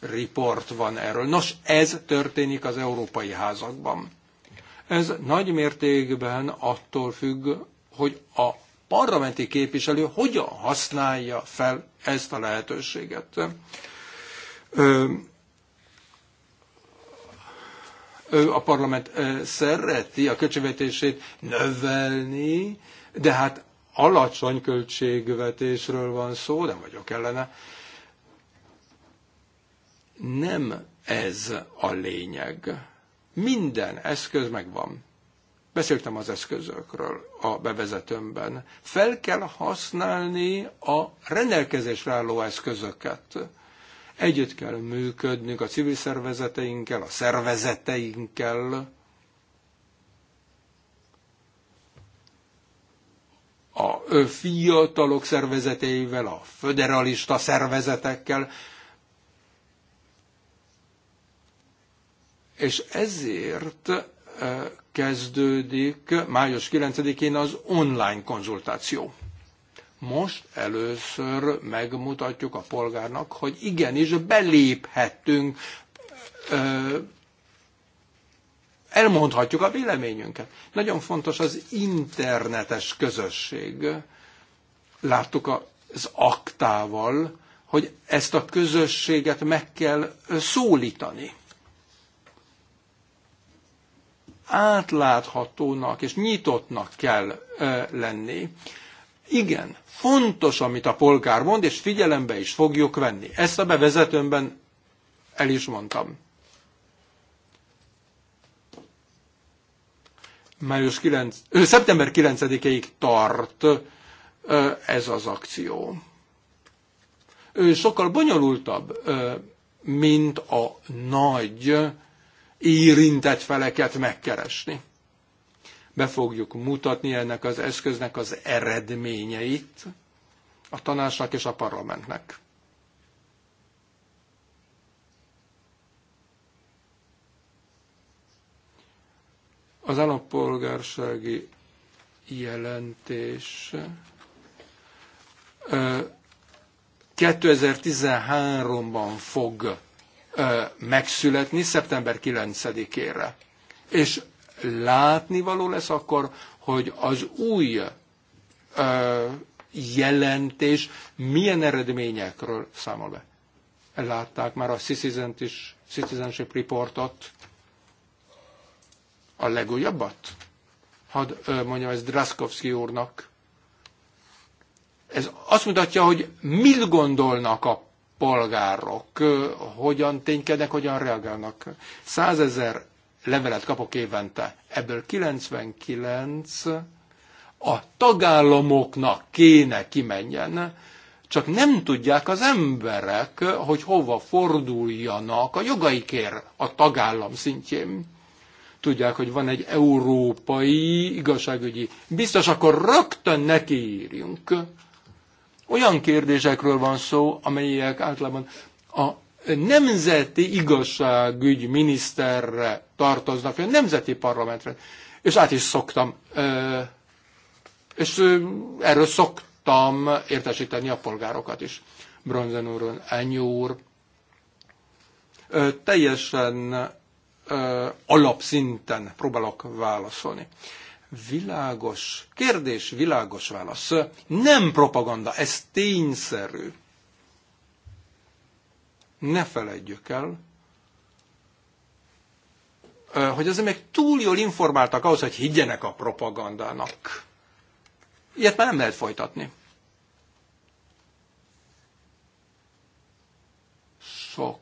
riport van erről. Nos, ez történik az európai házakban. Ez nagy mértékben attól függ, hogy a parlamenti képviselő hogyan használja fel ezt a lehetőséget. A parlament szereti a költségvetését növelni, de hát alacsony költségvetésről van szó, nem vagyok ellene. Nem ez a lényeg minden eszköz megvan. Beszéltem az eszközökről a bevezetőmben. Fel kell használni a rendelkezésre álló eszközöket. Együtt kell működnünk a civil szervezeteinkkel, a szervezeteinkkel, a fiatalok szervezeteivel, a föderalista szervezetekkel, És ezért eh, kezdődik május 9-én az online konzultáció. Most először megmutatjuk a polgárnak, hogy igenis beléphetünk. Eh, elmondhatjuk a véleményünket. Nagyon fontos az internetes közösség. Láttuk az aktával, hogy ezt a közösséget meg kell szólítani átláthatónak és nyitottnak kell lenni. Igen, fontos, amit a polgár mond, és figyelembe is fogjuk venni. Ezt a bevezetőmben el is mondtam. Május 9, ö, szeptember 9-ig tart ö, ez az akció. Ö, sokkal bonyolultabb, ö, mint a nagy érintett feleket megkeresni. Be fogjuk mutatni ennek az eszköznek az eredményeit a tanácsnak és a parlamentnek. Az állampolgársági jelentés 2013-ban fog megszületni szeptember 9-ére. És látnivaló lesz akkor, hogy az új jelentés milyen eredményekről számol be. Látták már a Citizenship Reportot, a legújabbat? Hadd mondjam, ez Draskovski úrnak. Ez azt mutatja, hogy mit gondolnak a polgárok hogyan ténykednek, hogyan reagálnak. Százezer levelet kapok évente, ebből 99 a tagállamoknak kéne kimenjen, csak nem tudják az emberek, hogy hova forduljanak a jogaikért a tagállam szintjén. Tudják, hogy van egy európai igazságügyi biztos, akkor rögtön nekiírjunk olyan kérdésekről van szó, amelyek általában a nemzeti igazságügy miniszterre tartoznak, a nemzeti parlamentre. És át is szoktam, és erről szoktam értesíteni a polgárokat is. Bronzen úr, Ennyi úr, teljesen alapszinten próbálok válaszolni. Világos kérdés, világos válasz. Nem propaganda, ez tényszerű. Ne feledjük el, hogy az emberek túl jól informáltak ahhoz, hogy higgyenek a propagandának. Ilyet már nem lehet folytatni. Sok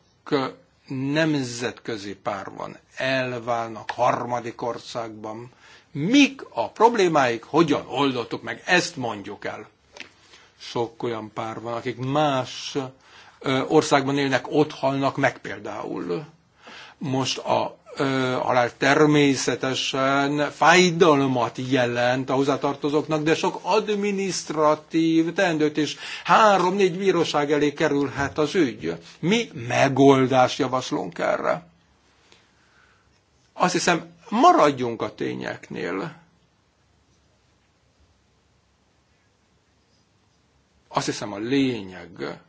nemzetközi pár van, elválnak harmadik országban, mik a problémáik, hogyan oldottuk meg, ezt mondjuk el. Sok olyan pár van, akik más országban élnek, ott halnak meg például. Most a halál természetesen fájdalmat jelent a hozzátartozóknak, de sok adminisztratív teendőt is három-négy bíróság elé kerülhet az ügy. Mi megoldást javaslunk erre? Azt hiszem, Maradjunk a tényeknél. Azt hiszem a lényeg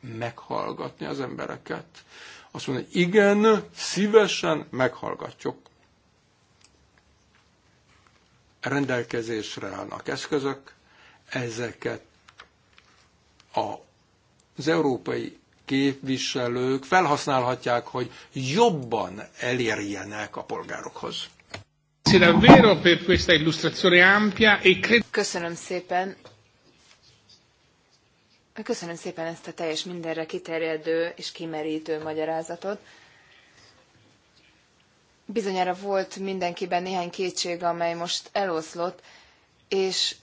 meghallgatni az embereket. Azt mondani, igen, szívesen meghallgatjuk. Rendelkezésre állnak eszközök, ezeket a, az európai képviselők felhasználhatják, hogy jobban elérjenek a polgárokhoz. E Köszönöm szépen. Köszönöm szépen ezt a teljes mindenre kiterjedő és kimerítő magyarázatot. Bizonyára volt mindenkiben néhány kétség, amely most eloszlott, és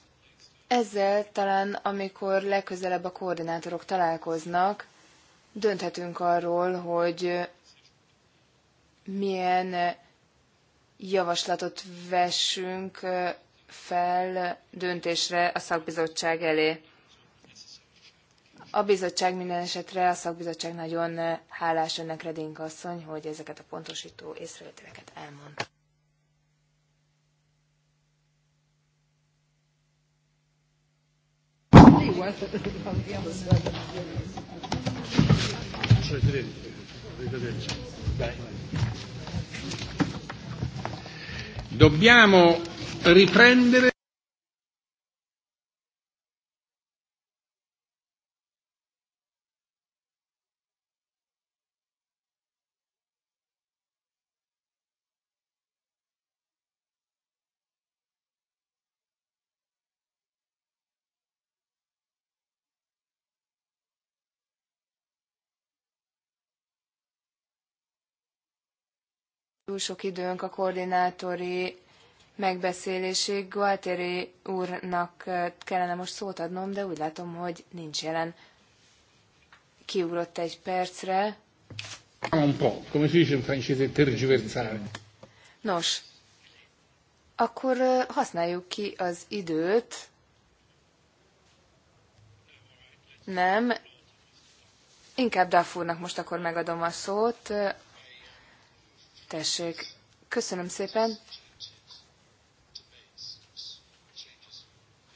ezzel talán, amikor legközelebb a koordinátorok találkoznak, dönthetünk arról, hogy milyen javaslatot vessünk fel döntésre a szakbizottság elé. A bizottság minden esetre, a szakbizottság nagyon hálás önnek, Redink asszony, hogy ezeket a pontosító észrevételeket elmondta. Presidente, arrivederci. Dobbiamo riprendere. túl sok időnk a koordinátori megbeszélésig. Gualtieri úrnak kellene most szót adnom, de úgy látom, hogy nincs jelen. Kiugrott egy percre. Un po', come dice francese, tergiversare. Nos, akkor használjuk ki az időt. Nem, inkább Dafurnak most akkor megadom a szót, Tessék. Köszönöm szépen.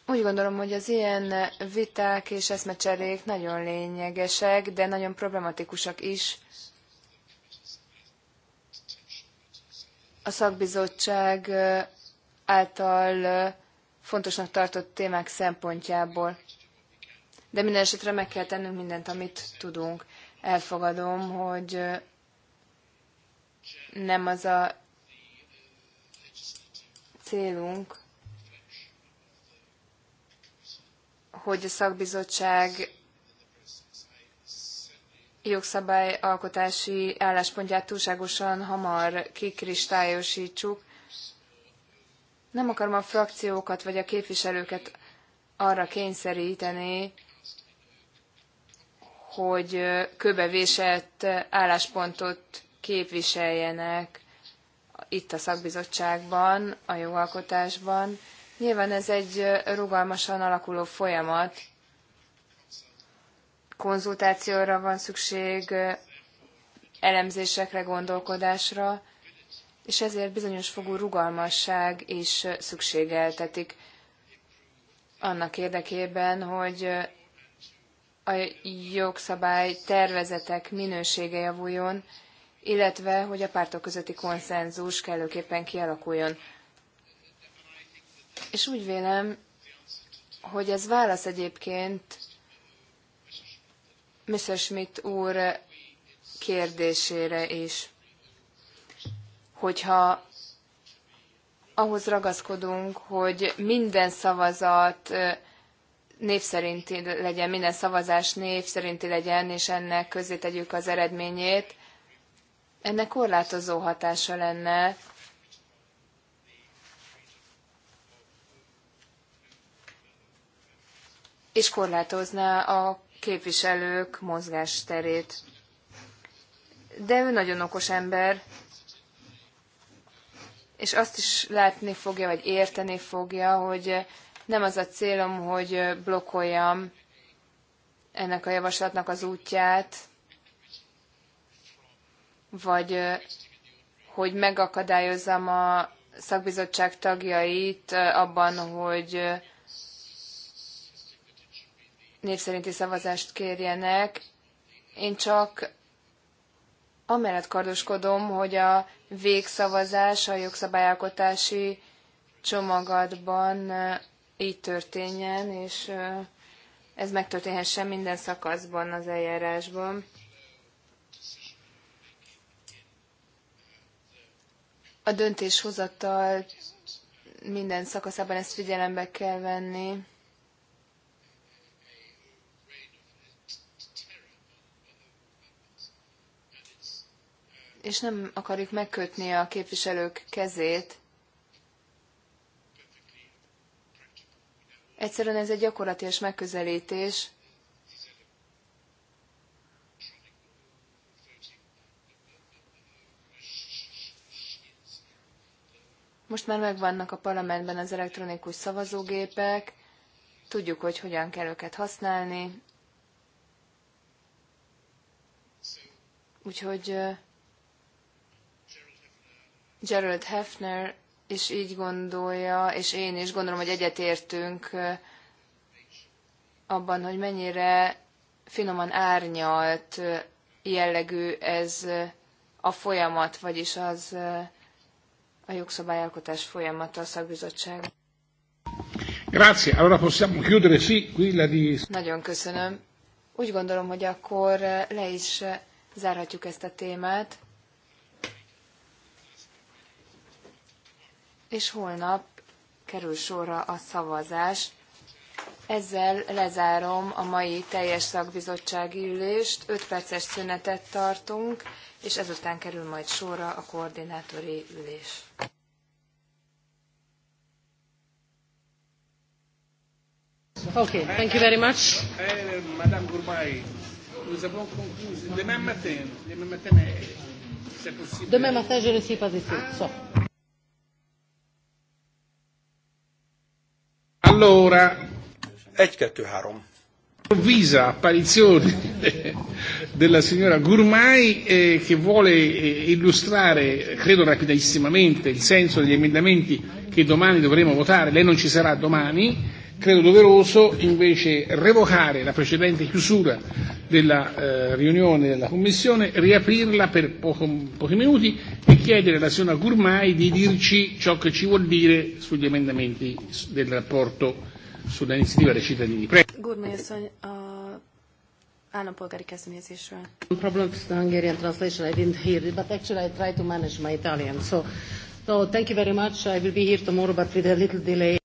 Úgy gondolom, hogy az ilyen viták és eszmecserék nagyon lényegesek, de nagyon problematikusak is. A szakbizottság által fontosnak tartott témák szempontjából. De minden esetre meg kell tennünk mindent, amit tudunk. Elfogadom, hogy nem az a célunk, hogy a szakbizottság jogszabályalkotási álláspontját túlságosan hamar kikristályosítsuk. Nem akarom a frakciókat vagy a képviselőket arra kényszeríteni, hogy köbevésett álláspontot képviseljenek itt a szakbizottságban, a jogalkotásban. Nyilván ez egy rugalmasan alakuló folyamat. Konzultációra van szükség, elemzésekre, gondolkodásra, és ezért bizonyos fogú rugalmasság is szükségeltetik annak érdekében, hogy a jogszabály tervezetek minősége javuljon, illetve hogy a pártok közötti konszenzus kellőképpen kialakuljon. És úgy vélem, hogy ez válasz egyébként Schmidt úr kérdésére is. Hogyha ahhoz ragaszkodunk, hogy minden szavazat név szerinti legyen, minden szavazás név szerinti legyen, és ennek közé tegyük az eredményét, ennek korlátozó hatása lenne és korlátozná a képviselők mozgásterét. De ő nagyon okos ember, és azt is látni fogja, vagy érteni fogja, hogy nem az a célom, hogy blokkoljam ennek a javaslatnak az útját, vagy hogy megakadályozzam a szakbizottság tagjait abban, hogy népszerinti szavazást kérjenek. Én csak amellett kardoskodom, hogy a végszavazás a jogszabályalkotási csomagadban így történjen, és ez megtörténhessen minden szakaszban az eljárásban. a döntéshozatal minden szakaszában ezt figyelembe kell venni. És nem akarjuk megkötni a képviselők kezét. Egyszerűen ez egy gyakorlatilag megközelítés. Most már megvannak a parlamentben az elektronikus szavazógépek, tudjuk, hogy hogyan kell őket használni. Úgyhogy Gerald Hefner is így gondolja, és én is gondolom, hogy egyetértünk abban, hogy mennyire finoman árnyalt jellegű ez a folyamat, vagyis az a jogszabályalkotás folyamata a szakbizottság. Grazie, allora possiamo chiudere, sì, qui la di... Nagyon köszönöm. Úgy gondolom, hogy akkor eh, le is eh, zárhatjuk ezt a témát. És holnap kerül sorra a szavazás ezzel lezárom a mai teljes szakbizottsági ülést, 5 perces szünetet tartunk, és ezután kerül majd sorra a koordinátori ülés. Okay, thank you very much. Eh, Madame Gourmay, nous avons conclu demain matin. Demain matin, c'est possible. Demain matin, je ne suis pas ici. Ah. So. Allora, egy, kettő, három. Improvvisa apparizione della signora Gurmai eh, che vuole eh, illustrare, credo rapidissimamente, il senso degli emendamenti che domani dovremo votare. Lei non ci sarà domani credo doveroso invece revocare la precedente chiusura della eh, riunione della Commissione, riaprirla per poco, pochi minuti e chiedere alla signora Gurmai di dirci ciò che ci vuol dire sugli emendamenti del rapporto sull'iniziativa dei cittadini. Prego. Gurmai asszony, a állampolgári kezdeményezésről. Problem with the Hungarian translation, I didn't hear it, but actually I try to manage my Italian. So, so thank you very much. I will be here tomorrow, but with a little delay.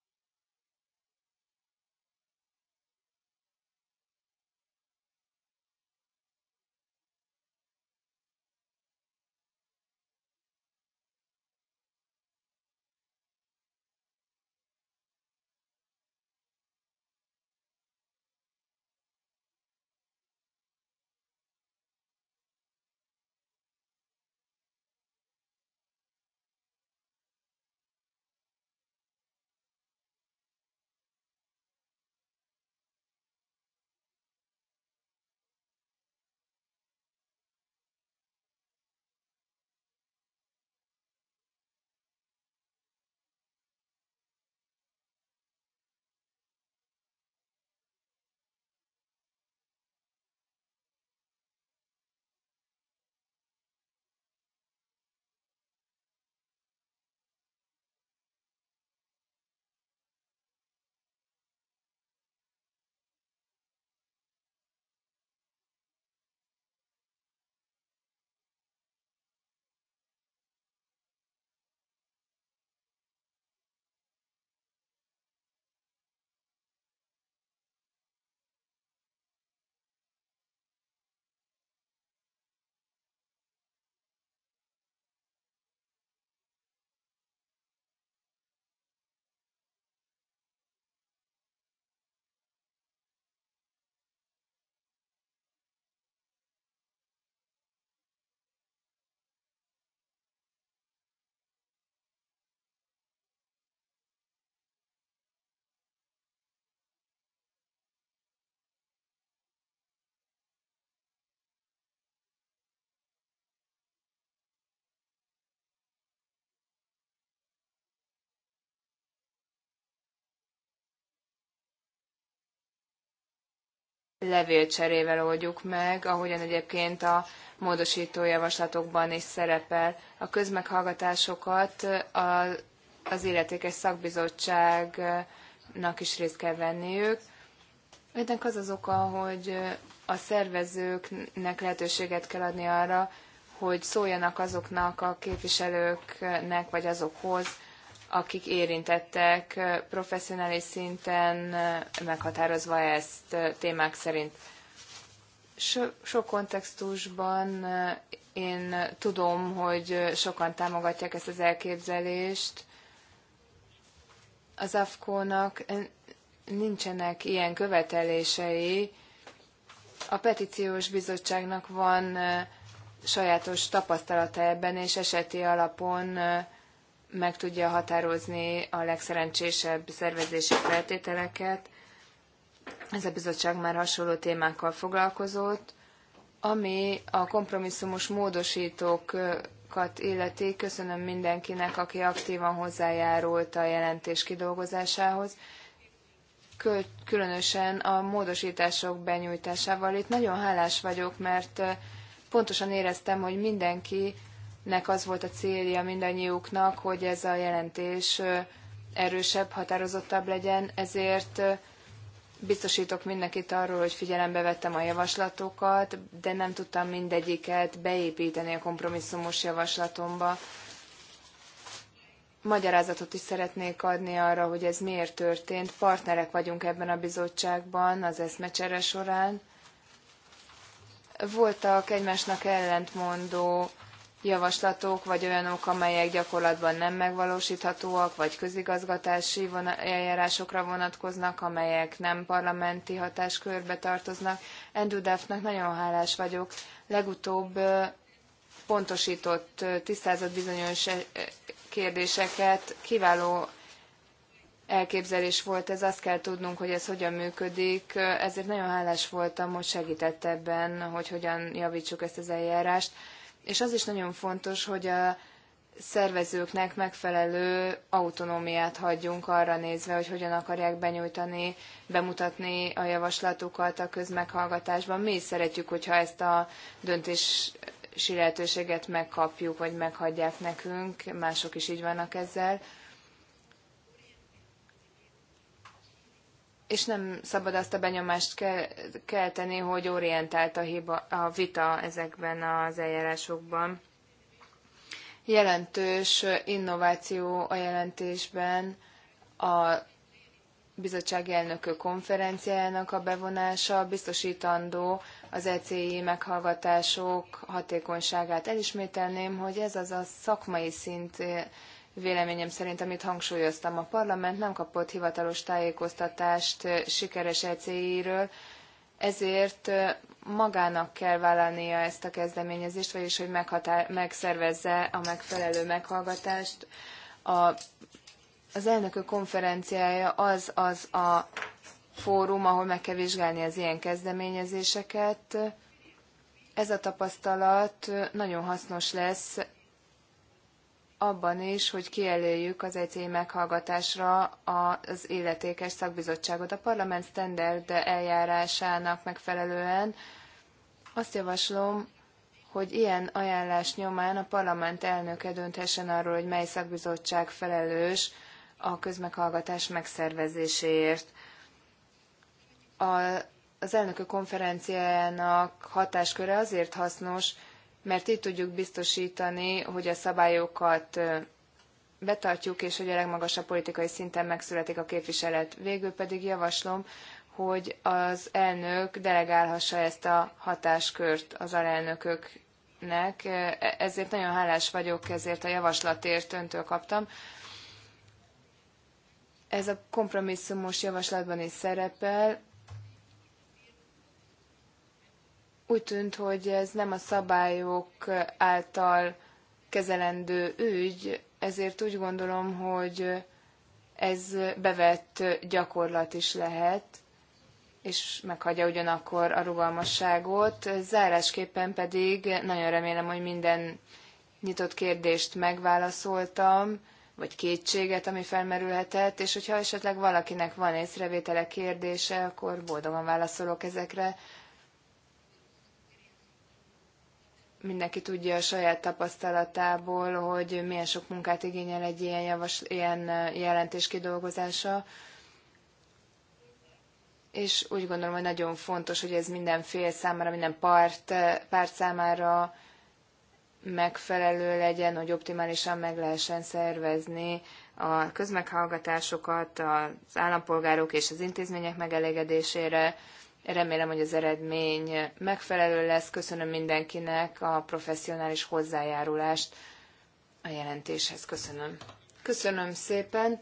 levélcserével oldjuk meg, ahogyan egyébként a módosító javaslatokban is szerepel. A közmeghallgatásokat az illetékes szakbizottságnak is részt kell venniük. Ennek az az oka, hogy a szervezőknek lehetőséget kell adni arra, hogy szóljanak azoknak a képviselőknek, vagy azokhoz, akik érintettek professzionális szinten meghatározva ezt témák szerint. So, sok kontextusban én tudom, hogy sokan támogatják ezt az elképzelést. Az afko nak nincsenek ilyen követelései. A petíciós bizottságnak van sajátos tapasztalata ebben, és eseti alapon meg tudja határozni a legszerencsésebb szervezési feltételeket. Ez a bizottság már hasonló témákkal foglalkozott, ami a kompromisszumos módosítókat illeti. Köszönöm mindenkinek, aki aktívan hozzájárult a jelentés kidolgozásához különösen a módosítások benyújtásával. Itt nagyon hálás vagyok, mert eh, pontosan éreztem, hogy mindenki nek az volt a célja mindannyiuknak, hogy ez a jelentés erősebb, határozottabb legyen, ezért biztosítok mindenkit arról, hogy figyelembe vettem a javaslatokat, de nem tudtam mindegyiket beépíteni a kompromisszumos javaslatomba. Magyarázatot is szeretnék adni arra, hogy ez miért történt. Partnerek vagyunk ebben a bizottságban az eszmecsere során. Voltak egymásnak ellentmondó javaslatok, vagy olyanok, amelyek gyakorlatban nem megvalósíthatóak, vagy közigazgatási eljárásokra vonatkoznak, amelyek nem parlamenti hatáskörbe tartoznak. Andrew Duffnak nagyon hálás vagyok. Legutóbb pontosított, tisztázott bizonyos kérdéseket. Kiváló elképzelés volt ez, azt kell tudnunk, hogy ez hogyan működik, ezért nagyon hálás voltam, hogy segített ebben, hogy hogyan javítsuk ezt az eljárást. És az is nagyon fontos, hogy a szervezőknek megfelelő autonómiát hagyjunk arra nézve, hogy hogyan akarják benyújtani, bemutatni a javaslatukat a közmeghallgatásban. Mi is szeretjük, hogyha ezt a döntési lehetőséget megkapjuk, vagy meghagyják nekünk, mások is így vannak ezzel és nem szabad azt a benyomást kelteni, hogy orientált a, hiba, a vita ezekben az eljárásokban. Jelentős innováció a jelentésben a bizottság elnökök konferenciájának a bevonása biztosítandó az ECI meghallgatások hatékonyságát. Elismételném, hogy ez az a szakmai szint Véleményem szerint, amit hangsúlyoztam, a parlament nem kapott hivatalos tájékoztatást sikeres ECI-ről, ezért magának kell vállalnia ezt a kezdeményezést, vagyis hogy meghatár, megszervezze a megfelelő meghallgatást. A, az elnökök konferenciája az az a fórum, ahol meg kell vizsgálni az ilyen kezdeményezéseket. Ez a tapasztalat nagyon hasznos lesz abban is, hogy kijelöljük az egyéni meghallgatásra az illetékes szakbizottságot. A parlament standard eljárásának megfelelően azt javaslom, hogy ilyen ajánlás nyomán a parlament elnöke dönthessen arról, hogy mely szakbizottság felelős a közmeghallgatás megszervezéséért. A, az elnökök konferenciájának hatásköre azért hasznos, mert itt tudjuk biztosítani, hogy a szabályokat betartjuk, és hogy a legmagasabb politikai szinten megszületik a képviselet. Végül pedig javaslom, hogy az elnök delegálhassa ezt a hatáskört az alelnököknek. Ezért nagyon hálás vagyok, ezért a javaslatért öntől kaptam. Ez a kompromisszumos javaslatban is szerepel, Úgy tűnt, hogy ez nem a szabályok által kezelendő ügy, ezért úgy gondolom, hogy ez bevett gyakorlat is lehet, és meghagyja ugyanakkor a rugalmasságot. Zárásképpen pedig nagyon remélem, hogy minden nyitott kérdést megválaszoltam, vagy kétséget, ami felmerülhetett, és hogyha esetleg valakinek van észrevétele, kérdése, akkor boldogan válaszolok ezekre. mindenki tudja a saját tapasztalatából, hogy milyen sok munkát igényel egy ilyen, javas, ilyen jelentés kidolgozása. És úgy gondolom, hogy nagyon fontos, hogy ez minden fél számára, minden párt, párt számára megfelelő legyen, hogy optimálisan meg lehessen szervezni a közmeghallgatásokat az állampolgárok és az intézmények megelégedésére, Remélem, hogy az eredmény megfelelő lesz. Köszönöm mindenkinek a professzionális hozzájárulást a jelentéshez. Köszönöm. Köszönöm szépen.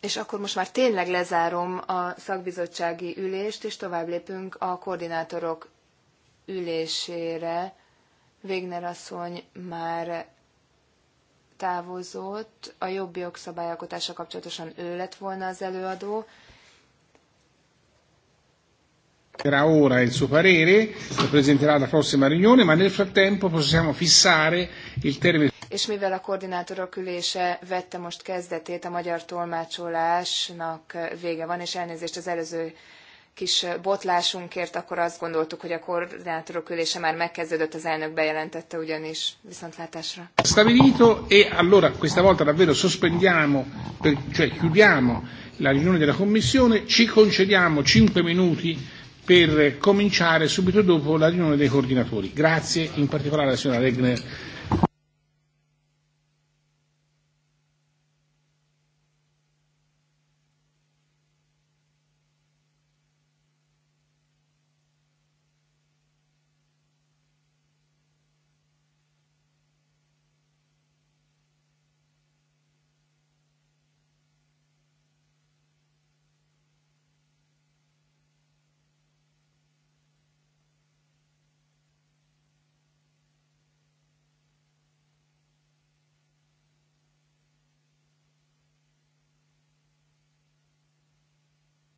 És akkor most már tényleg lezárom a szakbizottsági ülést, és tovább lépünk a koordinátorok ülésére. Végner asszony már távozott, a jobb jogszabályalkotása kapcsolatosan ő lett volna az előadó presenterà ora il suo parere, lo presenterà alla prossima riunione, ma nel frattempo possiamo fissare il termine. És mivel a koordinátorok ülése vette most kezdetét, a magyar tolmácsolásnak vége van, és elnézést az előző kis botlásunkért, akkor azt gondoltuk, hogy a koordinátorok ülése már megkezdődött, az elnök bejelentette ugyanis. Viszontlátásra. Stabilito e allora questa volta davvero sospendiamo, cioè chiudiamo la riunione della commissione, ci concediamo 5 minuti per cominciare subito dopo la riunione dei coordinatori. Grazie in particolare alla signora Regner